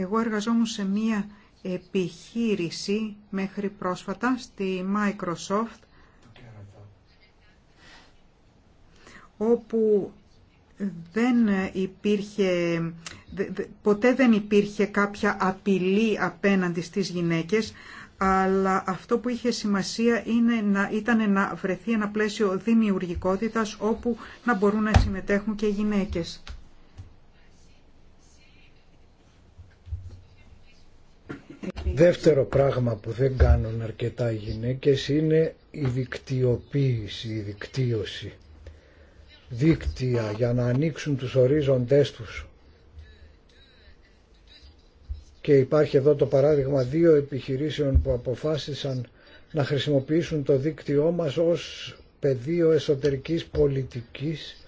Εγώ εργαζόμουν σε μία επιχείρηση μέχρι πρόσφατα στη Microsoft όπου δεν υπήρχε, ποτέ δεν υπήρχε κάποια απειλή απέναντι στις γυναίκες, αλλά αυτό που είχε σημασία είναι να, ήταν να βρεθεί ένα πλαίσιο δημιουργικότητας όπου να μπορούν να συμμετέχουν και οι γυναίκες. Δεύτερο πράγμα που δεν κάνουν αρκετά οι γυναίκες είναι η δικτυοποίηση, η δικτύωση. Δίκτυα για να ανοίξουν τους ορίζοντές τους. Και υπάρχει εδώ το παράδειγμα δύο επιχειρήσεων που αποφάσισαν να χρησιμοποιήσουν το δίκτυό μας ως πεδίο εσωτερικής πολιτικής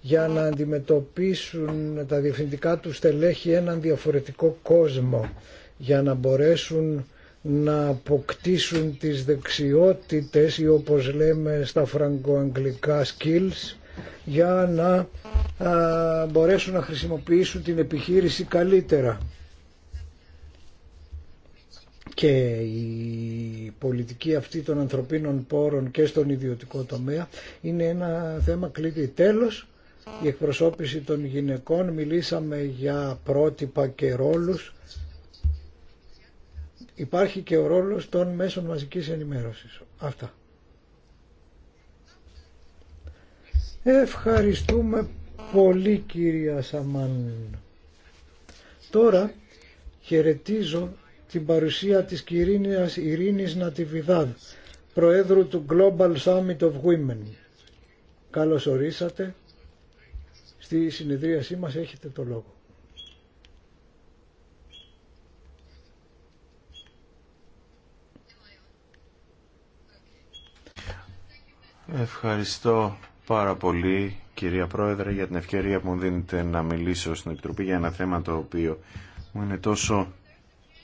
για να αντιμετωπίσουν τα διευθυντικά του στελέχη έναν διαφορετικό κόσμο για να μπορέσουν να αποκτήσουν τις δεξιότητες ή όπως λέμε στα φραγκοαγγλικά skills για να μπορέσουν να χρησιμοποιήσουν την επιχείρηση καλύτερα. Και η πολιτική αυτή των ανθρωπίνων πόρων και στον ιδιωτικό τομέα είναι ένα θέμα κλειδί. Τέλος, η εκπροσώπηση των γυναικών, μιλήσαμε για πρότυπα και ρόλους υπάρχει και ο ρόλος των μέσων μαζικής ενημέρωσης. Αυτά. Ευχαριστούμε πολύ κυρία Σαμάν. Τώρα χαιρετίζω την παρουσία της κυρίας Ειρήνης Νατιβιδάδ, Προέδρου του Global Summit of Women. Καλώς ορίσατε. Στη συνεδρίασή μας έχετε το λόγο. Ευχαριστώ πάρα πολύ κυρία Πρόεδρε για την ευκαιρία που μου δίνετε να μιλήσω στην Επιτροπή για ένα θέμα το οποίο μου είναι τόσο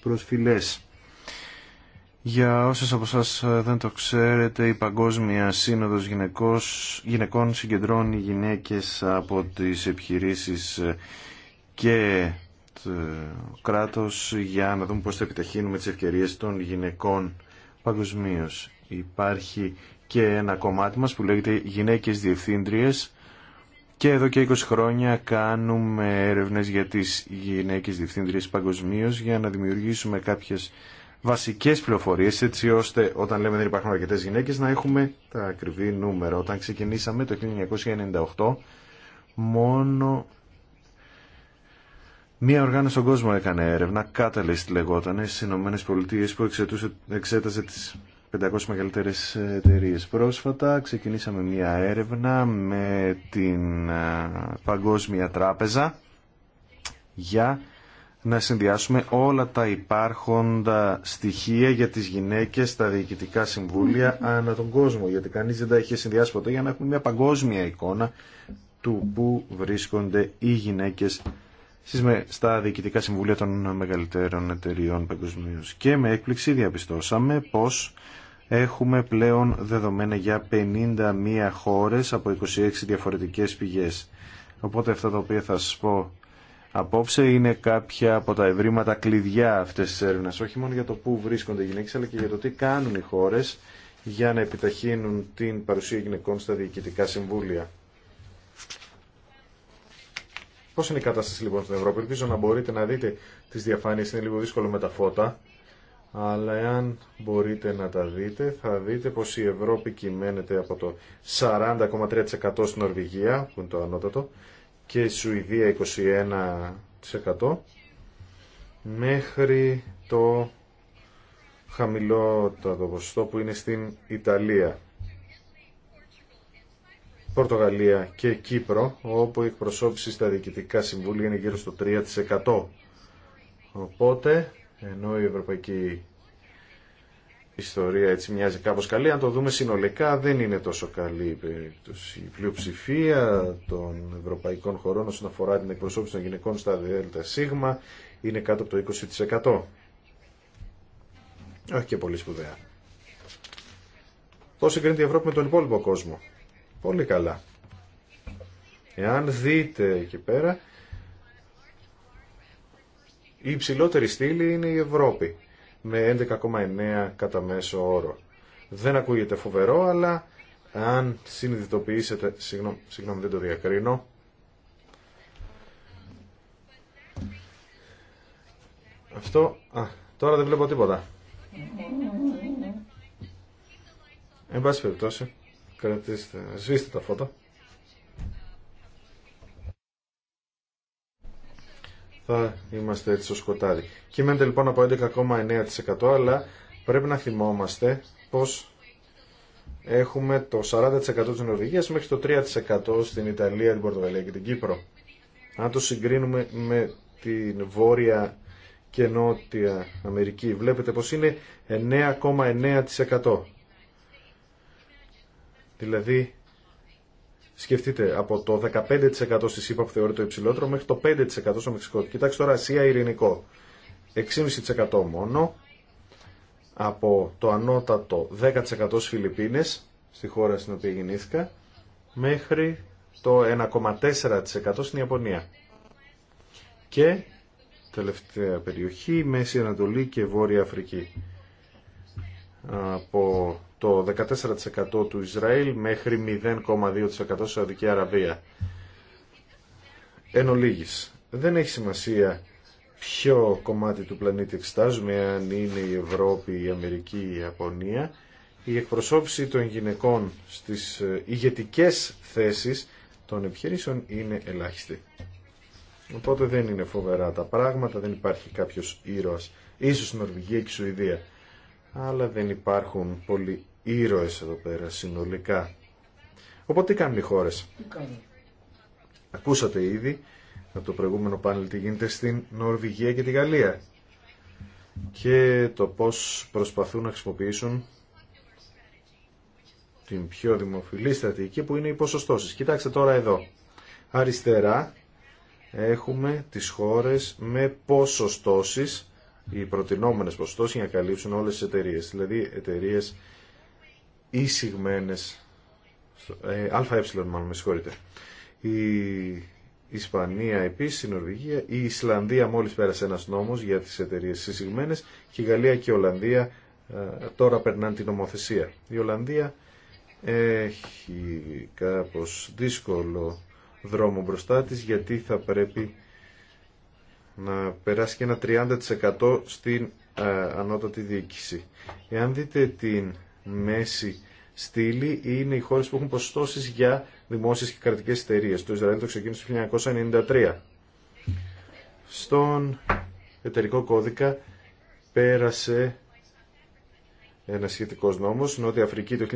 προσφυλές. Για όσες από σας δεν το ξέρετε, η Παγκόσμια Σύνοδος Γυναικών συγκεντρώνει γυναίκες από τις επιχειρήσεις και το κράτος για να δούμε πώς θα επιταχύνουμε τις ευκαιρίες των γυναικών παγκοσμίω. Υπάρχει και ένα κομμάτι μας που λέγεται «Γυναίκες Διευθύντριες» και εδώ και 20 χρόνια κάνουμε έρευνες για τις γυναίκες διευθύντριες παγκοσμίω για να δημιουργήσουμε κάποιες βασικές πληροφορίες έτσι ώστε όταν λέμε δεν υπάρχουν αρκετέ γυναίκες να έχουμε τα ακριβή νούμερα. Όταν ξεκινήσαμε το 1998 μόνο Μία οργάνωση στον κόσμο έκανε έρευνα, Catalyst λεγότανε, στι ΗΠΑ που εξέτασε τις 500 μεγαλύτερε εταιρείε. Πρόσφατα ξεκινήσαμε μία έρευνα με την Παγκόσμια Τράπεζα για να συνδυάσουμε όλα τα υπάρχοντα στοιχεία για τις γυναίκες στα διοικητικά συμβούλια ανά τον κόσμο, γιατί κανείς δεν τα είχε συνδυάσει ποτέ για να έχουμε μια παγκόσμια εικόνα του που βρίσκονται οι γυναίκες στα διοικητικά συμβούλια των μεγαλύτερων εταιριών παγκοσμίω. Και με έκπληξη διαπιστώσαμε πως Έχουμε πλέον δεδομένα για 51 χώρες από 26 διαφορετικές πηγές. Οπότε αυτά τα οποία θα σας πω απόψε είναι κάποια από τα ευρήματα κλειδιά αυτές της έρευνας. Όχι μόνο για το πού βρίσκονται οι γυναίκες αλλά και για το τι κάνουν οι χώρες για να επιταχύνουν την παρουσία γυναικών στα διοικητικά συμβούλια. Πώς είναι η κατάσταση λοιπόν στην Ευρώπη. Ελπίζω να μπορείτε να δείτε τις διαφάνειες, είναι λίγο δύσκολο με τα φώτα αλλά εάν μπορείτε να τα δείτε θα δείτε πως η Ευρώπη κυμαίνεται από το 40,3% στην Νορβηγία που είναι το ανώτατο και η Σουηδία 21% μέχρι το χαμηλό το ποσοστό που είναι στην Ιταλία Πορτογαλία και Κύπρο όπου η εκπροσώπηση στα διοικητικά συμβούλια είναι γύρω στο 3% οπότε ενώ η ευρωπαϊκή ιστορία έτσι μοιάζει κάπως καλή, αν το δούμε συνολικά δεν είναι τόσο καλή η περίπτωση. Η πλειοψηφία των ευρωπαϊκών χωρών όσον αφορά την εκπροσώπηση των γυναικών στα ΣΥΓΜΑ είναι κάτω από το 20%. Όχι και πολύ σπουδαία. Πώς συγκρίνεται η Ευρώπη με τον υπόλοιπο κόσμο. Πολύ καλά. Εάν δείτε εκεί πέρα, η υψηλότερη στήλη είναι η Ευρώπη, με 11,9 κατά μέσο όρο. Δεν ακούγεται φοβερό, αλλά αν συνειδητοποιήσετε, συγγνώμη, συγγνώμη δεν το διακρίνω, Αυτό, α, τώρα δεν βλέπω τίποτα. Εν πάση περιπτώσει, κρατήστε, σβήστε τα φώτα. θα είμαστε έτσι στο σκοτάδι. Κείμενται λοιπόν από 11,9% αλλά πρέπει να θυμόμαστε πως έχουμε το 40% της Νορβηγίας μέχρι το 3% στην Ιταλία, την Πορτογαλία και την Κύπρο. Αν το συγκρίνουμε με την Βόρεια και Νότια Αμερική βλέπετε πως είναι 9,9%. Δηλαδή Σκεφτείτε, από το 15% στη ΣΥΠΑ που θεωρείται το υψηλότερο μέχρι το 5% στο Μεξικό. Κοιτάξτε τώρα, Ασία ειρηνικό. 6,5% μόνο από το ανώτατο 10% στις Φιλιππίνες, στη χώρα στην οποία γεννήθηκα, μέχρι το 1,4% στην Ιαπωνία. Και τελευταία περιοχή, Μέση Ανατολή και Βόρεια Αφρική. Από το 14% του Ισραήλ μέχρι 0,2% Σαουδική Αραβία. Εν ολίγης, δεν έχει σημασία ποιο κομμάτι του πλανήτη εξετάζουμε, αν είναι η Ευρώπη, η Αμερική, η Ιαπωνία. Η εκπροσώπηση των γυναικών στις ε, ηγετικές θέσεις των επιχειρήσεων είναι ελάχιστη. Οπότε δεν είναι φοβερά τα πράγματα, δεν υπάρχει κάποιος ήρωας. Ίσως Νορβηγία και Σουηδία. Αλλά δεν υπάρχουν πολλοί ήρωες εδώ πέρα συνολικά. Οπότε τι κάνουν οι χώρες. Ακούσατε ήδη από το προηγούμενο πάνελ τι γίνεται στην Νορβηγία και τη Γαλλία και το πώς προσπαθούν να χρησιμοποιήσουν την πιο δημοφιλή στρατηγική που είναι οι ποσοστώσεις. Κοιτάξτε τώρα εδώ. Αριστερά έχουμε τις χώρες με ποσοστώσεις, οι προτινόμενες ποσοστώσεις για να καλύψουν όλες τις εταιρείες. Δηλαδή εταιρείες εισηγμένες, ε, ΑΕ μάλλον, με συγχωρείτε. Η Ισπανία επίσης, η Νορβηγία, η Ισλανδία μόλις πέρασε ένας νόμος για τις εταιρείες εισηγμένες και η Γαλλία και η Ολλανδία ε, τώρα περνάνε την νομοθεσία. Η Ολλανδία έχει κάπως δύσκολο δρόμο μπροστά της γιατί θα πρέπει να περάσει και ένα 30% στην ε, ανώτατη διοίκηση. Εάν δείτε την μέση στήλη είναι οι χώρες που έχουν ποσοστώσεις για δημόσιες και κρατικές εταιρείε. Το Ισραήλ το ξεκίνησε το 1993. Στον εταιρικό κώδικα πέρασε ένα σχετικό νόμο, Νότια Αφρική το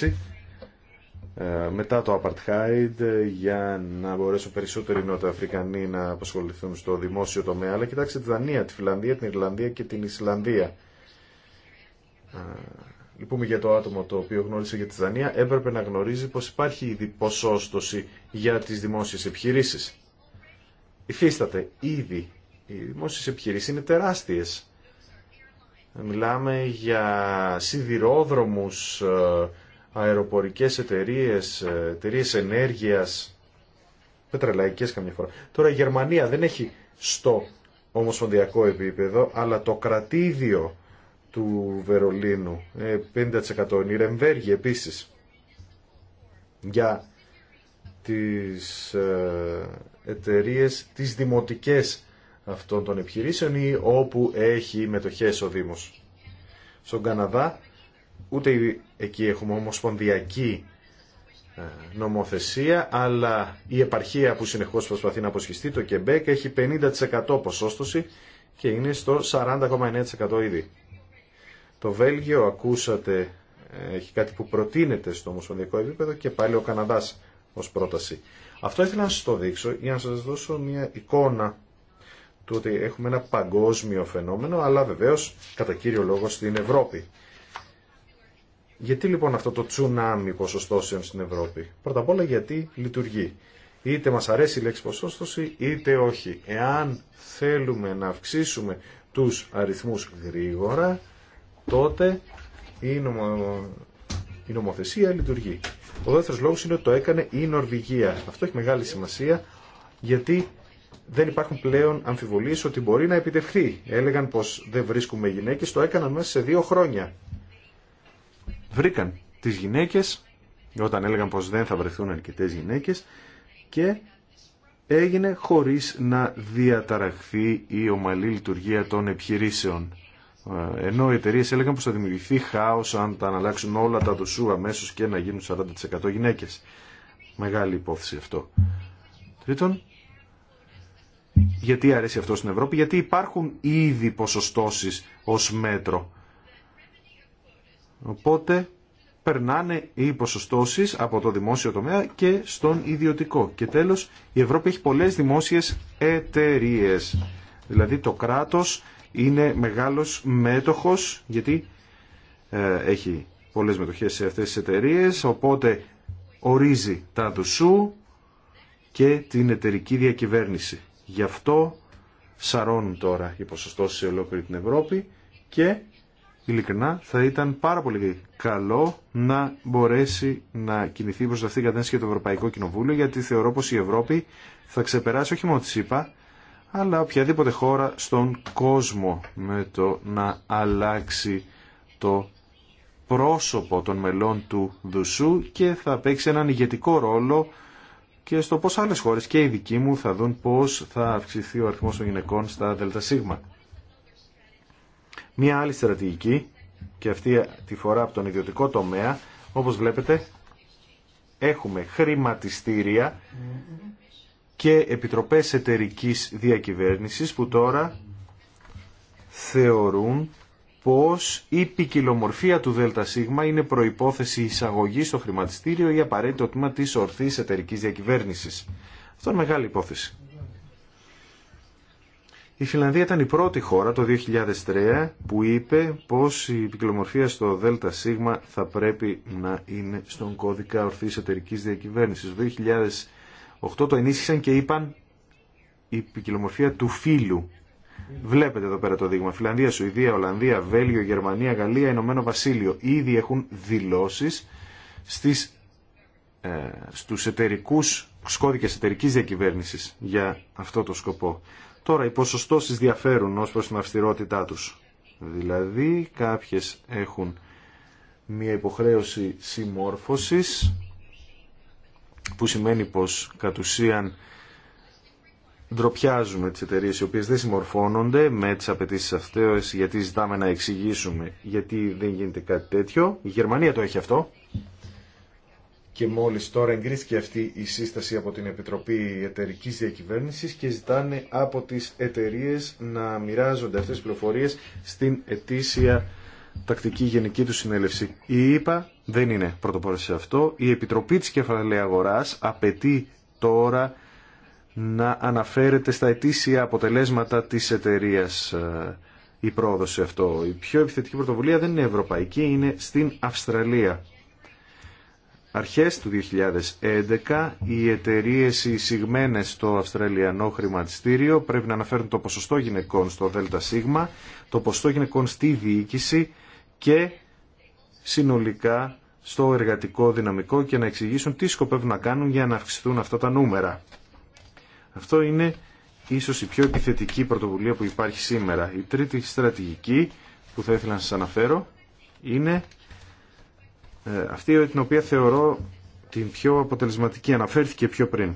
1996, ε, μετά το Apartheid για να μπορέσουν περισσότεροι Νότια Αφρικανοί να απασχοληθούν στο δημόσιο τομέα. Αλλά κοιτάξτε τη Δανία, τη Φιλανδία, την Ιρλανδία και την Ισλανδία ε, λυπούμε για το άτομο το οποίο γνώρισε για τη Δανία, έπρεπε να γνωρίζει πως υπάρχει ήδη ποσόστοση για τις δημόσιες επιχειρήσεις. Υφίσταται ήδη. Οι δημόσιες επιχειρήσεις είναι τεράστιες. Μιλάμε για σιδηρόδρομους, ε, αεροπορικές εταιρείες, ε, εταιρείε ενέργειας, πετρελαϊκές καμιά φορά. Τώρα η Γερμανία δεν έχει στο ομοσπονδιακό επίπεδο, αλλά το κρατήδιο του Βερολίνου, 50% ε, Ρεμβέργη επίσης, για τις ε, εταιρείε τις δημοτικές αυτών των επιχειρήσεων ή όπου έχει μετοχές ο Δήμος. Στον Καναδά, ούτε εκεί έχουμε ομοσπονδιακή ε, νομοθεσία, αλλά η επαρχία που συνεχώς προσπαθεί να αποσχιστεί, το Κεμπέκ, έχει 50% ποσόστοση και είναι στο 40,9% ήδη. Το Βέλγιο, ακούσατε, ε, έχει κάτι που προτείνεται στο ομοσπονδιακό επίπεδο και πάλι ο Καναδάς ως πρόταση. Αυτό ήθελα να σας το δείξω για να σας δώσω μια εικόνα του ότι έχουμε ένα παγκόσμιο φαινόμενο, αλλά βεβαίως κατά κύριο λόγο στην Ευρώπη. Γιατί λοιπόν αυτό το τσουνάμι ποσοστώσεων στην Ευρώπη. Πρώτα απ' όλα γιατί λειτουργεί. Είτε μας αρέσει η λέξη ποσόστοση είτε όχι. Εάν θέλουμε να αυξήσουμε τους αριθμούς γρήγορα τότε η, η νομοθεσία λειτουργεί. Ο δεύτερο λόγο είναι ότι το έκανε η Νορβηγία. Αυτό έχει μεγάλη σημασία γιατί δεν υπάρχουν πλέον αμφιβολίε ότι μπορεί να επιτευχθεί. Έλεγαν πως δεν βρίσκουμε γυναίκες, το έκαναν μέσα σε δύο χρόνια. Βρήκαν τις γυναίκες, όταν έλεγαν πως δεν θα βρεθούν αρκετέ γυναίκε, και έγινε χωρίς να διαταραχθεί η ομαλή λειτουργία των επιχειρήσεων. Ε, ενώ οι εταιρείε έλεγαν πως θα δημιουργηθεί χάος αν τα αναλλάξουν όλα τα δοσού αμέσω και να γίνουν 40% γυναίκες. Μεγάλη υπόθεση αυτό. Τρίτον, γιατί αρέσει αυτό στην Ευρώπη, γιατί υπάρχουν ήδη ποσοστώσεις ως μέτρο. Οπότε περνάνε οι ποσοστώσεις από το δημόσιο τομέα και στον ιδιωτικό. Και τέλος, η Ευρώπη έχει πολλές δημόσιες εταιρείε. Δηλαδή το κράτος είναι μεγάλος μέτοχος γιατί ε, έχει πολλές μετοχές σε αυτές τις εταιρείε, οπότε ορίζει τα δουσού και την εταιρική διακυβέρνηση. Γι' αυτό σαρώνουν τώρα οι ποσοστώσεις σε ολόκληρη την Ευρώπη και ειλικρινά θα ήταν πάρα πολύ καλό να μπορέσει να κινηθεί προς αυτήν την κατεύθυνση και το Ευρωπαϊκό Κοινοβούλιο γιατί θεωρώ πως η Ευρώπη θα ξεπεράσει όχι μόνο τη ΣΥΠΑ αλλά οποιαδήποτε χώρα στον κόσμο με το να αλλάξει το πρόσωπο των μελών του Δουσού και θα παίξει έναν ηγετικό ρόλο και στο πώς άλλες χώρες και οι δικοί μου θα δουν πώς θα αυξηθεί ο αριθμός των γυναικών στα ΔΣ. Μία άλλη στρατηγική και αυτή τη φορά από τον ιδιωτικό τομέα, όπως βλέπετε, έχουμε χρηματιστήρια και επιτροπές εταιρικής διακυβέρνησης που τώρα θεωρούν πως η ποικιλομορφία του ΔΣ είναι προϋπόθεση εισαγωγής στο χρηματιστήριο ή απαραίτητο τμήμα της ορθής εταιρικής διακυβέρνησης. Αυτό είναι μεγάλη υπόθεση. Η Φιλανδία ήταν η πρώτη χώρα το 2003 που είπε πως η ποικιλομορφία στο ΔΣ θα πρέπει να είναι στον κώδικα ορθής εταιρικής διακυβέρνησης. Το οκτώ το ενίσχυσαν και είπαν η ποικιλομορφία του φίλου Βλέπετε εδώ πέρα το δείγμα. Φιλανδία, Σουηδία, Ολλανδία, Βέλγιο, Γερμανία, Γαλλία, Ηνωμένο Βασίλειο. Ήδη έχουν δηλώσεις στις, ε, στους εταιρικούς, εταιρικής διακυβέρνησης για αυτό το σκοπό. Τώρα οι ποσοστώσεις διαφέρουν ως προς την αυστηρότητά τους. Δηλαδή κάποιες έχουν μια υποχρέωση συμμόρφωσης που σημαίνει πως κατ' ουσίαν ντροπιάζουμε τις εταιρείε οι οποίες δεν συμμορφώνονται με τις απαιτήσεις αυτές γιατί ζητάμε να εξηγήσουμε γιατί δεν γίνεται κάτι τέτοιο. Η Γερμανία το έχει αυτό και μόλις τώρα εγκρίθηκε αυτή η σύσταση από την Επιτροπή Εταιρικής Διακυβέρνησης και ζητάνε από τις εταιρείε να μοιράζονται αυτές τις πληροφορίες στην ετήσια τακτική γενική του συνέλευση. Η ΕΠΑ δεν είναι πρωτοπόρο σε αυτό. Η Επιτροπή της Κεφαλαίου Αγοράς απαιτεί τώρα να αναφέρεται στα ετήσια αποτελέσματα της εταιρεία ε, η πρόοδο σε αυτό. Η πιο επιθετική πρωτοβουλία δεν είναι ευρωπαϊκή, είναι στην Αυστραλία. Αρχές του 2011 οι εταιρείε εισηγμένες στο Αυστραλιανό χρηματιστήριο πρέπει να αναφέρουν το ποσοστό γυναικών στο ΔΣ, το ποσοστό γυναικών στη διοίκηση και συνολικά στο εργατικό δυναμικό και να εξηγήσουν τι σκοπεύουν να κάνουν για να αυξηθούν αυτά τα νούμερα. Αυτό είναι ίσως η πιο επιθετική πρωτοβουλία που υπάρχει σήμερα. Η τρίτη στρατηγική που θα ήθελα να σας αναφέρω είναι ε, αυτή την οποία θεωρώ την πιο αποτελεσματική, αναφέρθηκε πιο πριν.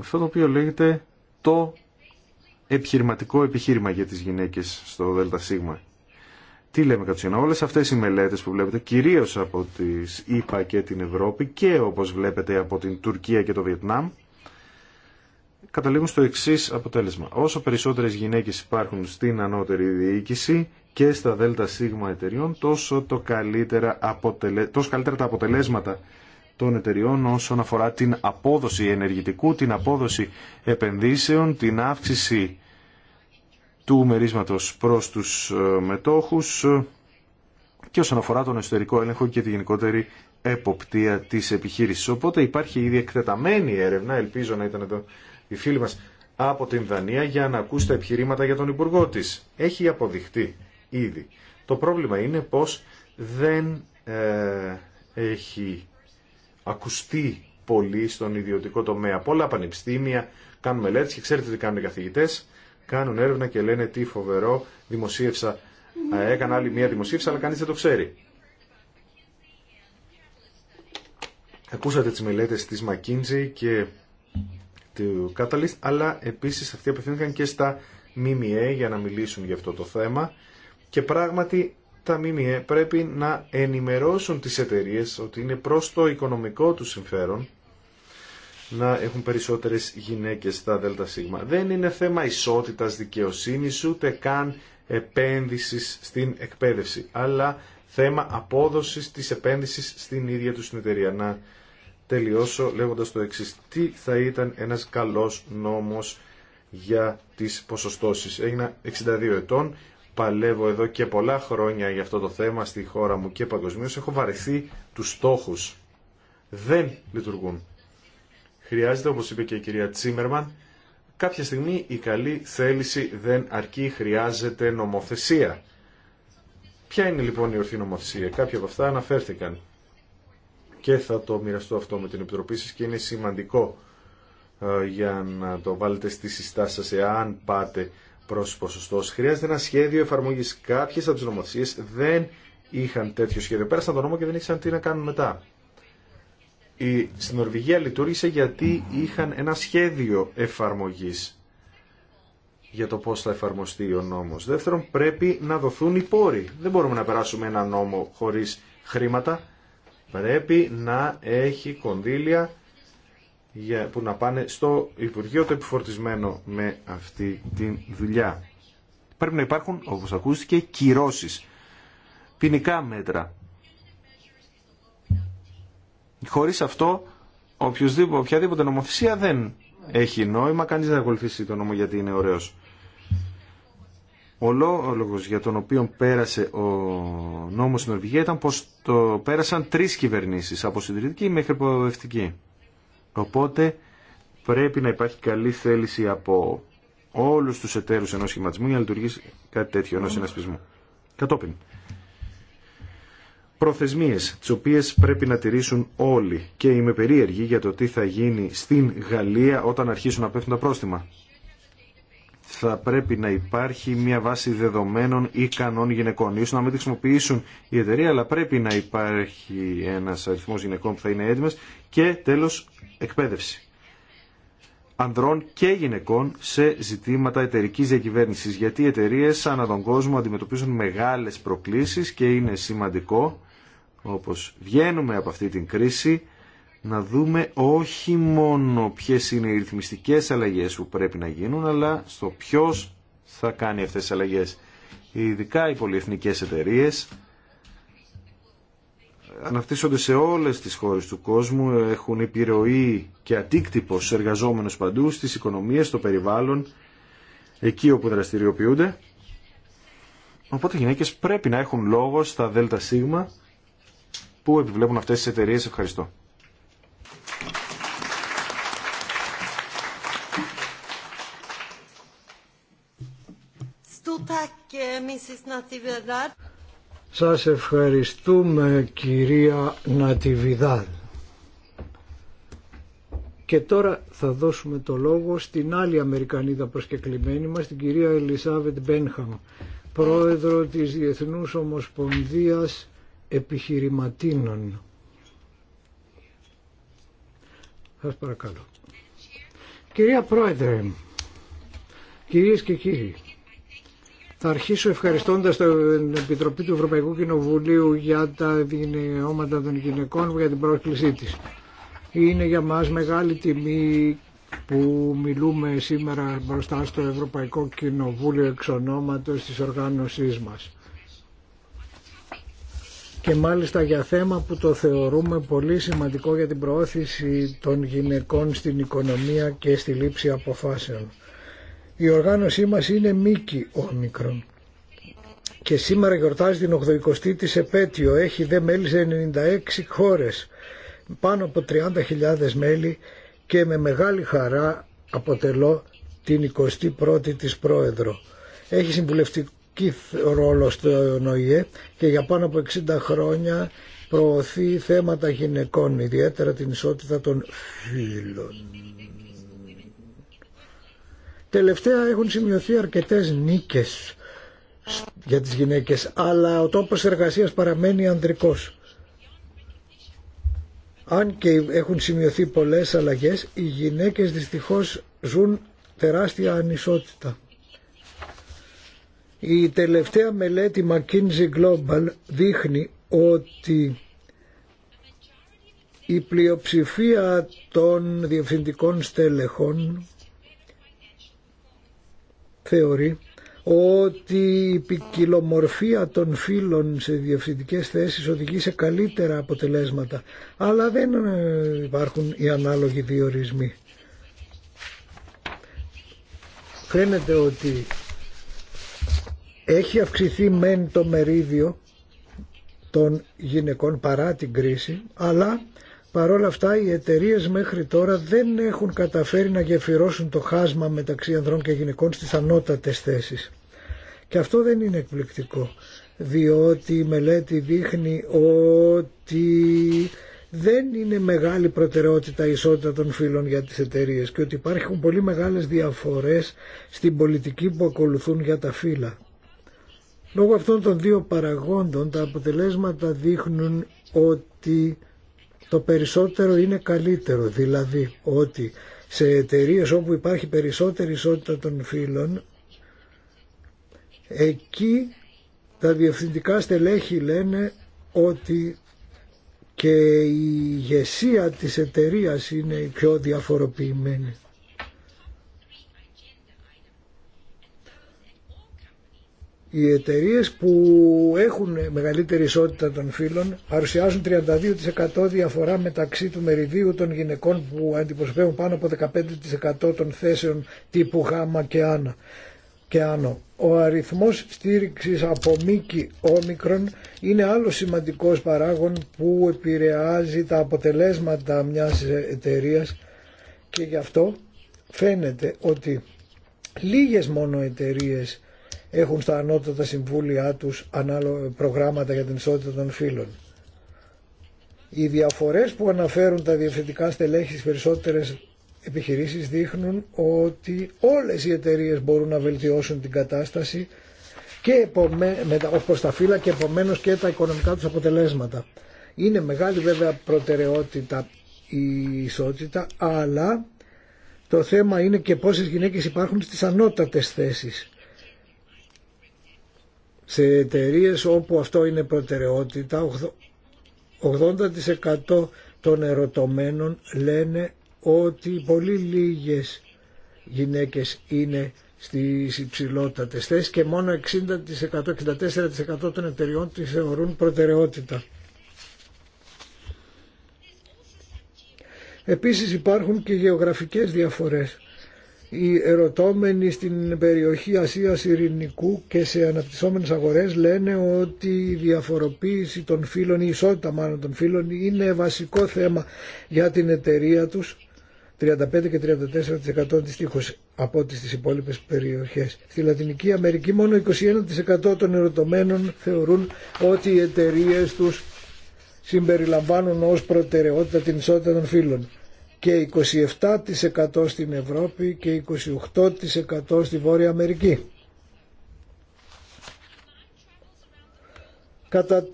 Αυτό το οποίο λέγεται το επιχειρηματικό επιχείρημα για τις γυναίκες στο ΔΣ. Τι λέμε κατ' όλες αυτές οι μελέτες που βλέπετε, κυρίως από τις ΗΠΑ και την Ευρώπη και όπως βλέπετε από την Τουρκία και το Βιετνάμ, καταλήγουν στο εξή αποτέλεσμα. Όσο περισσότερες γυναίκες υπάρχουν στην ανώτερη διοίκηση και στα ΔΣ εταιριών, τόσο, το καλύτερα αποτελε... τόσο καλύτερα τα αποτελέσματα των εταιριών όσον αφορά την απόδοση ενεργητικού, την απόδοση επενδύσεων, την αύξηση του μερίσματος προς τους ε, μετόχους ε, και όσον αφορά τον εσωτερικό έλεγχο και τη γενικότερη εποπτεία της επιχείρησης. Οπότε υπάρχει ήδη εκτεταμένη έρευνα, ελπίζω να ήταν εδώ οι φίλοι μας από την Δανία για να ακούσει τα επιχειρήματα για τον Υπουργό της. Έχει αποδειχτεί ήδη. Το πρόβλημα είναι πως δεν ε, έχει ακουστεί πολύ στον ιδιωτικό τομέα. Πολλά πανεπιστήμια κάνουν μελέτες και ξέρετε τι κάνουν οι καθηγητές κάνουν έρευνα και λένε τι φοβερό, δημοσίευσα, έκανα άλλη μία δημοσίευσα, αλλά κανείς δεν το ξέρει. Ακούσατε τις μελέτες της McKinsey και του Catalyst, αλλά επίσης αυτοί απευθύνθηκαν και στα ΜΜΕ για να μιλήσουν για αυτό το θέμα και πράγματι τα ΜΜΕ πρέπει να ενημερώσουν τις εταιρείες ότι είναι προς το οικονομικό του συμφέρον να έχουν περισσότερες γυναίκες στα ΔΣ. Δεν είναι θέμα ισότητας δικαιοσύνης ούτε καν επένδυσης στην εκπαίδευση, αλλά θέμα απόδοσης της επένδυσης στην ίδια του στην εταιρεία. Να τελειώσω λέγοντας το εξής. Τι θα ήταν ένας καλός νόμος για τις ποσοστώσεις. Έγινα 62 ετών, παλεύω εδώ και πολλά χρόνια για αυτό το θέμα στη χώρα μου και παγκοσμίω. Έχω βαρεθεί τους στόχους. Δεν λειτουργούν. Χρειάζεται, όπως είπε και η κυρία Τσίμερμαν, κάποια στιγμή η καλή θέληση δεν αρκεί, χρειάζεται νομοθεσία. Ποια είναι λοιπόν η ορθή νομοθεσία. Κάποια από αυτά αναφέρθηκαν και θα το μοιραστώ αυτό με την Επιτροπή σας και είναι σημαντικό ε, για να το βάλετε στη συστάση σας εάν πάτε προς ποσοστός. Χρειάζεται ένα σχέδιο εφαρμογής. Κάποιες από τις νομοθεσίες δεν είχαν τέτοιο σχέδιο. Πέρασαν τον νόμο και δεν ήξεραν τι να κάνουν μετά η, στην Νορβηγία λειτουργήσε γιατί είχαν ένα σχέδιο εφαρμογής για το πώς θα εφαρμοστεί ο νόμος. Δεύτερον, πρέπει να δοθούν οι πόροι. Δεν μπορούμε να περάσουμε ένα νόμο χωρίς χρήματα. Πρέπει να έχει κονδύλια για, που να πάνε στο Υπουργείο το επιφορτισμένο με αυτή τη δουλειά. Πρέπει να υπάρχουν, όπως ακούστηκε, κυρώσεις, ποινικά μέτρα Χωρίς αυτό οποιαδήποτε νομοθεσία δεν έχει νόημα, κανείς δεν ακολουθήσει το νόμο γιατί είναι ωραίος. Ο λόγος για τον οποίο πέρασε ο νόμος στην Ορβηγία ήταν πως το πέρασαν τρεις κυβερνήσεις, από συντηρητική μέχρι προοδευτική. Οπότε πρέπει να υπάρχει καλή θέληση από όλους τους εταίρους ενός σχηματισμού για να λειτουργήσει κάτι τέτοιο ενός συνασπισμού. Κατόπιν προθεσμίες τις οποίες πρέπει να τηρήσουν όλοι και είμαι περίεργη για το τι θα γίνει στην Γαλλία όταν αρχίσουν να πέφτουν τα πρόστιμα. Θα πρέπει να υπάρχει μια βάση δεδομένων ικανών γυναικών. Ίσως να μην τη χρησιμοποιήσουν η εταιρεία, αλλά πρέπει να υπάρχει ένας αριθμός γυναικών που θα είναι έτοιμες και τέλος εκπαίδευση ανδρών και γυναικών σε ζητήματα εταιρική διακυβέρνηση. Γιατί οι εταιρείε ανά τον κόσμο αντιμετωπίζουν μεγάλε προκλήσει και είναι σημαντικό όπως βγαίνουμε από αυτή την κρίση να δούμε όχι μόνο ποιες είναι οι ρυθμιστικές αλλαγές που πρέπει να γίνουν, αλλά στο ποιος θα κάνει αυτές τις αλλαγές. Ειδικά οι πολυεθνικές εταιρείε αναπτύσσονται σε όλες τις χώρες του κόσμου, έχουν επιρροή και αντίκτυπο στους εργαζόμενους παντού, στις οικονομίες, στο περιβάλλον, εκεί όπου δραστηριοποιούνται. Οπότε οι γυναίκες πρέπει να έχουν λόγο στα ΔΣ που επιβλέπουν αυτές τις εταιρείε. Ευχαριστώ. Eh, Σας ευχαριστούμε κυρία Νατιβιδά. Και τώρα θα δώσουμε το λόγο στην άλλη Αμερικανίδα προσκεκλημένη μας, την κυρία Ελισάβετ Μπένχαμ, πρόεδρο της Διεθνούς Ομοσπονδίας επιχειρηματίνων. Σας παρακαλώ. Κυρία Πρόεδρε, κυρίες και κύριοι, θα αρχίσω ευχαριστώντας την Επιτροπή του Ευρωπαϊκού Κοινοβουλίου για τα δικαιώματα των γυναικών για την πρόσκλησή της. Είναι για μας μεγάλη τιμή που μιλούμε σήμερα μπροστά στο Ευρωπαϊκό Κοινοβούλιο εξ ονόματος της οργάνωσής μας και μάλιστα για θέμα που το θεωρούμε πολύ σημαντικό για την προώθηση των γυναικών στην οικονομία και στη λήψη αποφάσεων. Η οργάνωσή μας είναι μίκη όμικρον και σήμερα γιορτάζει την 80η της επέτειο. Έχει δε μέλη σε 96 χώρες, πάνω από 30.000 μέλη και με μεγάλη χαρά αποτελώ την 21η της πρόεδρο. Έχει ρόλο στο και για πάνω από 60 χρόνια προωθεί θέματα γυναικών, ιδιαίτερα την ισότητα των φύλων. Τελευταία έχουν σημειωθεί αρκετές νίκες για τις γυναίκες, αλλά ο τόπος εργασίας παραμένει ανδρικός. Αν και έχουν σημειωθεί πολλές αλλαγές, οι γυναίκες δυστυχώς ζουν τεράστια ανισότητα. Η τελευταία μελέτη McKinsey Global δείχνει ότι η πλειοψηφία των διευθυντικών στέλεχων θεωρεί ότι η ποικιλομορφία των φύλων σε διευθυντικές θέσεις οδηγεί σε καλύτερα αποτελέσματα αλλά δεν ε, υπάρχουν οι ανάλογοι διορισμοί. Φαίνεται ότι έχει αυξηθεί μεν το μερίδιο των γυναικών παρά την κρίση, αλλά παρόλα αυτά οι εταιρείε μέχρι τώρα δεν έχουν καταφέρει να γεφυρώσουν το χάσμα μεταξύ ανδρών και γυναικών στις ανώτατες θέσεις. Και αυτό δεν είναι εκπληκτικό, διότι η μελέτη δείχνει ότι δεν είναι μεγάλη προτεραιότητα η ισότητα των φύλων για τις εταιρείε και ότι υπάρχουν πολύ μεγάλες διαφορές στην πολιτική που ακολουθούν για τα φύλλα. Λόγω αυτών των δύο παραγόντων τα αποτελέσματα δείχνουν ότι το περισσότερο είναι καλύτερο, δηλαδή ότι σε εταιρείες όπου υπάρχει περισσότερη ισότητα των φύλων, εκεί τα διευθυντικά στελέχη λένε ότι και η ηγεσία της εταιρείας είναι η πιο διαφοροποιημένη. Οι εταιρείε που έχουν μεγαλύτερη ισότητα των φύλων παρουσιάζουν 32% διαφορά μεταξύ του μεριδίου των γυναικών που αντιπροσωπεύουν πάνω από 15% των θέσεων τύπου Γ και Άνω. Και άνω. Ο αριθμός στήριξης από μήκη όμικρον είναι άλλο σημαντικός παράγον που επηρεάζει τα αποτελέσματα μιας εταιρεία και γι' αυτό φαίνεται ότι λίγες μόνο εταιρείε έχουν στα ανώτατα συμβούλια τους προγράμματα για την ισότητα των φύλων. Οι διαφορές που αναφέρουν τα διευθυντικά στελέχη στις περισσότερες επιχειρήσεις δείχνουν ότι όλες οι εταιρείες μπορούν να βελτιώσουν την κατάσταση και ως προς τα φύλλα και επομένως και τα οικονομικά τους αποτελέσματα. Είναι μεγάλη βέβαια προτεραιότητα η ισότητα, αλλά το θέμα είναι και πόσες γυναίκες υπάρχουν στις ανώτατες θέσεις. Σε εταιρείε όπου αυτό είναι προτεραιότητα, 80% των ερωτωμένων λένε ότι πολύ λίγες γυναίκες είναι στις υψηλότατες θέσεις και μόνο 60%, 64% των εταιριών τις θεωρούν προτεραιότητα. Επίσης υπάρχουν και γεωγραφικές διαφορές. Οι ερωτώμενοι στην περιοχή Ασίας Ειρηνικού και σε αναπτυσσόμενες αγορές λένε ότι η διαφοροποίηση των φύλων, η ισότητα μάλλον των φύλων είναι βασικό θέμα για την εταιρεία τους 35 και 34% δυστυχώς από τις υπόλοιπε υπόλοιπες περιοχές. Στη Λατινική Αμερική μόνο 21% των ερωτωμένων θεωρούν ότι οι εταιρείε τους συμπεριλαμβάνουν ως προτεραιότητα την ισότητα των φύλων και 27% στην Ευρώπη και 28% στη Βόρεια Αμερική. Κατά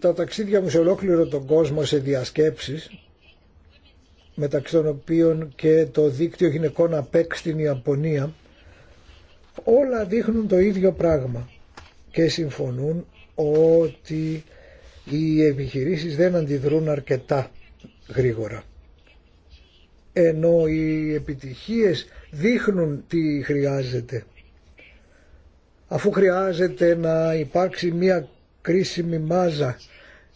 τα ταξίδια μου σε ολόκληρο τον κόσμο σε διασκέψεις, μεταξύ των οποίων και το δίκτυο γυναικών ΑΠΕΚ στην Ιαπωνία, όλα δείχνουν το ίδιο πράγμα και συμφωνούν ότι οι επιχειρήσεις δεν αντιδρούν αρκετά γρήγορα ενώ οι επιτυχίες δείχνουν τι χρειάζεται. Αφού χρειάζεται να υπάρξει μια κρίσιμη μάζα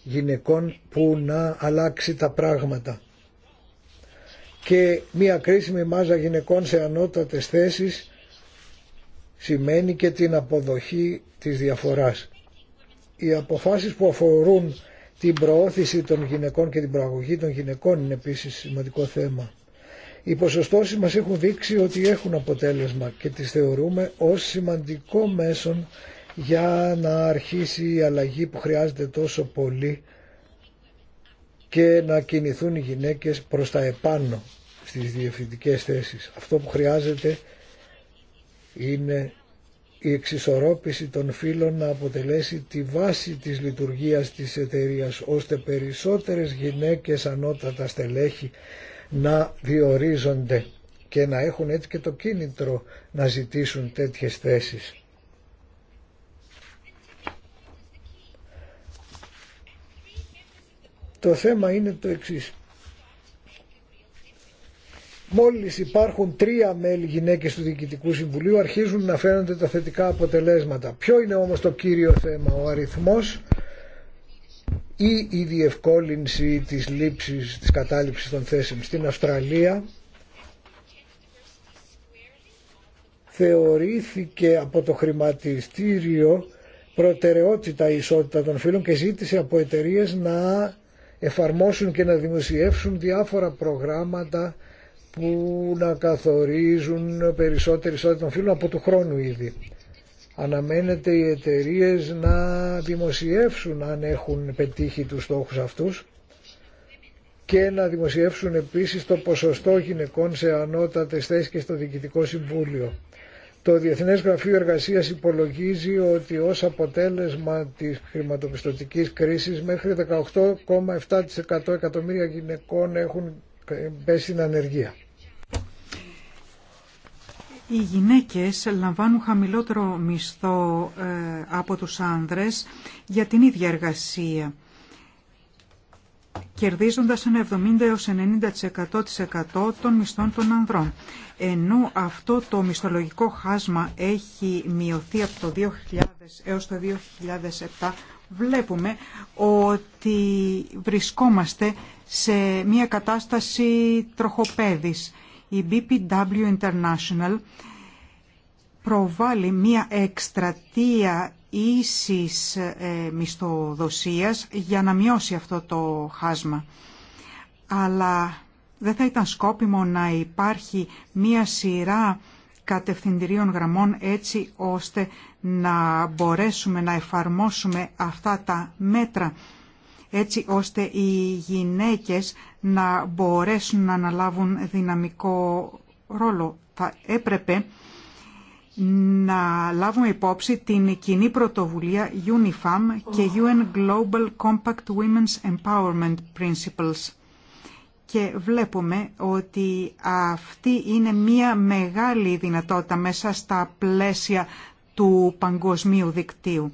γυναικών που να αλλάξει τα πράγματα και μια κρίσιμη μάζα γυναικών σε ανώτατες θέσεις σημαίνει και την αποδοχή της διαφοράς. Οι αποφάσεις που αφορούν την προώθηση των γυναικών και την προαγωγή των γυναικών είναι επίσης σημαντικό θέμα. Οι ποσοστώσεις μας έχουν δείξει ότι έχουν αποτέλεσμα και τις θεωρούμε ως σημαντικό μέσον για να αρχίσει η αλλαγή που χρειάζεται τόσο πολύ και να κινηθούν οι γυναίκες προς τα επάνω στις διευθυντικές θέσεις. Αυτό που χρειάζεται είναι η εξισορρόπηση των φύλων να αποτελέσει τη βάση της λειτουργίας της εταιρείας ώστε περισσότερες γυναίκες ανώτατα στελέχη να διορίζονται και να έχουν έτσι και το κίνητρο να ζητήσουν τέτοιες θέσεις. Το θέμα είναι το εξής. Μόλις υπάρχουν τρία μέλη γυναίκες του Διοικητικού Συμβουλίου αρχίζουν να φαίνονται τα θετικά αποτελέσματα. Ποιο είναι όμως το κύριο θέμα, ο αριθμός ή η διευκόλυνση της λήψης, της κατάληψης των θέσεων στην Αυστραλία θεωρήθηκε από το χρηματιστήριο προτεραιότητα η ισότητα των φύλων και ζήτησε από εταιρείε να εφαρμόσουν και να δημοσιεύσουν διάφορα προγράμματα που να καθορίζουν περισσότερη ισότητα των φύλων από του χρόνου ήδη αναμένεται οι εταιρείε να δημοσιεύσουν αν έχουν πετύχει τους στόχους αυτούς και να δημοσιεύσουν επίσης το ποσοστό γυναικών σε ανώτατες θέσεις και στο Διοικητικό Συμβούλιο. Το Διεθνές Γραφείο Εργασίας υπολογίζει ότι ως αποτέλεσμα της χρηματοπιστωτικής κρίσης μέχρι 18,7% εκατομμύρια γυναικών έχουν πέσει στην ανεργία. Οι γυναίκες λαμβάνουν χαμηλότερο μισθό ε, από τους άνδρες για την ίδια εργασία, κερδίζοντας ένα 70-90% των μισθών των ανδρών. Ενώ αυτό το μισθολογικό χάσμα έχει μειωθεί από το 2000 έως το 2007, βλέπουμε ότι βρισκόμαστε σε μια κατάσταση τροχοπέδης η BPW International προβάλλει μία εκστρατεία ίσης ε, μισθοδοσίας για να μειώσει αυτό το χάσμα. Αλλά δεν θα ήταν σκόπιμο να υπάρχει μία σειρά κατευθυντηρίων γραμμών έτσι ώστε να μπορέσουμε να εφαρμόσουμε αυτά τα μέτρα έτσι ώστε οι γυναίκες να μπορέσουν να αναλάβουν δυναμικό ρόλο. Θα έπρεπε να λάβουμε υπόψη την κοινή πρωτοβουλία UNIFAM και UN Global Compact Women's Empowerment Principles. Και βλέπουμε ότι αυτή είναι μία μεγάλη δυνατότητα μέσα στα πλαίσια του παγκοσμίου δικτύου.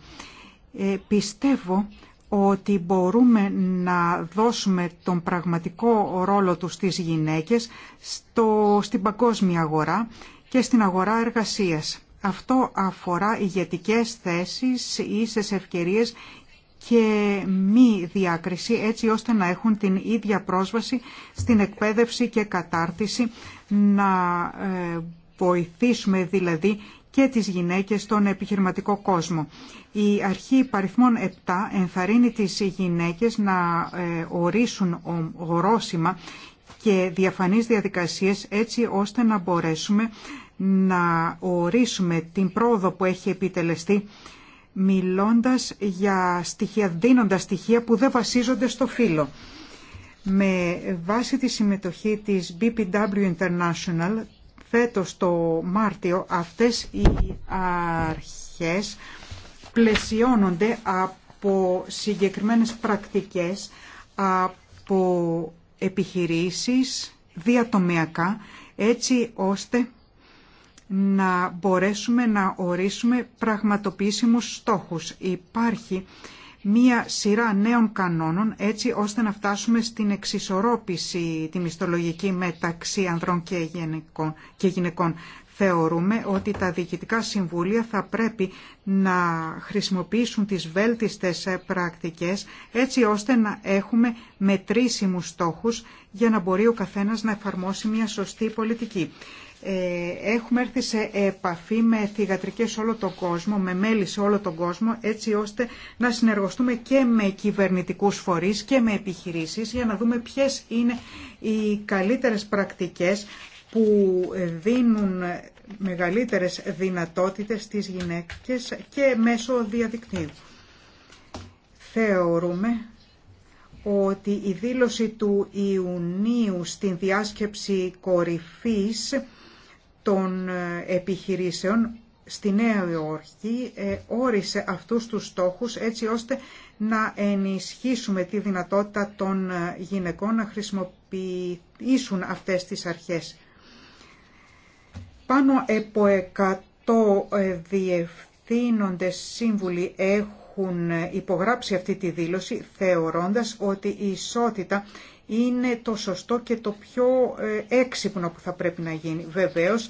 Ε, πιστεύω ότι μπορούμε να δώσουμε τον πραγματικό ρόλο τους στις γυναίκες στο, στην παγκόσμια αγορά και στην αγορά εργασίας. Αυτό αφορά ηγετικές θέσεις, ίσες ευκαιρίες και μη διάκριση έτσι ώστε να έχουν την ίδια πρόσβαση στην εκπαίδευση και κατάρτιση να ε, βοηθήσουμε δηλαδή και τις γυναίκες στον επιχειρηματικό κόσμο. Η αρχή παριθμών 7 ενθαρρύνει τις γυναίκες να ε, ορίσουν ορόσημα και διαφανείς διαδικασίες έτσι ώστε να μπορέσουμε να ορίσουμε την πρόοδο που έχει επιτελεστεί μιλώντας για στοιχεία, δίνοντας στοιχεία που δεν βασίζονται στο φύλλο. Με βάση τη συμμετοχή της BPW International, φέτος το Μάρτιο, αυτές οι αρχές πλαισιώνονται από συγκεκριμένες πρακτικές, από επιχειρήσεις διατομιακά, έτσι ώστε να μπορέσουμε να ορίσουμε πραγματοποιήσιμους στόχους. Υπάρχει μία σειρά νέων κανόνων έτσι ώστε να φτάσουμε στην εξισορρόπηση τη μισθολογική μεταξύ ανδρών και γυναικών. Θεωρούμε ότι τα διοικητικά συμβούλια θα πρέπει να χρησιμοποιήσουν τις βέλτιστες πρακτικές έτσι ώστε να έχουμε μετρήσιμους στόχους για να μπορεί ο καθένας να εφαρμόσει μια σωστή πολιτική. Ε, έχουμε έρθει σε επαφή με θηγατρικές όλο τον κόσμο, με μέλη σε όλο τον κόσμο έτσι ώστε να συνεργαστούμε και με κυβερνητικούς φορείς και με επιχειρήσεις για να δούμε ποιες είναι οι καλύτερες πρακτικές που ε, δίνουν μεγαλύτερες δυνατότητες στις γυναίκες και μέσω διαδικτύου. Θεωρούμε ότι η δήλωση του Ιουνίου στην διάσκεψη κορυφής των ε, επιχειρήσεων στη Νέα Υόρκη ε, όρισε αυτούς τους στόχους έτσι ώστε να ενισχύσουμε τη δυνατότητα των γυναικών να χρησιμοποιήσουν αυτές τις αρχές. Πάνω από 100 ε, διευθύνοντες σύμβουλοι έχουν ε, υπογράψει αυτή τη δήλωση θεωρώντας ότι η ισότητα είναι το σωστό και το πιο ε, έξυπνο που θα πρέπει να γίνει. Βεβαίως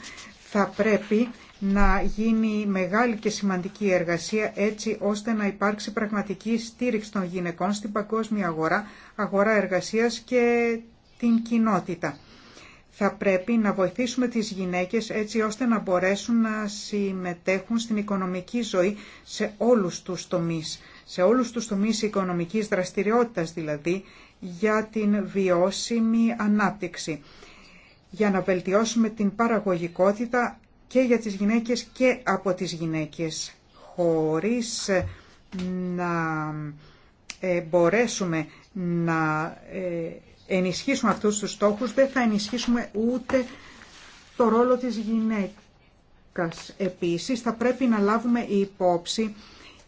θα πρέπει να γίνει μεγάλη και σημαντική εργασία έτσι ώστε να υπάρξει πραγματική στήριξη των γυναικών στην παγκόσμια αγορά, αγορά εργασίας και την κοινότητα θα πρέπει να βοηθήσουμε τις γυναίκες έτσι ώστε να μπορέσουν να συμμετέχουν στην οικονομική ζωή σε όλους τους τομείς. Σε όλους τους τομείς οικονομικής δραστηριότητας δηλαδή για την βιώσιμη ανάπτυξη. Για να βελτιώσουμε την παραγωγικότητα και για τις γυναίκες και από τις γυναίκες. Χωρίς ε, να ε, μπορέσουμε να ε, ενισχύσουμε αυτούς τους στόχους, δεν θα ενισχύσουμε ούτε το ρόλο της γυναίκας. Επίσης, θα πρέπει να λάβουμε υπόψη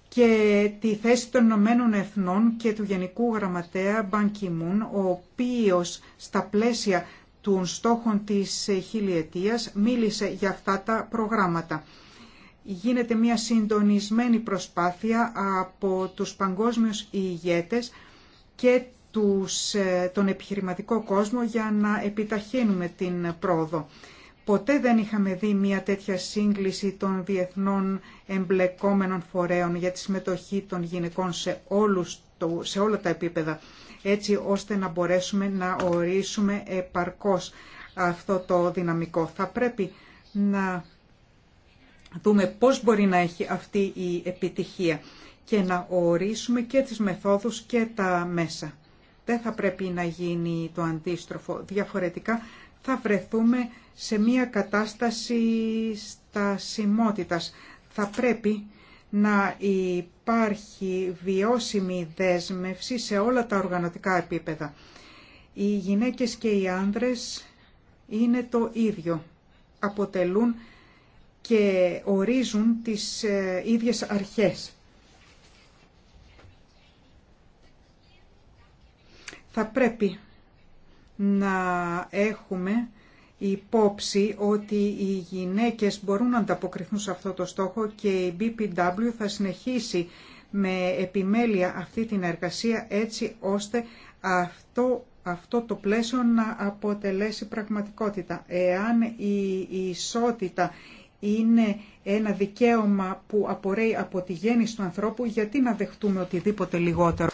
και τη θέση των Ηνωμένων Εθνών και του Γενικού Γραμματέα Μπανκιμούν, ο οποίος στα πλαίσια των στόχων της χιλιετίας μίλησε για αυτά τα προγράμματα. Γίνεται μια συντονισμένη προσπάθεια από τους παγκόσμιους ηγέτες και τους, ε, τον επιχειρηματικό κόσμο για να επιταχύνουμε την πρόοδο. Ποτέ δεν είχαμε δει μια τέτοια σύγκληση των διεθνών εμπλεκόμενων φορέων για τη συμμετοχή των γυναικών σε, όλους, σε όλα τα επίπεδα, έτσι ώστε να μπορέσουμε να ορίσουμε επαρκώς αυτό το δυναμικό. Θα πρέπει να δούμε πώς μπορεί να έχει αυτή η επιτυχία και να ορίσουμε και τις μεθόδους και τα μέσα. Δεν θα πρέπει να γίνει το αντίστροφο. Διαφορετικά θα βρεθούμε σε μια κατάσταση στασιμότητας. Θα πρέπει να υπάρχει βιώσιμη δέσμευση σε όλα τα οργανωτικά επίπεδα. Οι γυναίκες και οι άνδρες είναι το ίδιο. Αποτελούν και ορίζουν τις ε, ίδιες αρχές. Θα πρέπει να έχουμε υπόψη ότι οι γυναίκες μπορούν να ανταποκριθούν σε αυτό το στόχο και η BPW θα συνεχίσει με επιμέλεια αυτή την εργασία έτσι ώστε αυτό, αυτό το πλαίσιο να αποτελέσει πραγματικότητα. Εάν η, η ισότητα είναι ένα δικαίωμα που απορρέει από τη γέννηση του ανθρώπου, γιατί να δεχτούμε οτιδήποτε λιγότερο.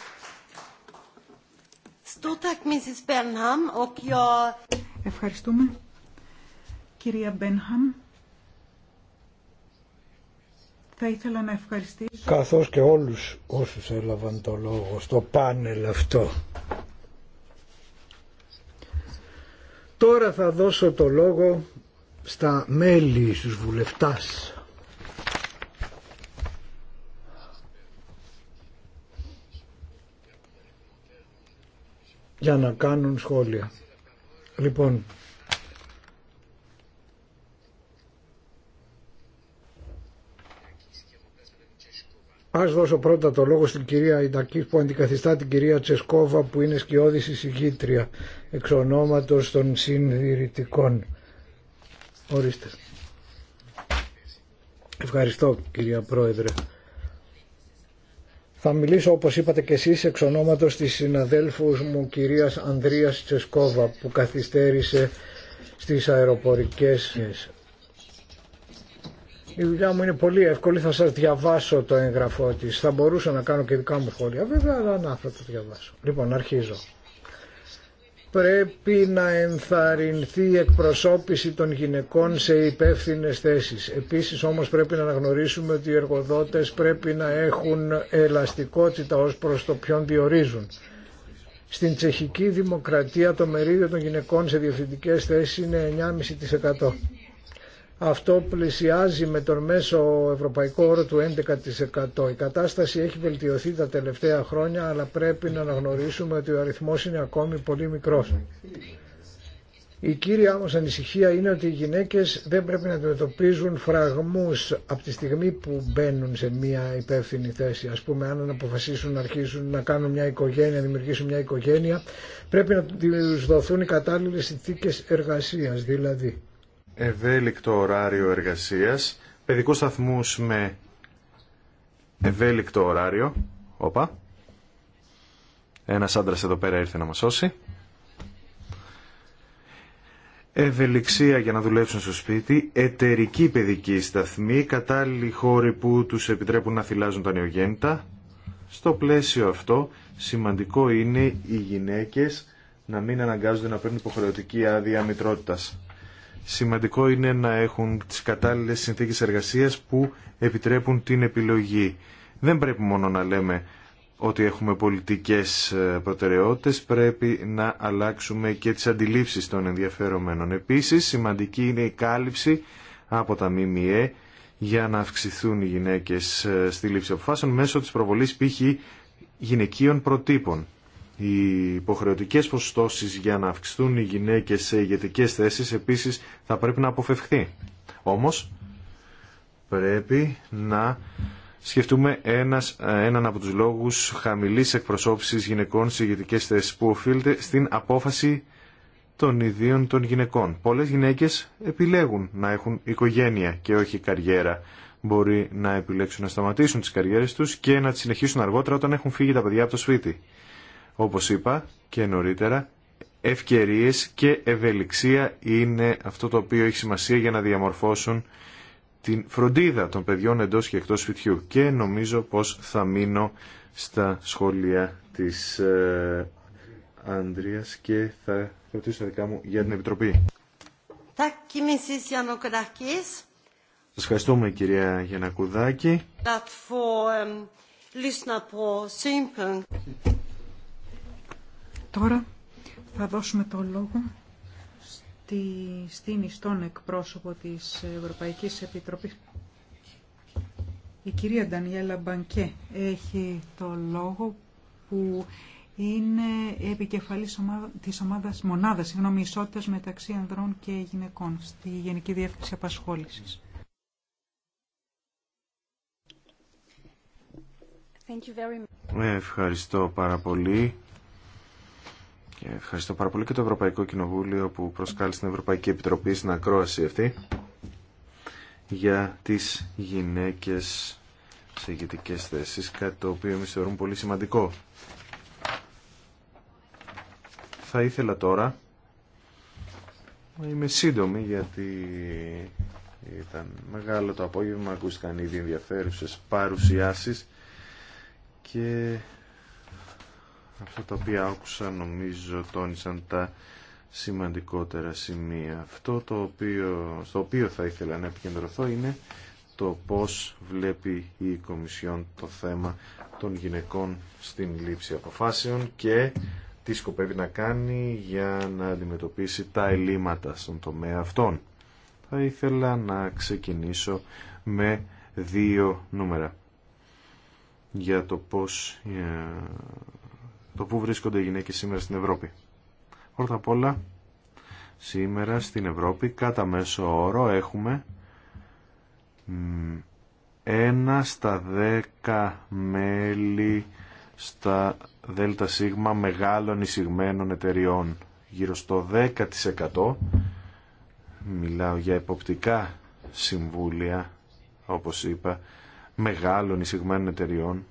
Ευχαριστούμε. Κυρία Μπένχαμ, θα ήθελα να ευχαριστήσω. Καθώς και όλους όσους έλαβαν το λόγο στο πάνελ αυτό. Τώρα θα δώσω το λόγο στα μέλη, στους βουλευτάς. για να κάνουν σχόλια. Λοιπόν, Ας δώσω πρώτα το λόγο στην κυρία Ιντακής που αντικαθιστά την κυρία Τσεσκόβα που είναι σκιώδης εισηγήτρια εξ ονόματος των συνδυρητικών. Ορίστε. Ευχαριστώ κυρία Πρόεδρε. Θα μιλήσω όπως είπατε και εσείς εξ ονόματος της συναδέλφους μου κυρίας Ανδρίας Τσεσκόβα που καθυστέρησε στις αεροπορικές. Η δουλειά μου είναι πολύ εύκολη, θα σας διαβάσω το έγγραφό της. Θα μπορούσα να κάνω και δικά μου σχόλια βέβαια, αλλά να θα το διαβάσω. Λοιπόν, αρχίζω πρέπει να ενθαρρυνθεί η εκπροσώπηση των γυναικών σε υπεύθυνε θέσεις. Επίσης όμως πρέπει να αναγνωρίσουμε ότι οι εργοδότες πρέπει να έχουν ελαστικότητα ως προς το ποιον διορίζουν. Στην τσεχική δημοκρατία το μερίδιο των γυναικών σε διευθυντικές θέσεις είναι 9,5%. Αυτό πλησιάζει με τον μέσο ευρωπαϊκό όρο του 11%. Η κατάσταση έχει βελτιωθεί τα τελευταία χρόνια, αλλά πρέπει να αναγνωρίσουμε ότι ο αριθμός είναι ακόμη πολύ μικρός. Η κύρια όμως ανησυχία είναι ότι οι γυναίκες δεν πρέπει να αντιμετωπίζουν φραγμούς από τη στιγμή που μπαίνουν σε μια υπεύθυνη θέση. Ας πούμε αν αποφασίσουν να αρχίσουν να κάνουν μια οικογένεια, να δημιουργήσουν μια οικογένεια, πρέπει να τους δοθούν οι κατάλληλες συνθήκε εργασίας δηλαδή ευέλικτο ωράριο εργασίας, παιδικούς σταθμούς με ευέλικτο ωράριο. Όπα. Ένας άντρας εδώ πέρα ήρθε να μας σώσει. Ευελιξία για να δουλέψουν στο σπίτι, εταιρική παιδική σταθμή, κατάλληλοι χώροι που τους επιτρέπουν να θυλάζουν τα νεογέννητα. Στο πλαίσιο αυτό, σημαντικό είναι οι γυναίκες να μην αναγκάζονται να παίρνουν υποχρεωτική άδεια μητρότητας. Σημαντικό είναι να έχουν τις κατάλληλες συνθήκες εργασίας που επιτρέπουν την επιλογή. Δεν πρέπει μόνο να λέμε ότι έχουμε πολιτικές ε, προτεραιότητες, πρέπει να αλλάξουμε και τις αντιλήψεις των ενδιαφερομένων. Επίσης, σημαντική είναι η κάλυψη από τα ΜΜΕ για να αυξηθούν οι γυναίκες ε, στη λήψη αποφάσεων μέσω της προβολής π.χ. γυναικείων προτύπων. Οι υποχρεωτικές ποσοστώσεις για να αυξηθούν οι γυναίκες σε ηγετικές θέσεις επίσης θα πρέπει να αποφευχθεί. Όμως πρέπει να σκεφτούμε ένας, έναν από τους λόγους χαμηλής εκπροσώπησης γυναικών σε ηγετικές θέσεις που οφείλεται στην απόφαση των ιδίων των γυναικών. Πολλές γυναίκες επιλέγουν να έχουν οικογένεια και όχι καριέρα. Μπορεί να επιλέξουν να σταματήσουν τις καριέρες τους και να τις συνεχίσουν αργότερα όταν έχουν φύγει τα παιδιά από το σπίτι όπως είπα και νωρίτερα, ευκαιρίες και ευελιξία είναι αυτό το οποίο έχει σημασία για να διαμορφώσουν την φροντίδα των παιδιών εντός και εκτός σπιτιού. Και νομίζω πως θα μείνω στα σχόλια της ε, Άντριας και θα ρωτήσω τα δικά μου για την Επιτροπή. Σας ευχαριστούμε κυρία Γιανακουδάκη. Um, Τώρα θα δώσουμε το λόγο στη, στην ιστόν εκπρόσωπο της Ευρωπαϊκής Επιτροπής. Η κυρία Ντανιέλα Μπανκέ έχει το λόγο που είναι επικεφαλής ομάδα, της ομάδας μονάδας συγγνώμη, μεταξύ ανδρών και γυναικών στη Γενική Διεύθυνση Απασχόλησης. Ε, ευχαριστώ πάρα πολύ ευχαριστώ πάρα πολύ και το Ευρωπαϊκό Κοινοβούλιο που προσκάλεσε την Ευρωπαϊκή Επιτροπή στην ακρόαση αυτή για τις γυναίκες σε ηγετικέ θέσει, κάτι το οποίο εμείς θεωρούμε πολύ σημαντικό. Θα ήθελα τώρα να είμαι σύντομη γιατί ήταν μεγάλο το απόγευμα, ακούστηκαν ήδη ενδιαφέρουσες παρουσιάσεις και Αυτά τα οποία άκουσα νομίζω τόνισαν τα σημαντικότερα σημεία. Αυτό το οποίο, στο οποίο θα ήθελα να επικεντρωθώ είναι το πώς βλέπει η Κομισιόν το θέμα των γυναικών στην λήψη αποφάσεων και τι σκοπεύει να κάνει για να αντιμετωπίσει τα ελλείμματα στον τομέα αυτών. Θα ήθελα να ξεκινήσω με δύο νούμερα για το πώς ε, το πού βρίσκονται οι γυναίκες σήμερα στην Ευρώπη. Πρώτα απ' όλα, σήμερα στην Ευρώπη κατά μέσο όρο έχουμε ένα στα δέκα μέλη στα δέλτα σίγμα μεγάλων εισηγμένων εταιριών. Γύρω στο 10% μιλάω για εποπτικά συμβούλια, όπως είπα, μεγάλων εισηγμένων εταιριών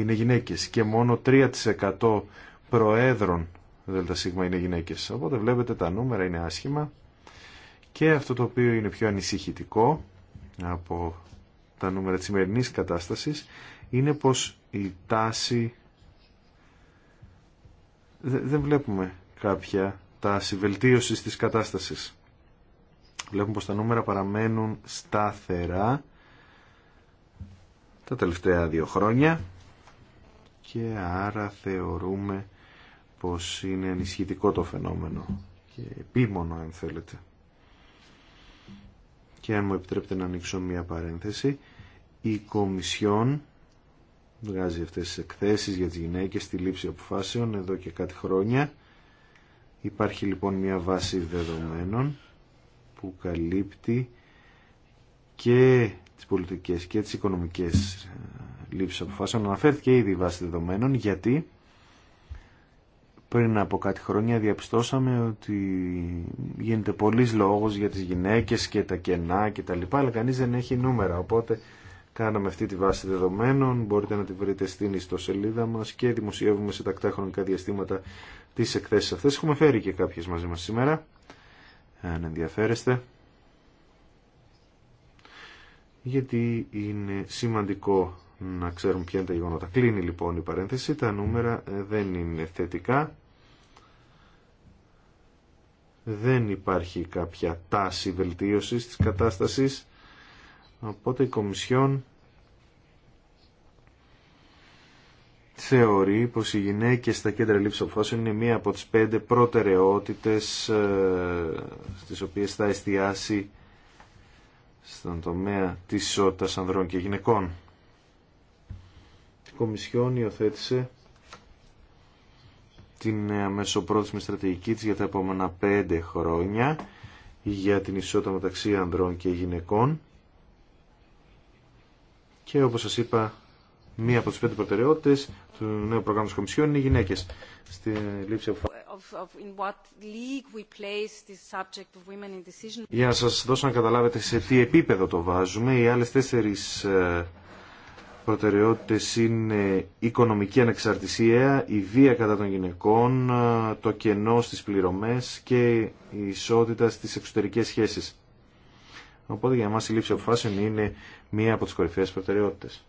είναι γυναίκες και μόνο 3% προέδρων ΔΣ είναι γυναίκες. Οπότε βλέπετε τα νούμερα είναι άσχημα και αυτό το οποίο είναι πιο ανησυχητικό από τα νούμερα της σημερινής κατάστασης είναι πως η τάση δεν βλέπουμε κάποια τάση βελτίωσης της κατάστασης. Βλέπουμε πως τα νούμερα παραμένουν σταθερά τα τελευταία δύο χρόνια και άρα θεωρούμε πως είναι ενισχυτικό το φαινόμενο και επίμονο αν θέλετε. Και αν μου επιτρέπετε να ανοίξω μία παρένθεση, η Κομισιόν βγάζει αυτές τις εκθέσεις για τις γυναίκες στη λήψη αποφάσεων εδώ και κάτι χρόνια. Υπάρχει λοιπόν μία βάση δεδομένων που καλύπτει και τις πολιτικές και τις οικονομικές λήψη αποφάσεων αναφέρθηκε ήδη η βάση δεδομένων γιατί πριν από κάτι χρόνια διαπιστώσαμε ότι γίνεται πολλής λόγος για τις γυναίκες και τα κενά και τα λοιπά, αλλά κανείς δεν έχει νούμερα. Οπότε κάναμε αυτή τη βάση δεδομένων, μπορείτε να τη βρείτε στην ιστοσελίδα μας και δημοσιεύουμε σε τακτά χρονικά διαστήματα τις εκθέσεις αυτές. Έχουμε φέρει και κάποιες μαζί μας σήμερα, αν ενδιαφέρεστε. Γιατί είναι σημαντικό να ξέρουν ποια είναι τα γεγονότα. Κλείνει λοιπόν η παρένθεση, τα νούμερα ε, δεν είναι θετικά. Δεν υπάρχει κάποια τάση βελτίωσης της κατάστασης, οπότε η Κομισιόν θεωρεί πως οι γυναίκες στα κέντρα λήψης αποφάσεων είναι μία από τις πέντε προτεραιότητες ε, στις οποίες θα εστιάσει στον τομέα της ισότητας ανδρών και γυναικών. Κομισιόν υιοθέτησε την ε, μεσοπρόθεσμη στρατηγική της για τα επόμενα πέντε χρόνια για την ισότητα μεταξύ ανδρών και γυναικών και όπως σας είπα μία από τις πέντε προτεραιότητες του νέου προγράμματος Κομισιόν είναι οι γυναίκες στη λήψη για να σας δώσω να καταλάβετε σε τι επίπεδο το βάζουμε, οι άλλες τέσσερις ε, προτεραιότητες είναι η οικονομική ανεξαρτησία, η βία κατά των γυναικών, το κενό στις πληρωμές και η ισότητα στις εξωτερικές σχέσεις. Οπότε για μας η λήψη αποφάσεων είναι μία από τις κορυφαίες προτεραιότητες.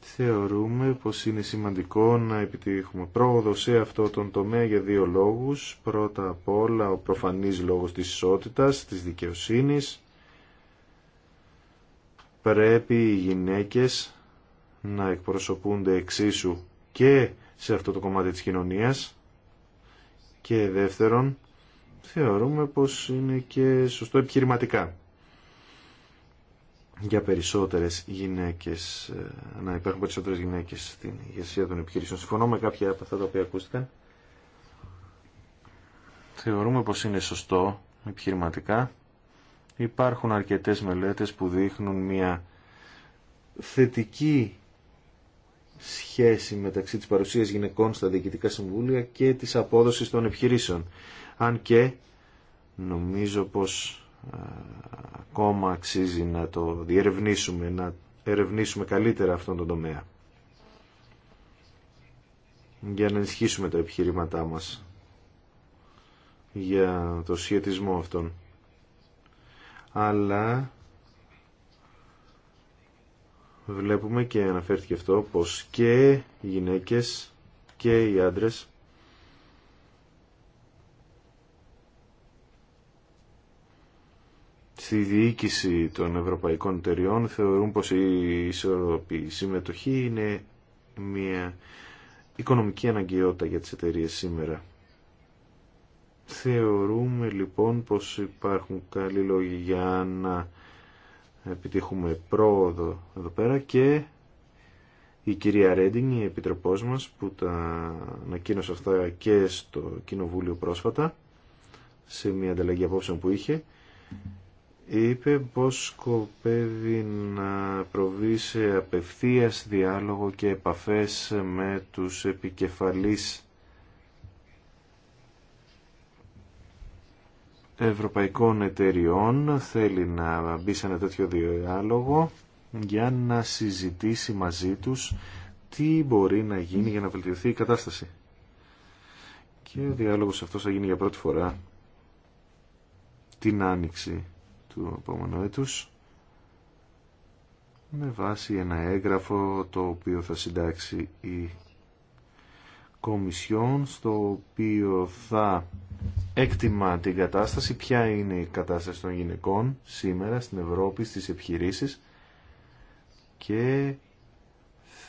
Θεωρούμε πως είναι σημαντικό να επιτύχουμε πρόοδο σε αυτό τον τομέα για δύο λόγους. Πρώτα απ' όλα ο προφανής λόγος της ισότητας, της δικαιοσύνης, πρέπει οι γυναίκες να εκπροσωπούνται εξίσου και σε αυτό το κομμάτι της κοινωνίας και δεύτερον θεωρούμε πως είναι και σωστό επιχειρηματικά για περισσότερες γυναίκες ε, να υπάρχουν περισσότερες γυναίκες στην ηγεσία των επιχειρήσεων συμφωνώ με κάποια από αυτά τα οποία ακούστηκαν θεωρούμε πως είναι σωστό επιχειρηματικά Υπάρχουν αρκετές μελέτες που δείχνουν μια θετική σχέση μεταξύ της παρουσίας γυναικών στα διοικητικά συμβούλια και της απόδοσης των επιχειρήσεων. Αν και νομίζω πως α, ακόμα αξίζει να το διερευνήσουμε, να ερευνήσουμε καλύτερα αυτόν τον τομέα για να ενισχύσουμε τα επιχειρήματά μας για το σχετισμό αυτών αλλά βλέπουμε και αναφέρθηκε αυτό πως και οι γυναίκες και οι άντρες στη διοίκηση των ευρωπαϊκών εταιριών θεωρούν πως η ισορροπή συμμετοχή είναι μια οικονομική αναγκαιότητα για τις εταιρείες σήμερα. Θεωρούμε λοιπόν πως υπάρχουν καλοί λόγοι για να επιτύχουμε πρόοδο εδώ πέρα και η κυρία Ρέντινγκ, η επιτροπός μας που τα ανακοίνωσε αυτά και στο Κοινοβούλιο πρόσφατα σε μια ανταλλαγή απόψεων που είχε είπε πως σκοπεύει να προβεί σε απευθείας διάλογο και επαφές με τους επικεφαλείς ευρωπαϊκών εταιριών θέλει να μπει σε ένα τέτοιο διάλογο για να συζητήσει μαζί τους τι μπορεί να γίνει για να βελτιωθεί η κατάσταση. Και ο διάλογος αυτός θα γίνει για πρώτη φορά την άνοιξη του επόμενου έτους με βάση ένα έγγραφο το οποίο θα συντάξει η Κομισιόν στο οποίο θα έκτιμα την κατάσταση, ποια είναι η κατάσταση των γυναικών σήμερα στην Ευρώπη, στις επιχειρήσεις και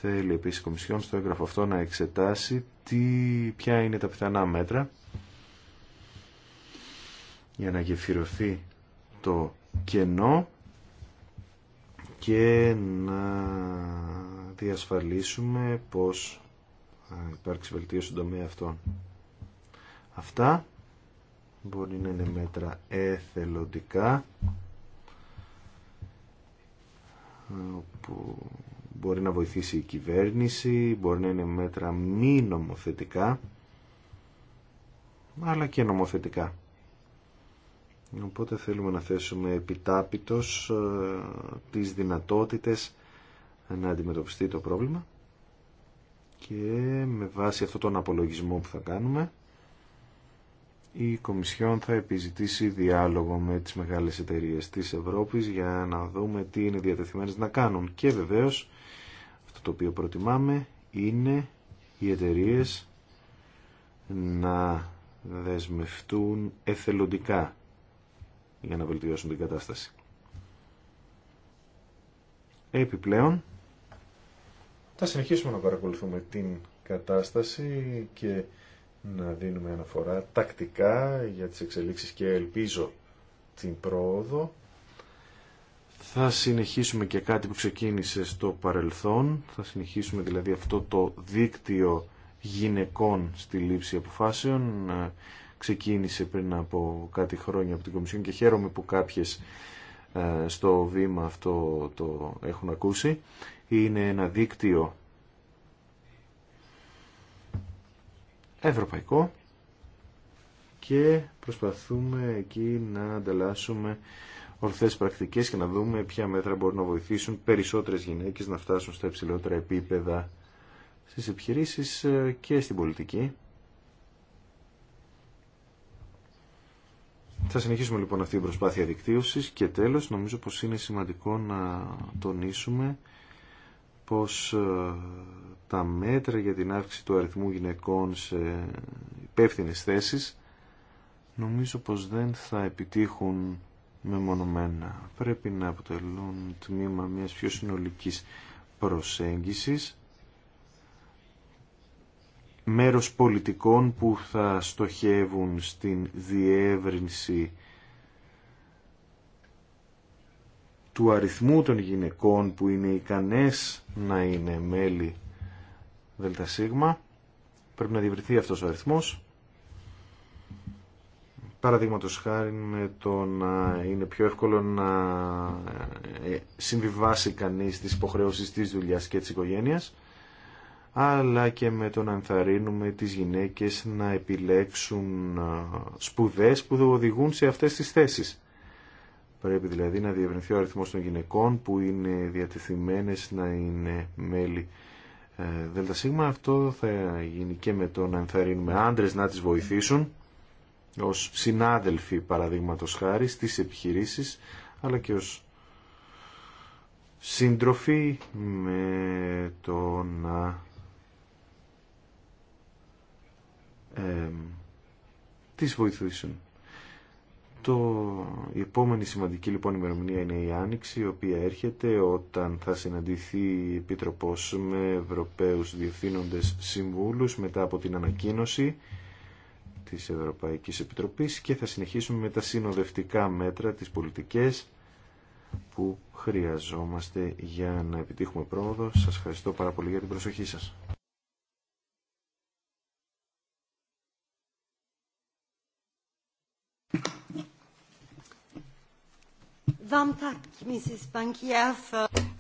θέλει επίσης η Κομισιόν στο έγγραφο αυτό να εξετάσει τι, ποια είναι τα πιθανά μέτρα για να γεφυρωθεί το κενό και να διασφαλίσουμε πως υπάρξει βελτίωση στον τομέα αυτών. Αυτά μπορεί να είναι μέτρα εθελοντικά που μπορεί να βοηθήσει η κυβέρνηση, μπορεί να είναι μέτρα μη νομοθετικά αλλά και νομοθετικά. Οπότε θέλουμε να θέσουμε επιτάπητος ε, τις δυνατότητες να αντιμετωπιστεί το πρόβλημα και με βάση αυτόν τον απολογισμό που θα κάνουμε η Κομισιόν θα επιζητήσει διάλογο με τις μεγάλες εταιρείες της Ευρώπης για να δούμε τι είναι διατεθειμένες να κάνουν. Και βεβαίως αυτό το οποίο προτιμάμε είναι οι εταιρείες να δεσμευτούν εθελοντικά για να βελτιώσουν την κατάσταση. Επιπλέον, θα συνεχίσουμε να παρακολουθούμε την κατάσταση και να δίνουμε αναφορά τακτικά για τις εξελίξεις και ελπίζω την πρόοδο. Θα συνεχίσουμε και κάτι που ξεκίνησε στο παρελθόν. Θα συνεχίσουμε δηλαδή αυτό το δίκτυο γυναικών στη λήψη αποφάσεων. Ξεκίνησε πριν από κάτι χρόνια από την Κομισιόν και χαίρομαι που κάποιες ε, στο βήμα αυτό το έχουν ακούσει είναι ένα δίκτυο ευρωπαϊκό και προσπαθούμε εκεί να ανταλλάσσουμε ορθές πρακτικές και να δούμε ποια μέτρα μπορούν να βοηθήσουν περισσότερες γυναίκες να φτάσουν στα υψηλότερα επίπεδα στις επιχειρήσεις και στην πολιτική. Θα συνεχίσουμε λοιπόν αυτή η προσπάθεια δικτύωσης και τέλος νομίζω πως είναι σημαντικό να τονίσουμε πως ε, τα μέτρα για την αύξηση του αριθμού γυναικών σε υπεύθυνες θέσεις νομίζω πως δεν θα επιτύχουν μεμονωμένα. Πρέπει να αποτελούν τμήμα μιας πιο συνολικής προσέγγισης μέρος πολιτικών που θα στοχεύουν στην διεύρυνση του αριθμού των γυναικών που είναι ικανές να είναι μέλη ΔΣ. Πρέπει να διευρυνθεί αυτός ο αριθμός. Παραδείγματο χάρη με το να είναι πιο εύκολο να ε, συμβιβάσει κανείς τις υποχρεώσεις της δουλειάς και της οικογένειας αλλά και με το να ενθαρρύνουμε τις γυναίκες να επιλέξουν ε, σπουδές που οδηγούν σε αυτές τις θέσεις. Πρέπει δηλαδή να διευρυνθεί ο αριθμός των γυναικών που είναι διατεθειμένες να είναι μέλη ε, ΔΣ. Αυτό θα γίνει και με το να ενθαρρύνουμε άντρες να τις βοηθήσουν ως συνάδελφοι παραδείγματο χάρη στις επιχειρήσεις αλλά και ως σύντροφοι με το να ε, τις βοηθήσουν το... Η επόμενη σημαντική λοιπόν ημερομηνία είναι η Άνοιξη, η οποία έρχεται όταν θα συναντηθεί η Επίτροπος με Ευρωπαίους Διευθύνοντες Συμβούλους μετά από την ανακοίνωση της Ευρωπαϊκής Επιτροπής και θα συνεχίσουμε με τα συνοδευτικά μέτρα, τις πολιτικές που χρειαζόμαστε για να επιτύχουμε πρόοδο. Σας ευχαριστώ πάρα πολύ για την προσοχή σας.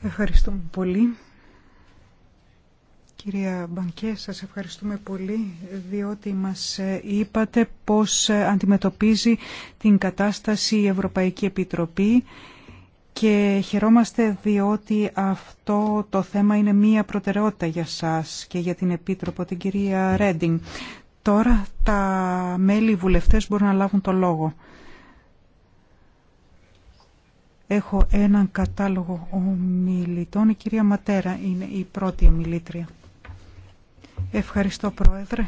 Ευχαριστούμε πολύ. Κυρία Μπανκέ, σας ευχαριστούμε πολύ διότι μας ε, είπατε πώς ε, αντιμετωπίζει την κατάσταση η Ευρωπαϊκή Επιτροπή και χαιρόμαστε διότι αυτό το θέμα είναι μία προτεραιότητα για σας και για την Επίτροπο, την κυρία Ρέντινγκ. Τώρα τα μέλη βουλευτές μπορούν να λάβουν το λόγο. Έχω έναν κατάλογο ομιλητών. Η κυρία Ματέρα είναι η πρώτη ομιλήτρια. Ευχαριστώ Πρόεδρε.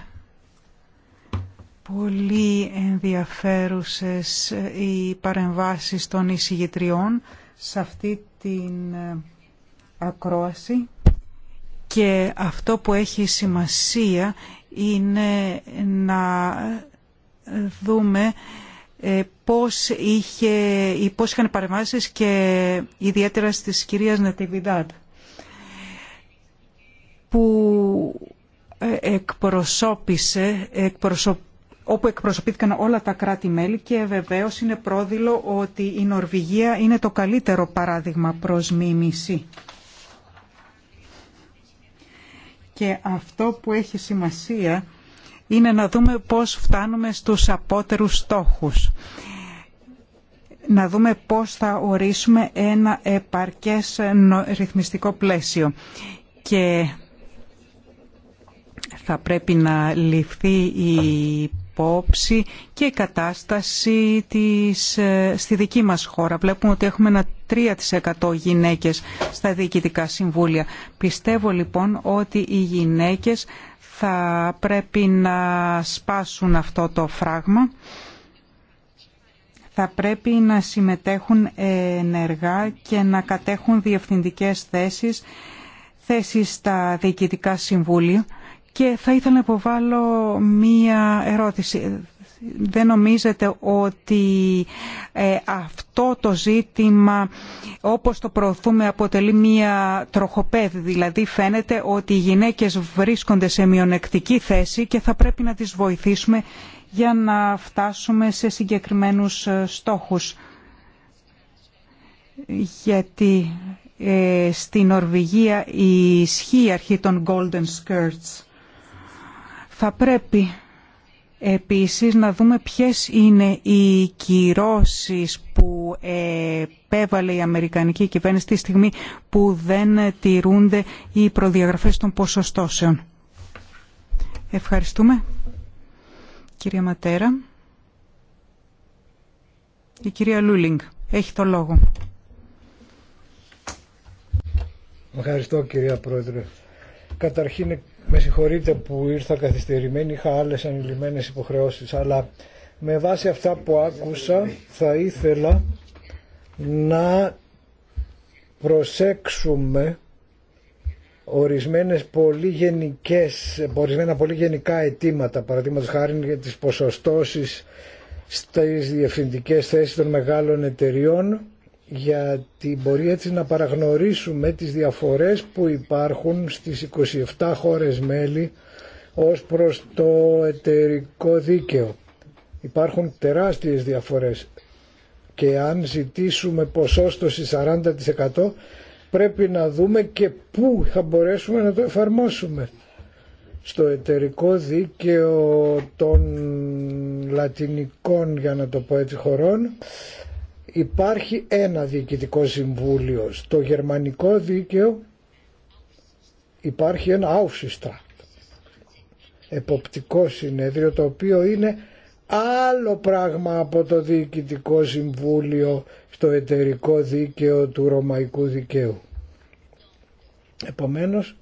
Πολύ ενδιαφέρουσες οι παρεμβάσεις των εισηγητριών σε αυτή την ε, ακρόαση και αυτό που έχει σημασία είναι να ε, δούμε ε, πώς, είχε, πώς είχαν παρεμβάσεις και ιδιαίτερα στις κυρίας Νατιβιδάτ που ε, εκπροσώπησε, εκπροσω... όπου εκπροσωπήθηκαν όλα τα κράτη-μέλη και βεβαίως είναι πρόδειλο ότι η Νορβηγία είναι το καλύτερο παράδειγμα προς μίμηση. Και αυτό που έχει σημασία είναι να δούμε πώς φτάνουμε στους απότερους στόχους. Να δούμε πώς θα ορίσουμε ένα επαρκές ρυθμιστικό πλαίσιο. Και θα πρέπει να ληφθεί η υπόψη και η κατάσταση της, ε, στη δική μας χώρα. Βλέπουμε ότι έχουμε ένα 3% γυναίκες στα διοικητικά συμβούλια. Πιστεύω λοιπόν ότι οι γυναίκες θα πρέπει να σπάσουν αυτό το φράγμα. Θα πρέπει να συμμετέχουν ενεργά και να κατέχουν διευθυντικές θέσεις, θέσεις στα διοικητικά συμβούλια. Και θα ήθελα να υποβάλω μία ερώτηση δεν νομίζετε ότι ε, αυτό το ζήτημα όπως το προωθούμε αποτελεί μία τροχοπέδη. Δηλαδή φαίνεται ότι οι γυναίκες βρίσκονται σε μειονεκτική θέση και θα πρέπει να τις βοηθήσουμε για να φτάσουμε σε συγκεκριμένους ε, στόχους. Γιατί ε, στη Νορβηγία η ισχύει αρχή των Golden Skirts. Θα πρέπει Επίσης να δούμε ποιες είναι οι κυρώσεις που επέβαλε η Αμερικανική κυβέρνηση τη στιγμή που δεν τηρούνται οι προδιαγραφές των ποσοστώσεων. Ευχαριστούμε. Κυρία Ματέρα. Η κυρία Λούλινγκ έχει το λόγο. Ευχαριστώ κυρία Πρόεδρε. Καταρχήν με συγχωρείτε που ήρθα καθυστερημένη, είχα άλλες ανηλυμένες υποχρεώσεις, αλλά με βάση αυτά που άκουσα θα ήθελα να προσέξουμε ορισμένες πολύ ορισμένα πολύ γενικά αιτήματα, παραδείγματος χάρη για τις ποσοστώσεις στις διευθυντικές θέσεις των μεγάλων εταιριών γιατί μπορεί έτσι να παραγνωρίσουμε τις διαφορές που υπάρχουν στις 27 χώρες μέλη ως προς το εταιρικό δίκαιο. Υπάρχουν τεράστιες διαφορές και αν ζητήσουμε ποσόστοση 40% πρέπει να δούμε και πού θα μπορέσουμε να το εφαρμόσουμε. Στο εταιρικό δίκαιο των λατινικών, για να το πω έτσι, χωρών Υπάρχει ένα διοικητικό συμβούλιο. Στο γερμανικό δίκαιο υπάρχει ένα Aufsichtsrat, εποπτικό συνέδριο, το οποίο είναι άλλο πράγμα από το διοικητικό συμβούλιο στο εταιρικό δίκαιο του ρωμαϊκού δικαίου. Επομένως,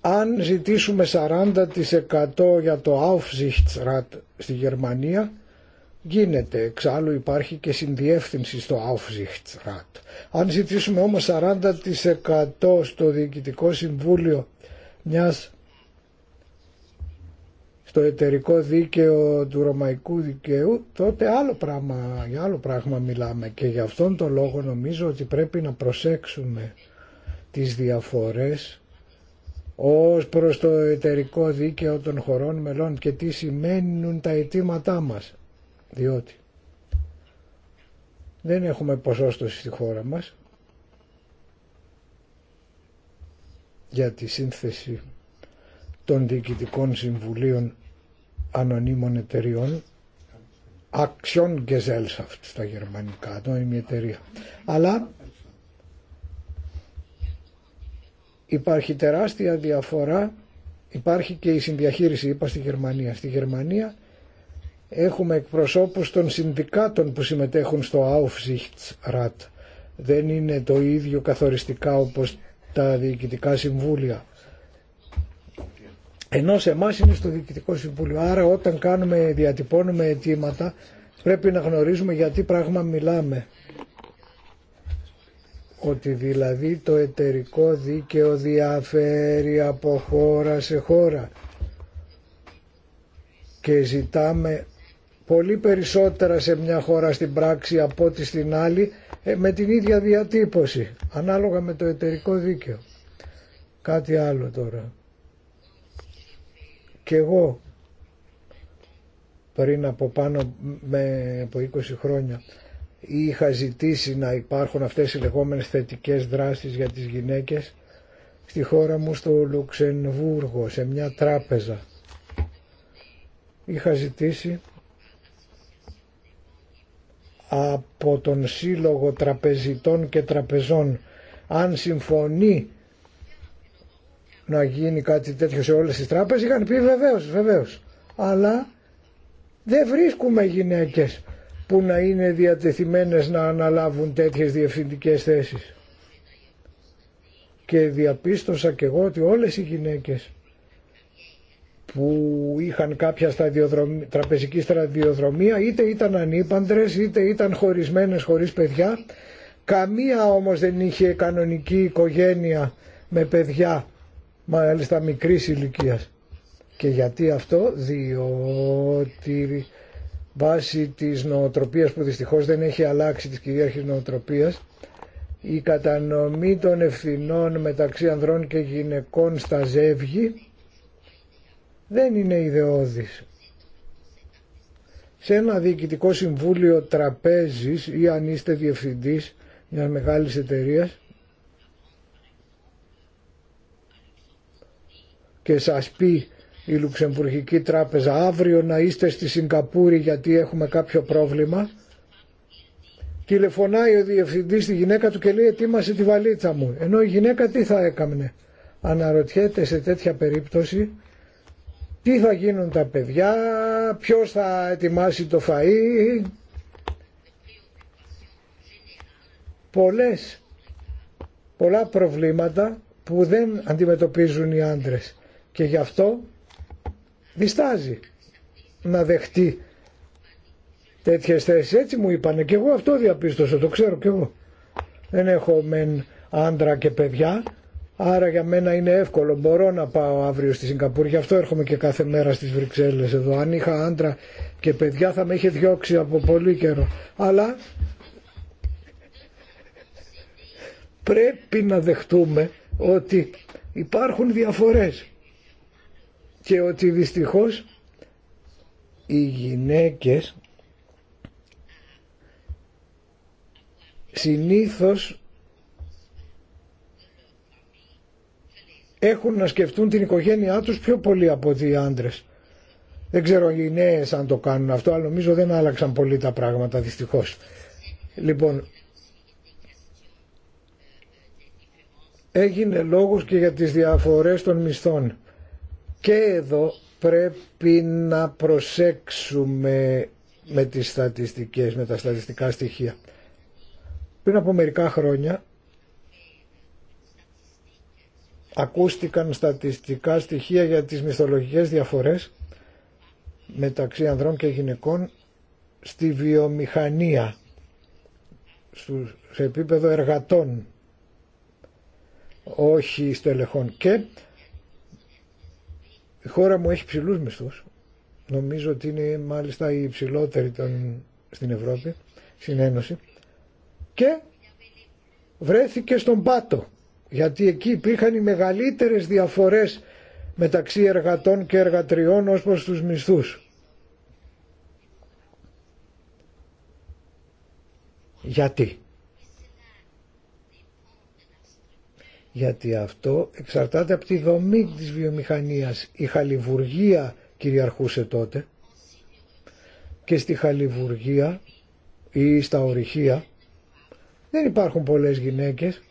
αν ζητήσουμε 40% για το Aufsichtsrat στη Γερμανία, Γίνεται, εξάλλου υπάρχει και συνδιεύθυνση στο Aufsichtsrat. Αν ζητήσουμε όμως 40% στο Διοικητικό Συμβούλιο μιας στο εταιρικό δίκαιο του Ρωμαϊκού Δικαίου, τότε άλλο πράγμα, για άλλο πράγμα μιλάμε και γι' αυτόν τον λόγο νομίζω ότι πρέπει να προσέξουμε τις διαφορές ως προς το εταιρικό δίκαιο των χωρών μελών και τι σημαίνουν τα αιτήματά μας διότι δεν έχουμε ποσόστοση στη χώρα μας για τη σύνθεση των διοικητικών συμβουλίων ανωνύμων εταιριών Action Gesellschaft στα γερμανικά, νόημη εταιρεία. Αλλά υπάρχει τεράστια διαφορά, υπάρχει και η συνδιαχείριση, είπα, στη Γερμανία. Στη Γερμανία έχουμε εκπροσώπους των συνδικάτων που συμμετέχουν στο Aufsichtsrat. Δεν είναι το ίδιο καθοριστικά όπως τα διοικητικά συμβούλια. Ενώ σε εμά είναι στο Διοικητικό Συμβούλιο. Άρα όταν κάνουμε, διατυπώνουμε αιτήματα πρέπει να γνωρίζουμε γιατί πράγμα μιλάμε. Ότι δηλαδή το εταιρικό δίκαιο διαφέρει από χώρα σε χώρα και ζητάμε πολύ περισσότερα σε μια χώρα στην πράξη από ό,τι στην άλλη ε, με την ίδια διατύπωση ανάλογα με το εταιρικό δίκαιο. Κάτι άλλο τώρα. Και εγώ πριν από πάνω με, από 20 χρόνια είχα ζητήσει να υπάρχουν αυτές οι λεγόμενες θετικές δράσεις για τις γυναίκες στη χώρα μου στο Λουξεμβούργο σε μια τράπεζα. Είχα ζητήσει από τον Σύλλογο Τραπεζιτών και Τραπεζών αν συμφωνεί να γίνει κάτι τέτοιο σε όλες τις τράπεζες είχαν πει βεβαίως, βεβαίως αλλά δεν βρίσκουμε γυναίκες που να είναι διατεθειμένες να αναλάβουν τέτοιες διευθυντικές θέσεις και διαπίστωσα και εγώ ότι όλες οι γυναίκες που είχαν κάποια σταδιοδρομ... τραπεζική στρατιοδρομία είτε ήταν ανήπαντρες είτε ήταν χωρισμένες χωρίς παιδιά καμία όμως δεν είχε κανονική οικογένεια με παιδιά μάλιστα μικρή ηλικία. και γιατί αυτό διότι βάσει της νοοτροπίας που δυστυχώς δεν έχει αλλάξει της κυρίαρχης νοοτροπίας η κατανομή των ευθυνών μεταξύ ανδρών και γυναικών στα ζεύγη δεν είναι ιδεώδης. Σε ένα διοικητικό συμβούλιο τραπέζης ή αν είστε διευθυντής μιας μεγάλης εταιρείας και σας πει η Λουξεμβουργική Τράπεζα αύριο να είστε στη Σιγκαπούρη γιατί έχουμε κάποιο πρόβλημα τηλεφωνάει ο διευθυντής στη γυναίκα του και λέει ετοίμασε τη βαλίτσα μου ενώ η γυναίκα τι θα έκαμνε αναρωτιέται σε τέτοια περίπτωση τι θα γίνουν τα παιδιά, ποιος θα ετοιμάσει το φαΐ. Πολλές, πολλά προβλήματα που δεν αντιμετωπίζουν οι άντρες και γι' αυτό διστάζει να δεχτεί τέτοιες θέσεις. Έτσι μου είπανε και εγώ αυτό διαπίστωσα, το ξέρω και εγώ. Δεν έχω μεν άντρα και παιδιά, Άρα για μένα είναι εύκολο, μπορώ να πάω αύριο στη Σιγκαπούρη, γι' αυτό έρχομαι και κάθε μέρα στις Βρυξέλλες εδώ. Αν είχα άντρα και παιδιά θα με είχε διώξει από πολύ καιρό. Αλλά πρέπει να δεχτούμε ότι υπάρχουν διαφορές και ότι δυστυχώς οι γυναίκες συνήθως έχουν να σκεφτούν την οικογένειά τους πιο πολύ από ότι οι άντρες. Δεν ξέρω οι νέες αν το κάνουν αυτό, αλλά νομίζω δεν άλλαξαν πολύ τα πράγματα δυστυχώς. Λοιπόν, έγινε λόγος και για τις διαφορές των μισθών. Και εδώ πρέπει να προσέξουμε με τις στατιστικές, με τα στατιστικά στοιχεία. Πριν από μερικά χρόνια ακούστηκαν στατιστικά στοιχεία για τις μυθολογικές διαφορές μεταξύ ανδρών και γυναικών στη βιομηχανία σε επίπεδο εργατών όχι στελεχών και η χώρα μου έχει ψηλούς μισθούς νομίζω ότι είναι μάλιστα η υψηλότερη των, στην Ευρώπη στην Ένωση και βρέθηκε στον πάτο γιατί εκεί υπήρχαν οι μεγαλύτερες διαφορές μεταξύ εργατών και εργατριών ως προς τους μισθούς. Γιατί. Γιατί αυτό εξαρτάται από τη δομή της βιομηχανίας. Η χαλιβουργία κυριαρχούσε τότε και στη χαλιβουργία ή στα ορυχεία δεν υπάρχουν πολλές γυναίκες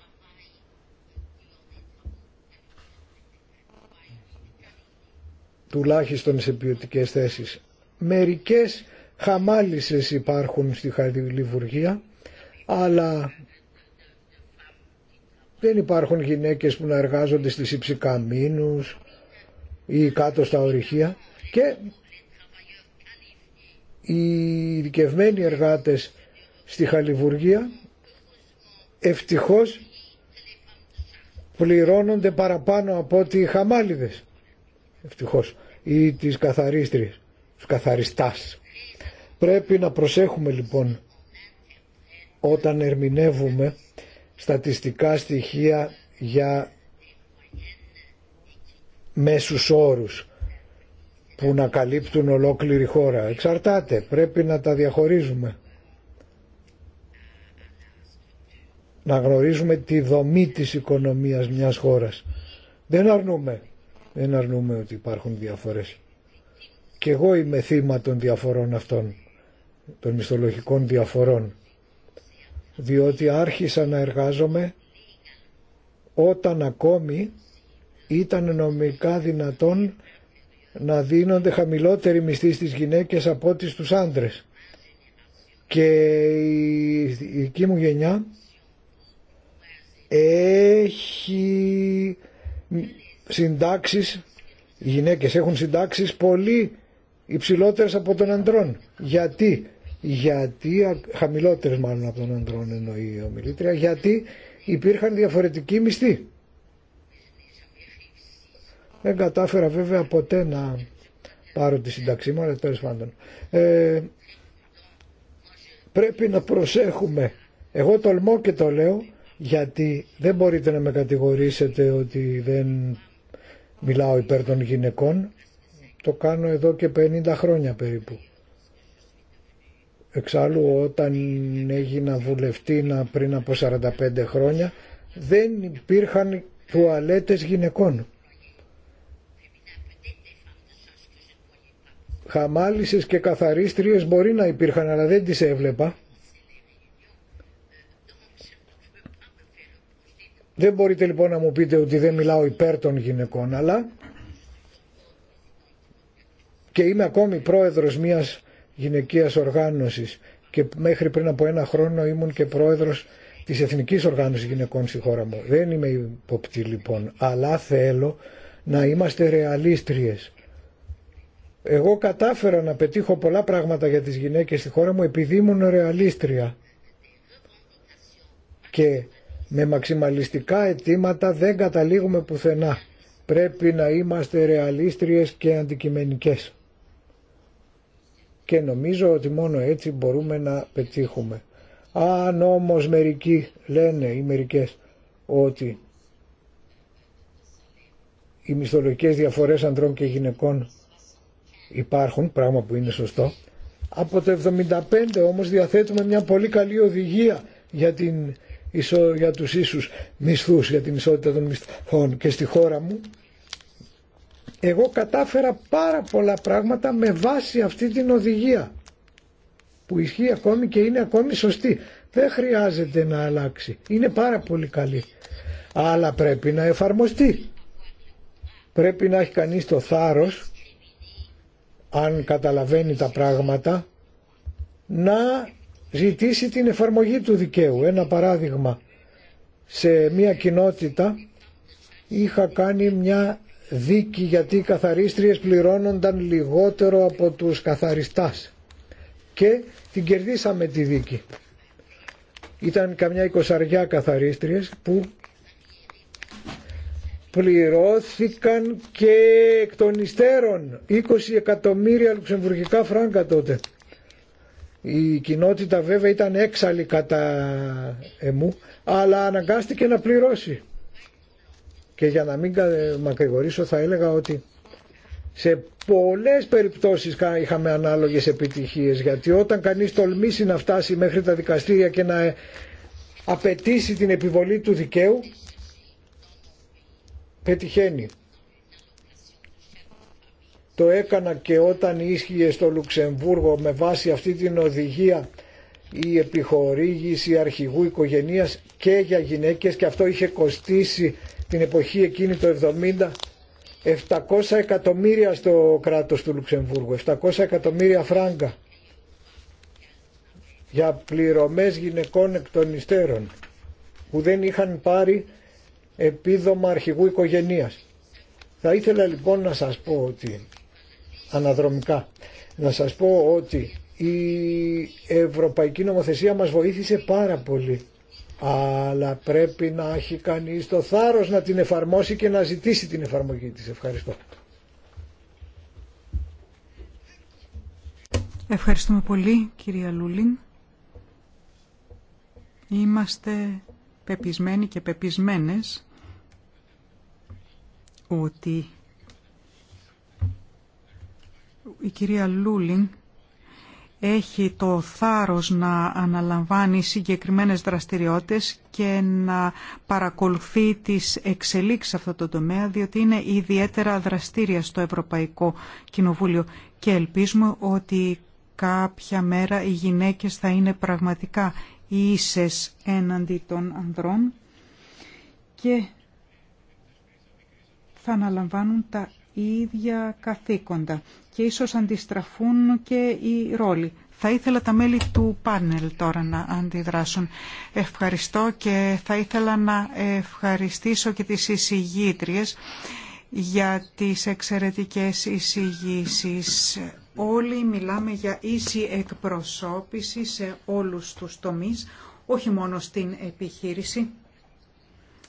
τουλάχιστον σε ποιοτικέ θέσεις. Μερικές χαμάλισες υπάρχουν στη Χαλιβουργία, αλλά δεν υπάρχουν γυναίκες που να εργάζονται στις υψικαμίνους ή κάτω στα ορυχεία και οι ειδικευμένοι εργάτες στη Χαλιβουργία ευτυχώς πληρώνονται παραπάνω από ό,τι οι χαμάλιδες ευτυχώς, ή της καθαρίστρης, του καθαριστάς. Πρέπει να προσέχουμε λοιπόν όταν ερμηνεύουμε στατιστικά στοιχεία για μέσους όρους που να καλύπτουν ολόκληρη χώρα. Εξαρτάται, πρέπει να τα διαχωρίζουμε. Να γνωρίζουμε τη δομή της οικονομίας μιας χώρας. Δεν αρνούμε δεν αρνούμε ότι υπάρχουν διαφορές. Και εγώ είμαι θύμα των διαφορών αυτών, των μισθολογικών διαφορών, διότι άρχισα να εργάζομαι όταν ακόμη ήταν νομικά δυνατόν να δίνονται χαμηλότεροι μισθοί στις γυναίκες από ό,τι στους άντρες. Και η δική μου γενιά έχει συντάξεις, οι γυναίκες έχουν συντάξεις πολύ υψηλότερες από τον αντρών. Γιατί, γιατί χαμηλότερες μάλλον από τον αντρών εννοεί η ομιλήτρια, γιατί υπήρχαν διαφορετικοί μισθοί. Δεν κατάφερα βέβαια ποτέ να πάρω τη συνταξή μου, αλλά τέλος ε, πρέπει να προσέχουμε. Εγώ τολμώ και το λέω, γιατί δεν μπορείτε να με κατηγορήσετε ότι δεν μιλάω υπέρ των γυναικών, το κάνω εδώ και 50 χρόνια περίπου. Εξάλλου όταν έγινα βουλευτή πριν από 45 χρόνια δεν υπήρχαν τουαλέτες γυναικών. Χαμάλισες και καθαρίστριες μπορεί να υπήρχαν αλλά δεν τις έβλεπα Δεν μπορείτε λοιπόν να μου πείτε ότι δεν μιλάω υπέρ των γυναικών, αλλά και είμαι ακόμη πρόεδρος μιας γυναικείας οργάνωσης και μέχρι πριν από ένα χρόνο ήμουν και πρόεδρος της Εθνικής Οργάνωσης Γυναικών στη χώρα μου. Δεν είμαι υποπτή λοιπόν, αλλά θέλω να είμαστε ρεαλίστριες. Εγώ κατάφερα να πετύχω πολλά πράγματα για τις γυναίκες στη χώρα μου επειδή ήμουν ρεαλίστρια. Και με μαξιμαλιστικά αιτήματα δεν καταλήγουμε πουθενά. Πρέπει να είμαστε ρεαλίστριες και αντικειμενικές. Και νομίζω ότι μόνο έτσι μπορούμε να πετύχουμε. Αν όμως μερικοί λένε ή μερικές ότι οι μισθολογικές διαφορές ανδρών και γυναικών υπάρχουν, πράγμα που είναι σωστό. Από το 75 όμως διαθέτουμε μια πολύ καλή οδηγία για την για τους ίσους μισθούς, για την ισότητα των μισθών και στη χώρα μου, εγώ κατάφερα πάρα πολλά πράγματα με βάση αυτή την οδηγία που ισχύει ακόμη και είναι ακόμη σωστή. Δεν χρειάζεται να αλλάξει. Είναι πάρα πολύ καλή. Αλλά πρέπει να εφαρμοστεί. Πρέπει να έχει κανείς το θάρρος, αν καταλαβαίνει τα πράγματα, να ζητήσει την εφαρμογή του δικαίου. Ένα παράδειγμα, σε μια κοινότητα είχα κάνει μια δίκη γιατί οι καθαρίστριες πληρώνονταν λιγότερο από τους καθαριστάς και την κερδίσαμε τη δίκη. Ήταν καμιά εικοσαριά καθαρίστριες που πληρώθηκαν και εκ των υστέρων 20 εκατομμύρια λουξεμβουργικά φράγκα τότε η κοινότητα βέβαια ήταν έξαλλη κατά εμού, αλλά αναγκάστηκε να πληρώσει. Και για να μην μακρηγορήσω θα έλεγα ότι σε πολλές περιπτώσεις είχαμε ανάλογες επιτυχίες γιατί όταν κανείς τολμήσει να φτάσει μέχρι τα δικαστήρια και να απαιτήσει την επιβολή του δικαίου πετυχαίνει. Το έκανα και όταν ίσχυε στο Λουξεμβούργο με βάση αυτή την οδηγία η επιχορήγηση αρχηγού οικογενείας και για γυναίκες και αυτό είχε κοστίσει την εποχή εκείνη το 70 700 εκατομμύρια στο κράτος του Λουξεμβούργου, 700 εκατομμύρια φράγκα για πληρωμές γυναικών εκ των υστέρων που δεν είχαν πάρει επίδομα αρχηγού οικογενείας. Θα ήθελα λοιπόν να σας πω ότι αναδρομικά. Να σας πω ότι η ευρωπαϊκή νομοθεσία μας βοήθησε πάρα πολύ αλλά πρέπει να έχει κανείς το θάρρος να την εφαρμόσει και να ζητήσει την εφαρμογή της. Ευχαριστώ. Ευχαριστούμε πολύ κυρία Λούλιν. Είμαστε πεπισμένοι και πεπισμένες ότι η κυρία Λούλιν έχει το θάρρος να αναλαμβάνει συγκεκριμένες δραστηριότητες και να παρακολουθεί τις εξελίξεις σε αυτό το τομέα, διότι είναι ιδιαίτερα δραστήρια στο Ευρωπαϊκό Κοινοβούλιο και ελπίζουμε ότι κάποια μέρα οι γυναίκες θα είναι πραγματικά ίσες έναντι των ανδρών και θα αναλαμβάνουν τα ίδια καθήκοντα και ίσως αντιστραφούν και οι ρόλοι. Θα ήθελα τα μέλη του πάνελ τώρα να αντιδράσουν. Ευχαριστώ και θα ήθελα να ευχαριστήσω και τις εισηγήτριες για τις εξαιρετικές εισηγήσεις. Όλοι μιλάμε για ίση εκπροσώπηση σε όλους τους τομείς, όχι μόνο στην επιχείρηση.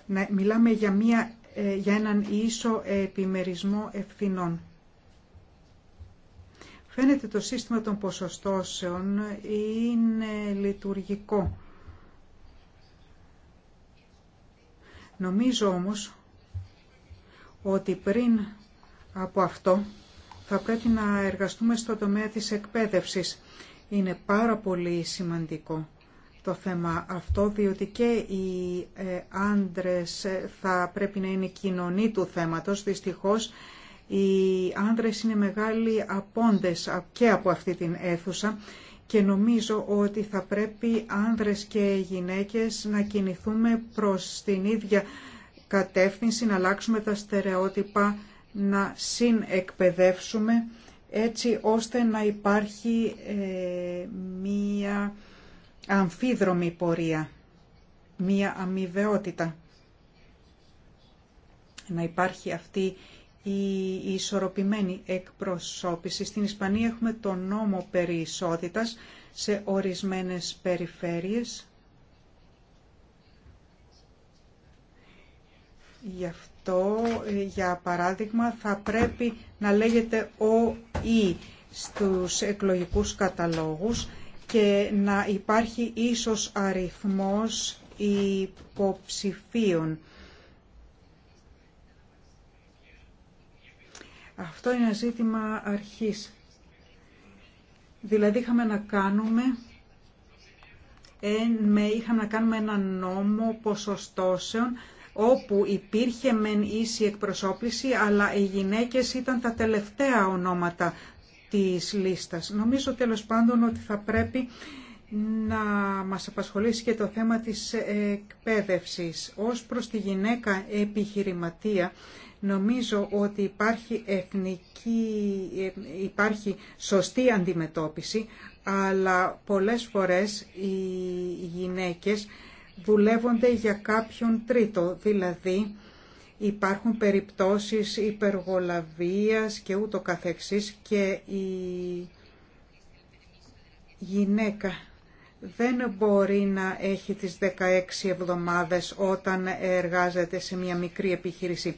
Ναι, μιλάμε για, μια, ε, για έναν ίσο επιμερισμό ευθυνών. Φαίνεται το σύστημα των ποσοστώσεων είναι λειτουργικό. Νομίζω όμως ότι πριν από αυτό θα πρέπει να εργαστούμε στο τομέα της εκπαίδευσης. Είναι πάρα πολύ σημαντικό το θέμα αυτό, διότι και οι ε, άντρες θα πρέπει να είναι κοινωνοί του θέματος. Δυστυχώς οι άνδρες είναι μεγάλοι απόντες και από αυτή την αίθουσα και νομίζω ότι θα πρέπει άνδρες και γυναίκες να κινηθούμε προς την ίδια κατεύθυνση, να αλλάξουμε τα στερεότυπα, να συνεκπαιδεύσουμε έτσι ώστε να υπάρχει ε, μία αμφίδρομη πορεία, μία αμοιβαιότητα. Να υπάρχει αυτή η ισορροπημένη εκπροσώπηση. Στην Ισπανία έχουμε το νόμο περί σε ορισμένες περιφέρειες. Γι' αυτό, ε, για παράδειγμα, θα πρέπει να λέγεται ο ή στους εκλογικούς καταλόγους και να υπάρχει ίσως αριθμός υποψηφίων Αυτό είναι ζήτημα αρχής. Δηλαδή είχαμε να κάνουμε, είχαμε να κάνουμε ένα νόμο ποσοστώσεων όπου υπήρχε μεν ίση εκπροσώπηση, αλλά οι γυναίκες ήταν τα τελευταία ονόματα της λίστας. Νομίζω τέλος πάντων ότι θα πρέπει να μας απασχολήσει και το θέμα της εκπαίδευσης. Ως προς τη γυναίκα επιχειρηματία, Νομίζω ότι υπάρχει, εθνική, ε, υπάρχει σωστή αντιμετώπιση, αλλά πολλές φορές οι γυναίκες δουλεύονται για κάποιον τρίτο, δηλαδή υπάρχουν περιπτώσεις υπεργολαβίας και ούτω καθεξής και η γυναίκα δεν μπορεί να έχει τις 16 εβδομάδες όταν εργάζεται σε μια μικρή επιχείρηση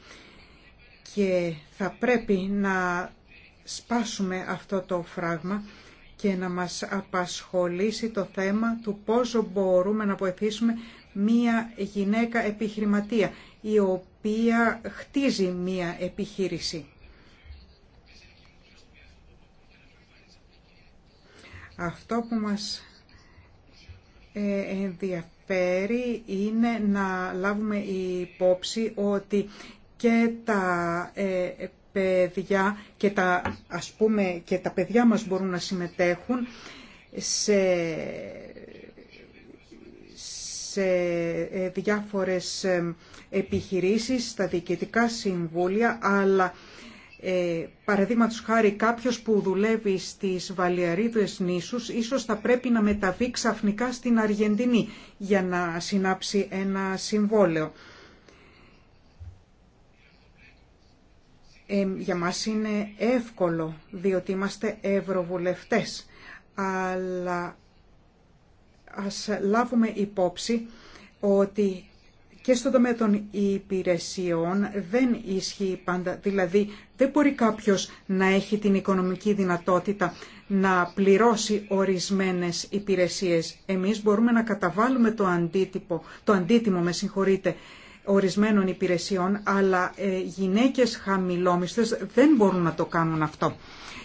και θα πρέπει να σπάσουμε αυτό το φράγμα και να μας απασχολήσει το θέμα του πόσο μπορούμε να βοηθήσουμε μία γυναίκα επιχειρηματία η οποία χτίζει μία επιχείρηση. Αυτό που μας ε, ενδιαφέρει είναι να λάβουμε υπόψη ότι και τα ε, ε, παιδιά και τα, ας πούμε, και τα παιδιά μας μπορούν να συμμετέχουν σε, σε ε, διάφορες επιχειρήσεις, στα διοικητικά συμβούλια, αλλά ε, παραδείγματος χάρη κάποιος που δουλεύει στις Βαλιαρίδες νήσους ίσως θα πρέπει να μεταβεί ξαφνικά στην Αργεντινή για να συνάψει ένα συμβόλαιο. Ε, για μας είναι εύκολο, διότι είμαστε ευρωβουλευτές, αλλά ας λάβουμε υπόψη ότι και στον τομέα των υπηρεσιών δεν ισχύει πάντα. Δηλαδή δεν μπορεί κάποιος να έχει την οικονομική δυνατότητα να πληρώσει ορισμένες υπηρεσίες. Εμείς μπορούμε να καταβάλουμε το, αντίτυπο, το αντίτιμο με συγχωρείτε ορισμένων υπηρεσιών, αλλά ε, γυναίκες χαμηλόμισθες δεν μπορούν να το κάνουν αυτό.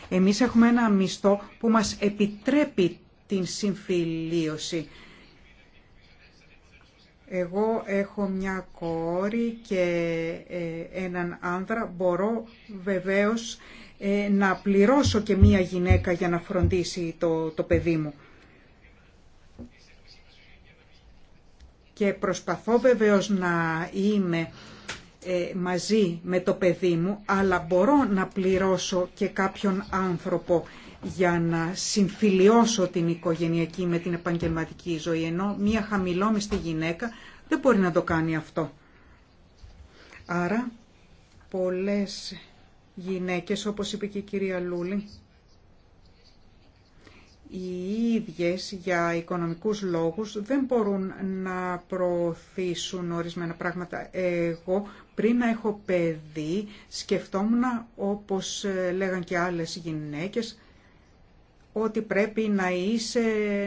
Εμείς έχουμε ένα μισθό που μας επιτρέπει την συμφιλίωση. Εγώ έχω μια κόρη και ε, έναν άνδρα. Μπορώ βεβαίως ε, να πληρώσω και μια γυναίκα για να φροντίσει το, το παιδί μου. και προσπαθώ βεβαίως να είμαι ε, μαζί με το παιδί μου, αλλά μπορώ να πληρώσω και κάποιον άνθρωπο για να συμφιλιώσω την οικογενειακή με την επαγγελματική ζωή, ενώ μια χαμηλόμιστη γυναίκα δεν μπορεί να το κάνει αυτό. Άρα, πολλές γυναίκες, όπως είπε και η κυρία Λούλη, οι ίδιες για οικονομικούς λόγους δεν μπορούν να προωθήσουν ορισμένα πράγματα. Εγώ πριν να έχω παιδί σκεφτόμουν όπως λέγαν και άλλες γυναίκες ότι πρέπει να, είσαι,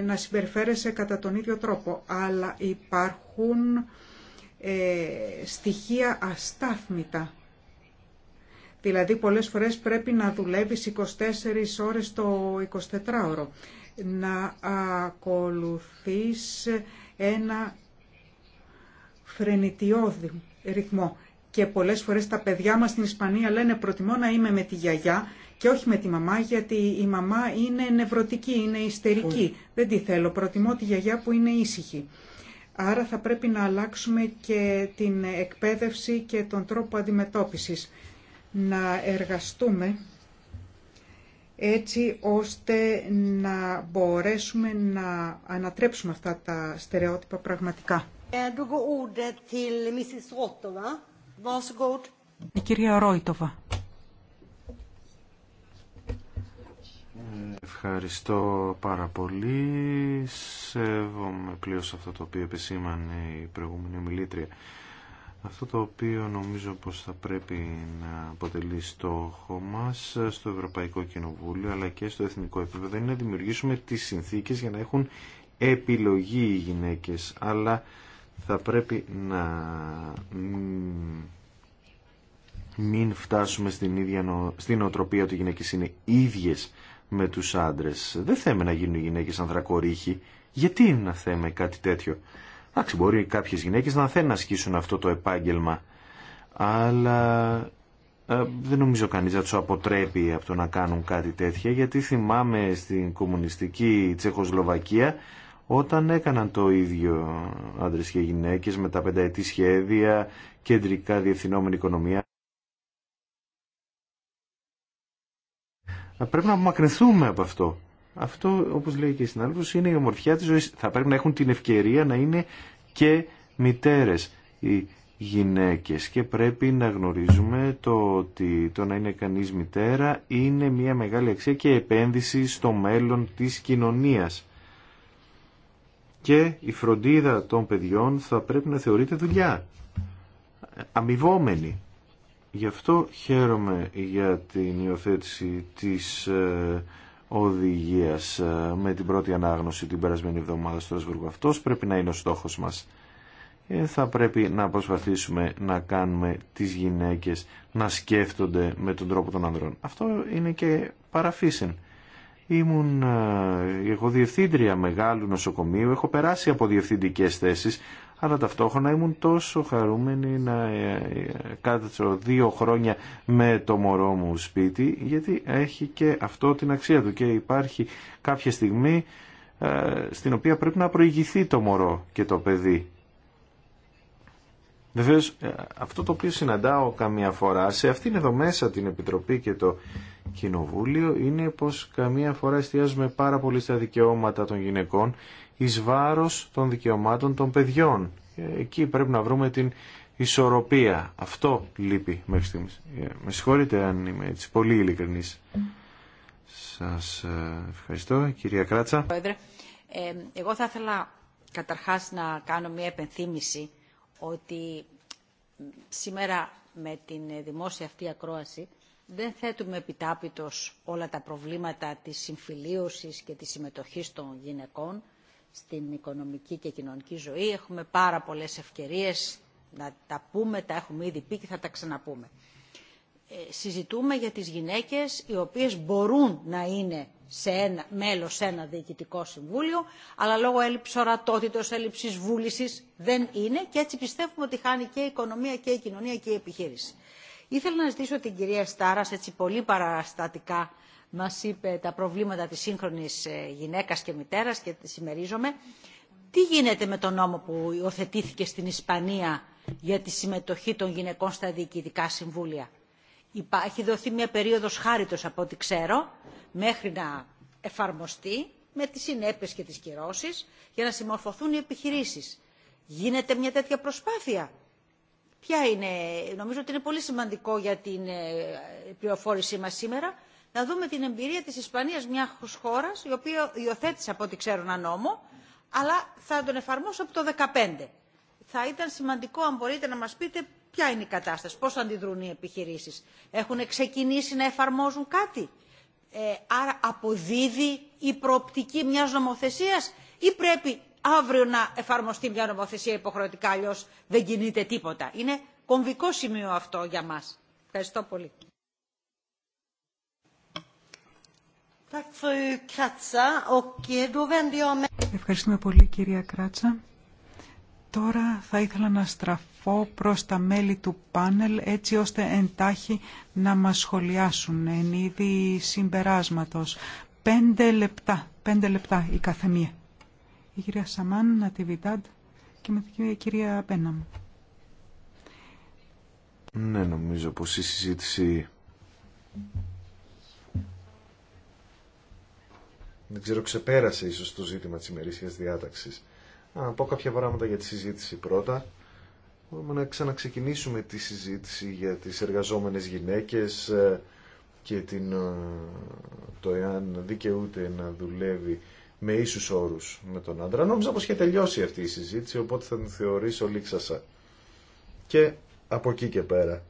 να συμπεριφέρεσαι κατά τον ίδιο τρόπο. Αλλά υπάρχουν ε, στοιχεία αστάθμητα Δηλαδή πολλές φορές πρέπει να δουλεύεις 24 ώρες το 24ωρο, να ακολουθείς ένα φρενιτιώδη ρυθμό. Και πολλές φορές τα παιδιά μας στην Ισπανία λένε προτιμώ να είμαι με τη γιαγιά και όχι με τη μαμά γιατί η μαμά είναι νευρωτική, είναι ιστερική. Δεν τη θέλω, προτιμώ τη γιαγιά που είναι ήσυχη. Άρα θα πρέπει να αλλάξουμε και την εκπαίδευση και τον τρόπο αντιμετώπισης να εργαστούμε έτσι ώστε να μπορέσουμε να ανατρέψουμε αυτά τα στερεότυπα πραγματικά. Ε, η κυρία Ρόιτοβα. Ευχαριστώ πάρα πολύ. Σέβομαι πλήρως αυτό το οποίο επισήμανε η προηγούμενη ομιλήτρια. Αυτό το οποίο νομίζω πως θα πρέπει να αποτελεί στόχο μας στο Ευρωπαϊκό Κοινοβούλιο αλλά και στο εθνικό επίπεδο είναι να δημιουργήσουμε τις συνθήκες για να έχουν επιλογή οι γυναίκες αλλά θα πρέπει να μην φτάσουμε στην, ίδια στην οτροπία ότι οι γυναίκες είναι ίδιες με τους άντρες. Δεν θέμε να γίνουν οι γυναίκες ανθρακορίχοι. Γιατί να θέμε κάτι τέτοιο. Εντάξει, μπορεί κάποιες γυναίκες να θέλουν να ασκήσουν αυτό το επάγγελμα, αλλά ε, δεν νομίζω κανείς να τους αποτρέπει από το να κάνουν κάτι τέτοια, γιατί θυμάμαι στην κομμουνιστική Τσεχοσλοβακία όταν έκαναν το ίδιο άντρες και γυναίκες με τα πενταετή σχέδια, κεντρικά διευθυνόμενη οικονομία. Ε, πρέπει να απομακρυνθούμε από αυτό. Αυτό, όπως λέει και η συνάδελφος, είναι η ομορφιά της ζωή. Θα πρέπει να έχουν την ευκαιρία να είναι και μητέρες οι γυναίκες και πρέπει να γνωρίζουμε το ότι το να είναι κανείς μητέρα είναι μια μεγάλη αξία και επένδυση στο μέλλον της κοινωνίας. Και η φροντίδα των παιδιών θα πρέπει να θεωρείται δουλειά, αμοιβόμενη. Γι' αυτό χαίρομαι για την υιοθέτηση της ε, οδηγίας ε, με την πρώτη ανάγνωση την περασμένη εβδομάδα στο Ρασβούργο. Αυτό πρέπει να είναι ο στόχος μας. Ε, θα πρέπει να προσπαθήσουμε να κάνουμε τις γυναίκες να σκέφτονται με τον τρόπο των ανδρών. Αυτό είναι και παραφύσιν. Ήμουν ε, εγώ διευθύντρια μεγάλου νοσοκομείου, έχω περάσει από διευθυντικές θέσεις αλλά ταυτόχρονα ήμουν τόσο χαρούμενη να ε, ε, κάτσω δύο χρόνια με το μωρό μου σπίτι, γιατί έχει και αυτό την αξία του και υπάρχει κάποια στιγμή ε, στην οποία πρέπει να προηγηθεί το μωρό και το παιδί. Βεβαίω, αυτό το οποίο συναντάω καμία φορά σε αυτήν εδώ μέσα την Επιτροπή και το Κοινοβούλιο είναι πως καμία φορά εστιάζουμε πάρα πολύ στα δικαιώματα των γυναικών εις βάρος των δικαιωμάτων των παιδιών. Ε, εκεί πρέπει να βρούμε την ισορροπία. Αυτό λείπει μέχρι στιγμής. Ε, με συγχωρείτε αν είμαι έτσι πολύ ειλικρινής. Σας ε, ευχαριστώ. Κυρία Κράτσα. εγώ θα ήθελα καταρχάς να κάνω μια επενθύμηση ότι σήμερα με την δημόσια αυτή ακρόαση δεν θέτουμε επιτάπητος όλα τα προβλήματα της συμφιλίωσης και της συμμετοχής των γυναικών στην οικονομική και κοινωνική ζωή. Έχουμε πάρα πολλές ευκαιρίες να τα πούμε, τα έχουμε ήδη πει και θα τα ξαναπούμε. Ε, συζητούμε για τις γυναίκες οι οποίες μπορούν να είναι σε ένα, μέλος σε ένα διοικητικό συμβούλιο, αλλά λόγω έλλειψης ορατότητας, έλλειψης βούλησης δεν είναι και έτσι πιστεύουμε ότι χάνει και η οικονομία και η κοινωνία και η επιχείρηση. Ήθελα να ζητήσω την κυρία Στάρας έτσι πολύ παραστατικά μας είπε τα προβλήματα της σύγχρονης ε, γυναίκας και μητέρας και τη συμμερίζομαι. Τι γίνεται με τον νόμο που υιοθετήθηκε στην Ισπανία για τη συμμετοχή των γυναικών στα διοικητικά συμβούλια. Έχει δοθεί μια περίοδος χάριτος από ό,τι ξέρω μέχρι να εφαρμοστεί με τις συνέπειες και τις κυρώσεις για να συμμορφωθούν οι επιχειρήσεις. Γίνεται μια τέτοια προσπάθεια. Ποια είναι, νομίζω ότι είναι πολύ σημαντικό για την ε, πληροφόρησή μας σήμερα να δούμε την εμπειρία της Ισπανίας μια χώρας η οποία υιοθέτησε από ό,τι ξέρω ένα νόμο αλλά θα τον εφαρμόσω από το 2015. Θα ήταν σημαντικό αν μπορείτε να μας πείτε ποια είναι η κατάσταση, πώς αντιδρούν οι επιχειρήσεις. Έχουν ξεκινήσει να εφαρμόζουν κάτι. Ε, άρα αποδίδει η προοπτική μιας νομοθεσίας ή πρέπει αύριο να εφαρμοστεί μια νομοθεσία υποχρεωτικά, αλλιώ δεν κινείται τίποτα. Είναι κομβικό σημείο αυτό για μας. Ευχαριστώ πολύ. Eh, Ευχαριστούμε πολύ κυρία Κράτσα. Τώρα θα ήθελα να στραφώ προς τα μέλη του πάνελ έτσι ώστε εντάχει να μας σχολιάσουν εν είδη συμπεράσματος. Πέντε λεπτά, πέντε λεπτά η καθεμία. Η κυρία Σαμάν, Νατιβιντάντ και με την κυρία Πέναμ. Ναι, νομίζω πως η συζήτηση δεν ξέρω, ξεπέρασε ίσως το ζήτημα της ημερήσιας διάταξης. Να πω κάποια πράγματα για τη συζήτηση πρώτα. Μπορούμε να ξαναξεκινήσουμε τη συζήτηση για τις εργαζόμενες γυναίκες ε, και την, ε, το εάν δικαιούται να δουλεύει με ίσους όρους με τον άντρα. Νόμιζα πως είχε τελειώσει αυτή η συζήτηση, οπότε θα την θεωρήσω λήξασα. Και από εκεί και πέρα.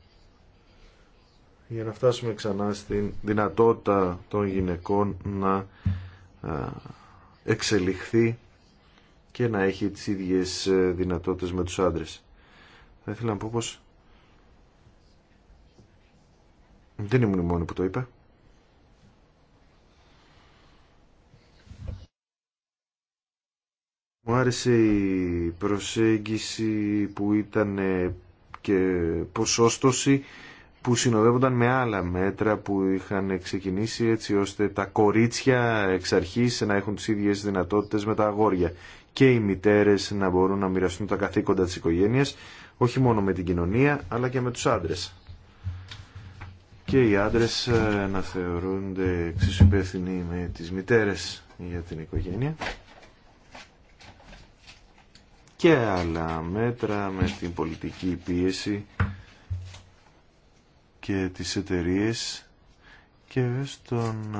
Για να φτάσουμε ξανά στην δυνατότητα των γυναικών να εξελιχθεί και να έχει τις ίδιες ε, δυνατότητες με τους άντρες. Θα ήθελα να πω πως δεν ήμουν η μόνη που το είπα. Μου άρεσε η προσέγγιση που ήταν και ποσόστοση που συνοδεύονταν με άλλα μέτρα που είχαν ξεκινήσει έτσι ώστε τα κορίτσια εξ αρχής να έχουν τις ίδιες δυνατότητες με τα αγόρια και οι μητέρες να μπορούν να μοιραστούν τα καθήκοντα της οικογένειας όχι μόνο με την κοινωνία αλλά και με τους άντρες. Και οι άντρες ε, να θεωρούνται εξίσου με τις μητέρες για την οικογένεια και άλλα μέτρα με την πολιτική πίεση και τις εταιρείε και στον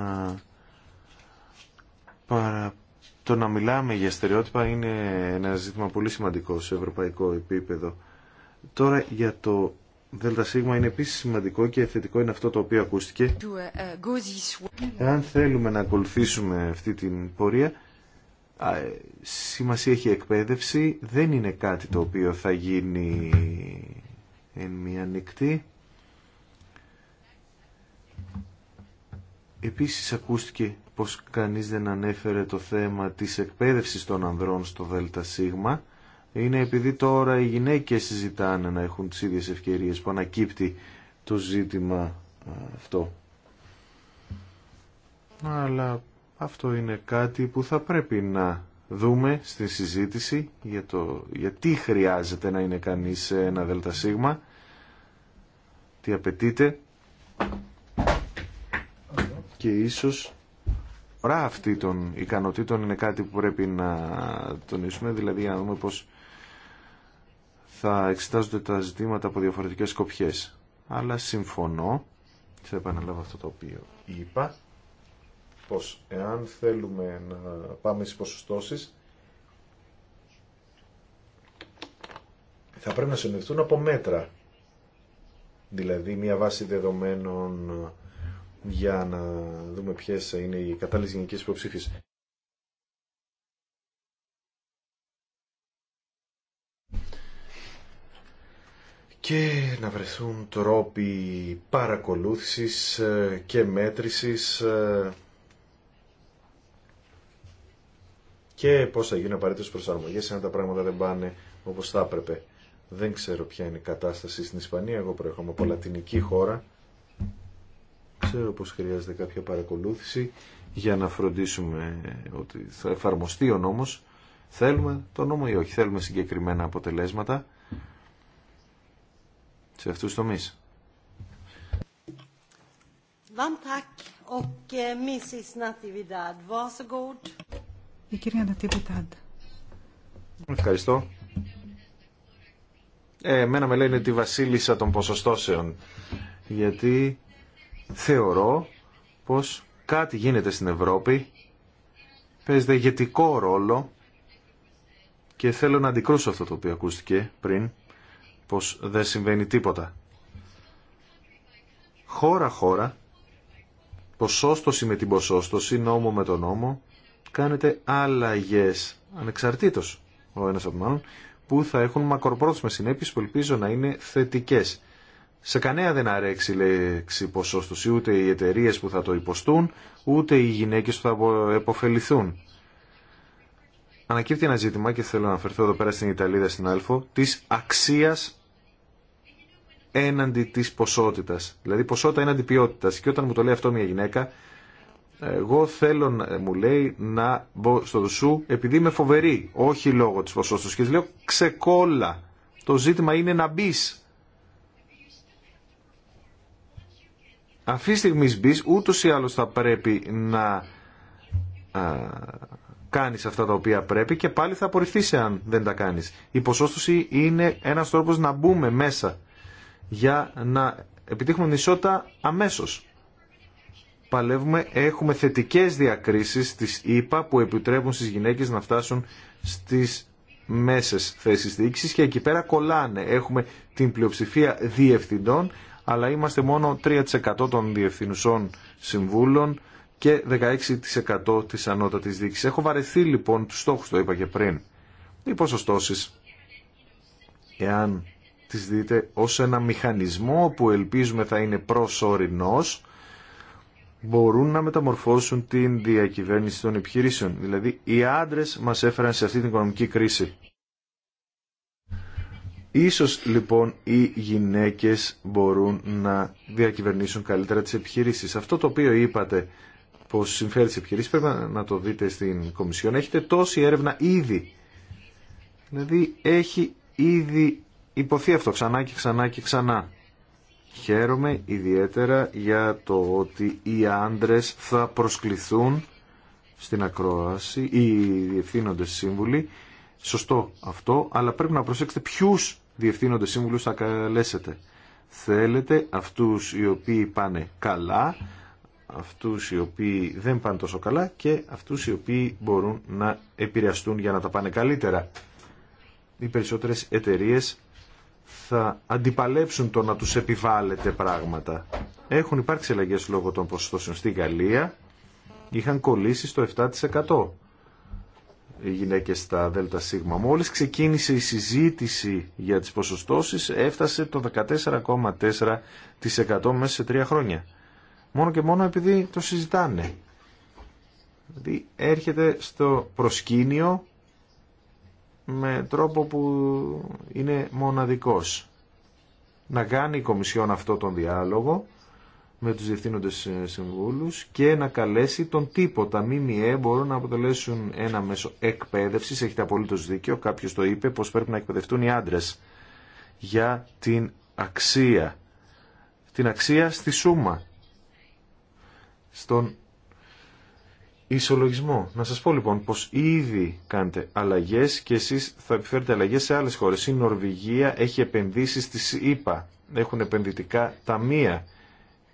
παρα... Το να μιλάμε για στερεότυπα είναι ένα ζήτημα πολύ σημαντικό σε ευρωπαϊκό επίπεδο. Τώρα για το ΔΣ είναι επίσης σημαντικό και θετικό είναι αυτό το οποίο ακούστηκε. Ε, ε, Εάν θέλουμε να ακολουθήσουμε αυτή την πορεία, ε, σημασία έχει η εκπαίδευση, δεν είναι κάτι το οποίο θα γίνει εν μία νυχτή. Επίσης ακούστηκε πως κανείς δεν ανέφερε το θέμα της εκπαίδευσης των ανδρών στο ΔΣ. Είναι επειδή τώρα οι γυναίκες συζητάνε να έχουν τις ίδιες ευκαιρίες που ανακύπτει το ζήτημα ε, αυτό. Αλλά αυτό είναι κάτι που θα πρέπει να δούμε στην συζήτηση για το γιατί χρειάζεται να είναι κανείς σε ένα ΔΣ, τι απαιτείται και ίσως ρά αυτή των ικανοτήτων είναι κάτι που πρέπει να τονίσουμε, δηλαδή να δούμε πως θα εξετάζονται τα ζητήματα από διαφορετικές σκοπιές. Αλλά συμφωνώ, θα επαναλάβω αυτό το οποίο είπα, πως εάν θέλουμε να πάμε στις ποσοστώσεις, θα πρέπει να συνοδευτούν από μέτρα. Δηλαδή μια βάση δεδομένων για να δούμε ποιες είναι οι κατάλληλες γενικές υποψήφιες. και να βρεθούν τρόποι παρακολούθησης και μέτρησης και πώς θα γίνουν απαραίτητες προσαρμογές αν τα πράγματα δεν πάνε όπως θα έπρεπε. Δεν ξέρω ποια είναι η κατάσταση στην Ισπανία, εγώ προέρχομαι από λατινική χώρα Ξέρω πως χρειάζεται κάποια παρακολούθηση για να φροντίσουμε ότι θα εφαρμοστεί ο νόμος. Θέλουμε το νόμο ή όχι. Θέλουμε συγκεκριμένα αποτελέσματα σε αυτούς τους τομείς. Η κυρία Νατιβιτάντ. Ευχαριστώ. Ε, εμένα με λένε τη βασίλισσα των ποσοστώσεων. Γιατί θεωρώ πως κάτι γίνεται στην Ευρώπη, παίζει ηγετικό ρόλο και θέλω να αντικρούσω αυτό το οποίο ακούστηκε πριν, πως δεν συμβαίνει τίποτα. Χώρα-χώρα, ποσόστοση με την ποσόστοση, νόμο με τον νόμο, κάνετε αλλαγές, ανεξαρτήτως ο ένας από τον άλλον, που θα έχουν μακροπρόθεσμες συνέπειες που ελπίζω να είναι θετικές. Σε κανένα δεν αρέξει λέξη ποσόστοση, ούτε οι εταιρείε που θα το υποστούν, ούτε οι γυναίκες που θα επωφεληθούν. Ανακύπτει ένα ζήτημα και θέλω να αφαιρθώ εδώ πέρα στην Ιταλίδα στην Άλφο, της αξίας έναντι της ποσότητας. Δηλαδή ποσότητα έναντι ποιότητας. Και όταν μου το λέει αυτό μια γυναίκα, εγώ θέλω, μου λέει, να μπω στο σου επειδή είμαι φοβερή, όχι λόγω της ποσότητας. Και λέω ξεκόλα. Το ζήτημα είναι να μπει αυτή τη στιγμή μπει, ούτω ή άλλω θα πρέπει να κάνει αυτά τα οποία πρέπει και πάλι θα απορριφθεί αν δεν τα κάνει. Η ποσόστοση είναι ένα τρόπο να μπούμε μέσα για να επιτύχουμε την ισότητα αμέσω. Παλεύουμε, έχουμε θετικές διακρίσεις της ΕΠΑ που επιτρέπουν στις γυναίκες να φτάσουν στις μέσες θέσεις διοίκησης και εκεί πέρα κολλάνε. Έχουμε την πλειοψηφία διευθυντών αλλά είμαστε μόνο 3% των διευθυνουσών συμβούλων και 16% της ανώτατης δίκης. Έχω βαρεθεί λοιπόν τους στόχους, το είπα και πριν. Οι ποσοστώσεις, εάν τις δείτε ως ένα μηχανισμό που ελπίζουμε θα είναι προσωρινός, μπορούν να μεταμορφώσουν την διακυβέρνηση των επιχειρήσεων. Δηλαδή, οι άντρες μας έφεραν σε αυτή την οικονομική κρίση. Ίσως λοιπόν οι γυναίκες μπορούν να διακυβερνήσουν καλύτερα τις επιχειρήσεις. Αυτό το οποίο είπατε πως συμφέρει τις επιχειρήσεις πρέπει να το δείτε στην Κομισιόν. Έχετε τόση έρευνα ήδη. Δηλαδή έχει ήδη υποθεί αυτό ξανά και ξανά και ξανά. Χαίρομαι ιδιαίτερα για το ότι οι άντρες θα προσκληθούν στην ακρόαση, οι διευθύνοντες σύμβουλοι. Σωστό αυτό, αλλά πρέπει να προσέξετε ποιους Διευθύνονται σύμβουλου θα καλέσετε. Θέλετε αυτούς οι οποίοι πάνε καλά, αυτούς οι οποίοι δεν πάνε τόσο καλά και αυτούς οι οποίοι μπορούν να επηρεαστούν για να τα πάνε καλύτερα. Οι περισσότερες εταιρείε θα αντιπαλέψουν το να τους επιβάλλεται πράγματα. Έχουν υπάρξει αλλαγέ λόγω των ποσοστώσεων. Στη Γαλλία είχαν κολλήσει στο 7% οι γυναίκες στα Σίγμα. Μόλις ξεκίνησε η συζήτηση για τις ποσοστώσεις έφτασε το 14,4% μέσα σε τρία χρόνια. Μόνο και μόνο επειδή το συζητάνε. Δηλαδή έρχεται στο προσκήνιο με τρόπο που είναι μοναδικός. Να κάνει η Κομισιόν αυτό τον διάλογο με τους διευθύνοντες ε, συμβούλους και να καλέσει τον τύπο. Τα ΜΜΕ μπορούν να αποτελέσουν ένα μέσο εκπαίδευσης, έχετε απολύτως δίκιο, κάποιος το είπε, πως πρέπει να εκπαιδευτούν οι άντρες για την αξία. Την αξία στη σούμα, στον ισολογισμό. Να σας πω λοιπόν πως ήδη κάνετε αλλαγές και εσείς θα επιφέρετε αλλαγές σε άλλες χώρες. Η Νορβηγία έχει επενδύσει στις ΗΠΑ, έχουν επενδυτικά ταμεία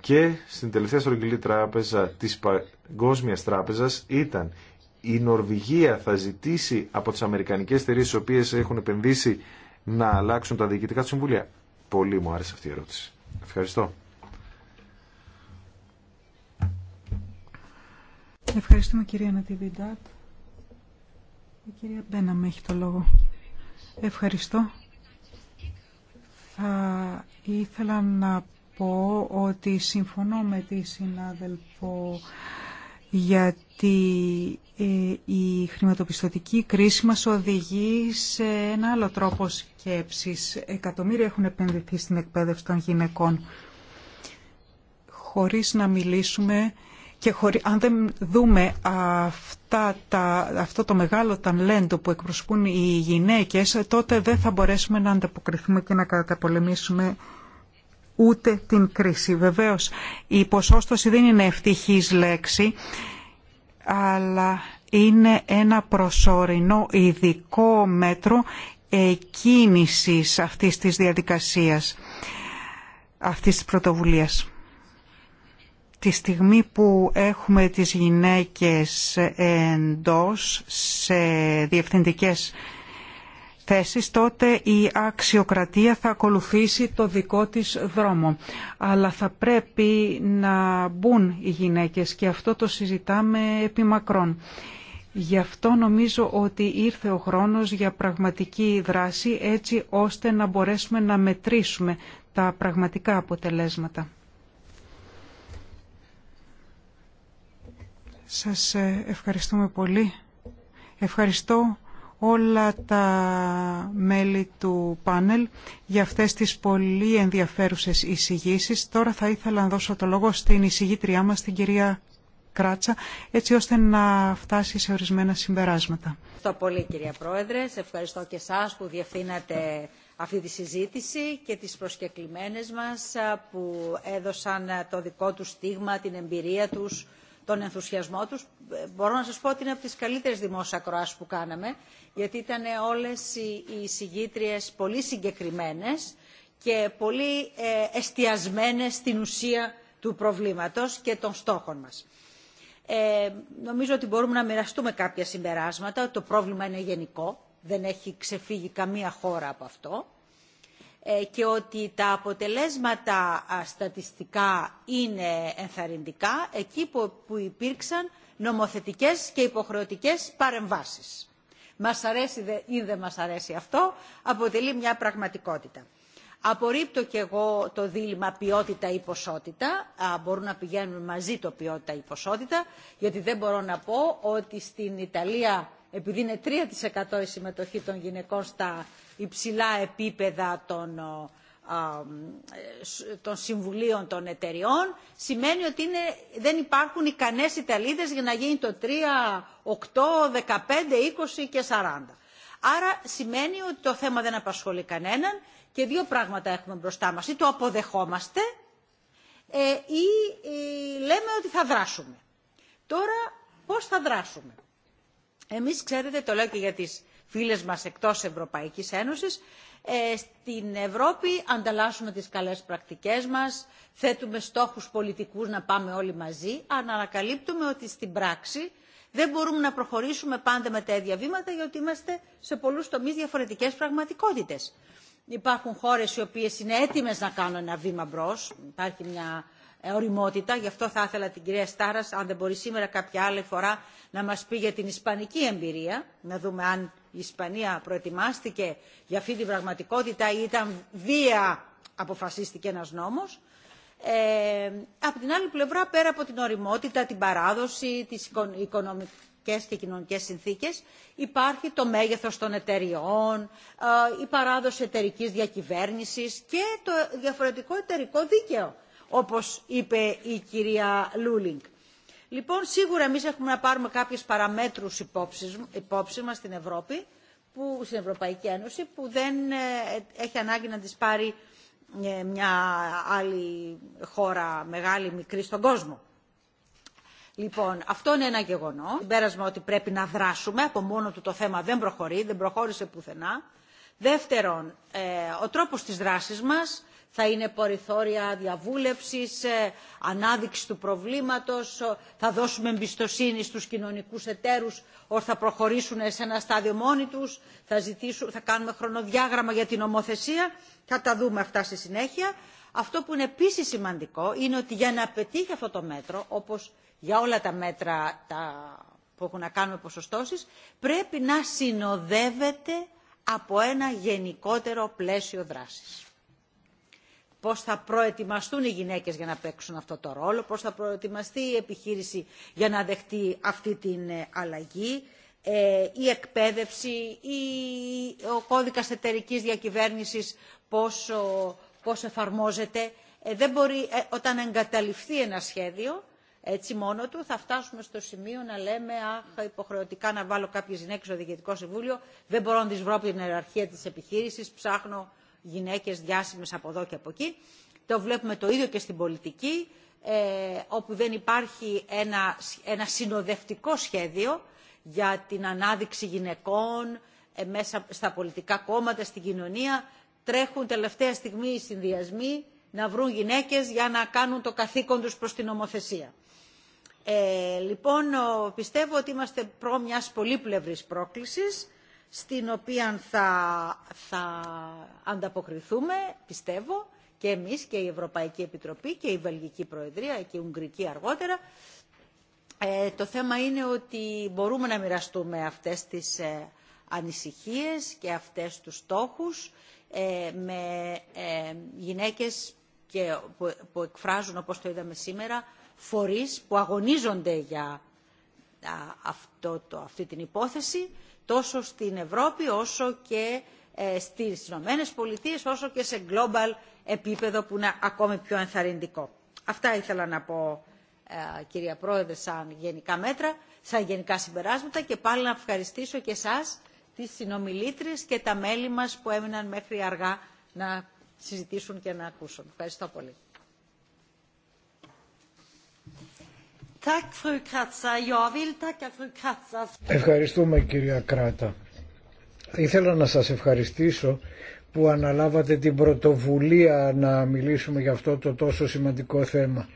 και στην τελευταία στρογγυλή τράπεζα της Παγκόσμια Τράπεζας ήταν η Νορβηγία θα ζητήσει από τις Αμερικανικές εταιρείε τις οποίες έχουν επενδύσει να αλλάξουν τα διοικητικά του συμβουλία. Πολύ μου άρεσε αυτή η ερώτηση. Ευχαριστώ. Ευχαριστούμε κυρία Νατιβιντάτ. Η κυρία Μπένα με έχει το λόγο. Ευχαριστώ. Θα ήθελα να ότι συμφωνώ με τη συνάδελφο γιατί ε, η χρηματοπιστωτική κρίση μας οδηγεί σε ένα άλλο τρόπο σκέψης. Εκατομμύρια έχουν επενδυθεί στην εκπαίδευση των γυναικών χωρίς να μιλήσουμε και χωρί, αν δεν δούμε αυτά τα, αυτό το μεγάλο ταλέντο που εκπροσωπούν οι γυναίκες, τότε δεν θα μπορέσουμε να ανταποκριθούμε και να καταπολεμήσουμε ούτε την κρίση. Βεβαίως η ποσόστοση δεν είναι ευτυχής λέξη, αλλά είναι ένα προσωρινό ειδικό μέτρο εκκίνησης αυτής της διαδικασίας, αυτής της πρωτοβουλίας. Τη στιγμή που έχουμε τις γυναίκες εντός σε διευθυντικές θέσεις, τότε η αξιοκρατία θα ακολουθήσει το δικό της δρόμο. Αλλά θα πρέπει να μπουν οι γυναίκες και αυτό το συζητάμε επί μακρόν. Γι' αυτό νομίζω ότι ήρθε ο χρόνος για πραγματική δράση έτσι ώστε να μπορέσουμε να μετρήσουμε τα πραγματικά αποτελέσματα. Σας ε, ευχαριστούμε πολύ. Ευχαριστώ όλα τα μέλη του πάνελ για αυτές τις πολύ ενδιαφέρουσες εισηγήσει. Τώρα θα ήθελα να δώσω το λόγο στην εισηγήτριά μας, την κυρία Κράτσα, έτσι ώστε να φτάσει σε ορισμένα συμπεράσματα. Ευχαριστώ πολύ κυρία Πρόεδρε. Σε ευχαριστώ και εσά που διευθύνατε αυτή τη συζήτηση και τις προσκεκλημένες μας που έδωσαν το δικό τους στίγμα, την εμπειρία τους τον ενθουσιασμό τους. Ε, μπορώ να σας πω ότι είναι από τις καλύτερες δημόσια ακροάσεις που κάναμε, γιατί ήταν όλες οι συγγήτριες πολύ συγκεκριμένες και πολύ ε, εστιασμένες στην ουσία του προβλήματος και των στόχων μας. Ε, νομίζω ότι μπορούμε να μοιραστούμε κάποια συμπεράσματα, ότι το πρόβλημα είναι γενικό, δεν έχει ξεφύγει καμία χώρα από αυτό ε, και ότι τα αποτελέσματα στατιστικά είναι ενθαρρυντικά εκεί που υπήρξαν νομοθετικές και υποχρεωτικές παρεμβάσεις. Μας αρέσει ή δεν μας αρέσει αυτό, αποτελεί μια πραγματικότητα. Απορρίπτω και εγώ το δίλημα ποιότητα ή ποσότητα. Μπορούν να πηγαίνουν μαζί το ποιότητα ή ποσότητα, γιατί δεν μπορώ να πω ότι στην Ιταλία επειδή είναι 3% η συμμετοχή των γυναικών στα υψηλά επίπεδα των, ε, συμβουλίων των εταιριών, σημαίνει ότι δεν υπάρχουν ικανές Ιταλίδες για να γίνει το 3, 8, 15, 20 και 40. Άρα σημαίνει ότι το θέμα δεν απασχολεί κανέναν και δύο πράγματα έχουμε μπροστά μας. Ή το αποδεχόμαστε ε, ή ε, λέμε ότι θα δράσουμε. Τώρα πώς θα δράσουμε. Εμείς, ξέρετε, το λέω και για τις φίλες μας εκτός Ευρωπαϊκής Ένωσης, ε, στην Ευρώπη ανταλλάσσουμε τις καλές πρακτικές μας, θέτουμε στόχους πολιτικούς να πάμε όλοι μαζί, αλλά ανακαλύπτουμε ότι στην πράξη δεν μπορούμε να προχωρήσουμε πάντα με τα ίδια βήματα, γιατί είμαστε σε πολλούς τομείς διαφορετικές πραγματικότητες. Υπάρχουν χώρες οι οποίες είναι έτοιμες να κάνουν ένα βήμα μπρος, υπάρχει μια οριμότητα. Γι' αυτό θα ήθελα την κυρία Στάρας, αν δεν μπορεί σήμερα κάποια άλλη φορά, να μας πει για την ισπανική εμπειρία, να δούμε αν η Ισπανία προετοιμάστηκε για αυτή την πραγματικότητα ή ήταν βία αποφασίστηκε ένας νόμος. Ε, από την άλλη πλευρά, πέρα από την οριμότητα, την παράδοση, τις οικονομικές και κοινωνικές συνθήκες, υπάρχει το μέγεθος των εταιριών, ε, η παράδοση εταιρικής διακυβέρνησης και το διαφορετικό εταιρικό δίκαιο όπως είπε η κυρία Λούλινγκ. Λοιπόν, σίγουρα εμείς έχουμε να πάρουμε κάποιες παραμέτρους υπόψη, μας στην Ευρώπη, που, στην Ευρωπαϊκή Ένωση, που δεν ε, έχει ανάγκη να τις πάρει ε, μια άλλη χώρα μεγάλη, μικρή στον κόσμο. Λοιπόν, αυτό είναι ένα γεγονό. Πέρασμα ότι πρέπει να δράσουμε. Από μόνο του το θέμα δεν προχωρεί, δεν προχώρησε πουθενά. Δεύτερον, ε, ο τρόπος της δράσης μας θα είναι περιθώρια διαβούλευσης, ε, ανάδειξη του προβλήματος, ε, θα δώσουμε εμπιστοσύνη στους κοινωνικούς εταίρους ώστε θα προχωρήσουν σε ένα στάδιο μόνοι τους, θα, ζητήσουν, θα κάνουμε χρονοδιάγραμμα για την ομοθεσία, θα τα δούμε αυτά στη συνέχεια. Αυτό που είναι επίσης σημαντικό είναι ότι για να πετύχει αυτό το μέτρο, όπως για όλα τα μέτρα τα... που έχουν να κάνουν με ποσοστώσεις, πρέπει να συνοδεύεται από ένα γενικότερο πλαίσιο δράσης πώ θα προετοιμαστούν οι γυναίκε για να παίξουν αυτό το ρόλο, πώ θα προετοιμαστεί η επιχείρηση για να δεχτεί αυτή την ε, αλλαγή, ε, η εκπαίδευση, ο κώδικας εταιρικής διακυβέρνησης, πώς, πώς εφαρμόζεται. Ε, δεν μπορεί, όταν εγκαταληφθεί ένα σχέδιο, έτσι μόνο του θα φτάσουμε στο σημείο να λέμε αχ υποχρεωτικά να βάλω κάποιες γυναίκες στο Διοικητικό Συμβούλιο, δεν μπορώ να τις βρω από την ιεραρχία της επιχείρησης, ψάχνω γυναίκες διάσημες από εδώ και από εκεί. Το βλέπουμε το ίδιο και στην πολιτική, ε, όπου δεν υπάρχει ένα, ένα συνοδευτικό σχέδιο για την ανάδειξη γυναικών ε, μέσα στα πολιτικά κόμματα, στην κοινωνία. Τρέχουν τελευταία στιγμή οι συνδυασμοί να βρουν γυναίκες για να κάνουν το καθήκον τους προς την ομοθεσία. Ε, λοιπόν, πιστεύω ότι είμαστε προ μιας πολύπλευρης πρόκλησης στην οποία θα, θα ανταποκριθούμε, πιστεύω, και εμείς και η Ευρωπαϊκή Επιτροπή και η Βελγική Προεδρία και η Ουγγρική αργότερα. Ε, το θέμα είναι ότι μπορούμε να μοιραστούμε αυτές τις ε, ανησυχίες και αυτές τους στόχους ε, με ε, γυναίκες που, που εκφράζουν, όπως το είδαμε σήμερα, φορείς που αγωνίζονται για αυτό, το, αυτή την υπόθεση τόσο στην Ευρώπη όσο και ε, στις Ηνωμένε Πολιτείε, όσο και σε global επίπεδο που είναι ακόμη πιο ενθαρρυντικό. Αυτά ήθελα να πω, ε, κυρία Πρόεδρε, σαν γενικά μέτρα, σαν γενικά συμπεράσματα και πάλι να ευχαριστήσω και εσάς, τις συνομιλήτρες και τα μέλη μας που έμειναν μέχρι αργά να συζητήσουν και να ακούσουν. Ευχαριστώ πολύ. Ευχαριστούμε κυρία Κράτα. Ήθελα να σας ευχαριστήσω που αναλάβατε την πρωτοβουλία να μιλήσουμε για αυτό το τόσο σημαντικό θέμα.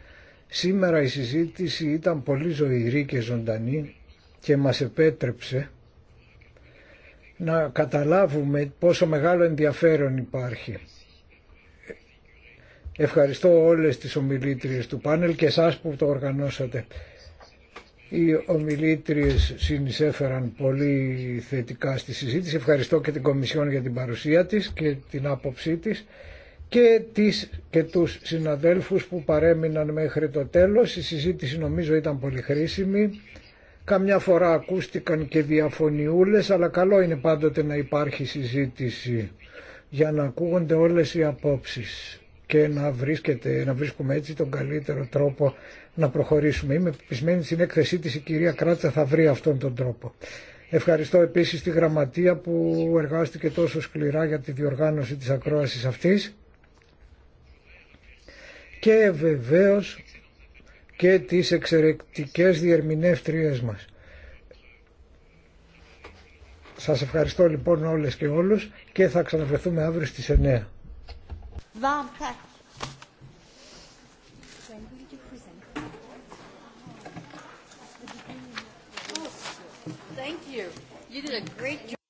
Σήμερα η συζήτηση ήταν πολύ ζωηρή και ζωντανή και μας επέτρεψε να καταλάβουμε πόσο μεγάλο ενδιαφέρον υπάρχει. Ευχαριστώ όλες τις ομιλήτριες του πάνελ και εσάς που το οργανώσατε. Οι ομιλήτριες συνεισέφεραν πολύ θετικά στη συζήτηση. Ευχαριστώ και την Κομισιόν για την παρουσία της και την άποψή της και, τις, και τους συναδέλφους που παρέμειναν μέχρι το τέλος. Η συζήτηση νομίζω ήταν πολύ χρήσιμη. Καμιά φορά ακούστηκαν και διαφωνιούλες, αλλά καλό είναι πάντοτε να υπάρχει συζήτηση για να ακούγονται όλες οι απόψεις και να, βρίσκεται, να βρίσκουμε έτσι τον καλύτερο τρόπο να προχωρήσουμε. Είμαι πεπισμένη στην έκθεσή της η κυρία Κράτσα θα βρει αυτόν τον τρόπο. Ευχαριστώ επίσης τη γραμματεία που εργάστηκε τόσο σκληρά για τη διοργάνωση της ακρόασης αυτής και βεβαίως και τις εξαιρετικές διερμηνεύτριές μας. Σας ευχαριστώ λοιπόν όλες και όλους και θα ξαναβρεθούμε αύριο στις 9. Varmt tack. Thank you. You did a great job.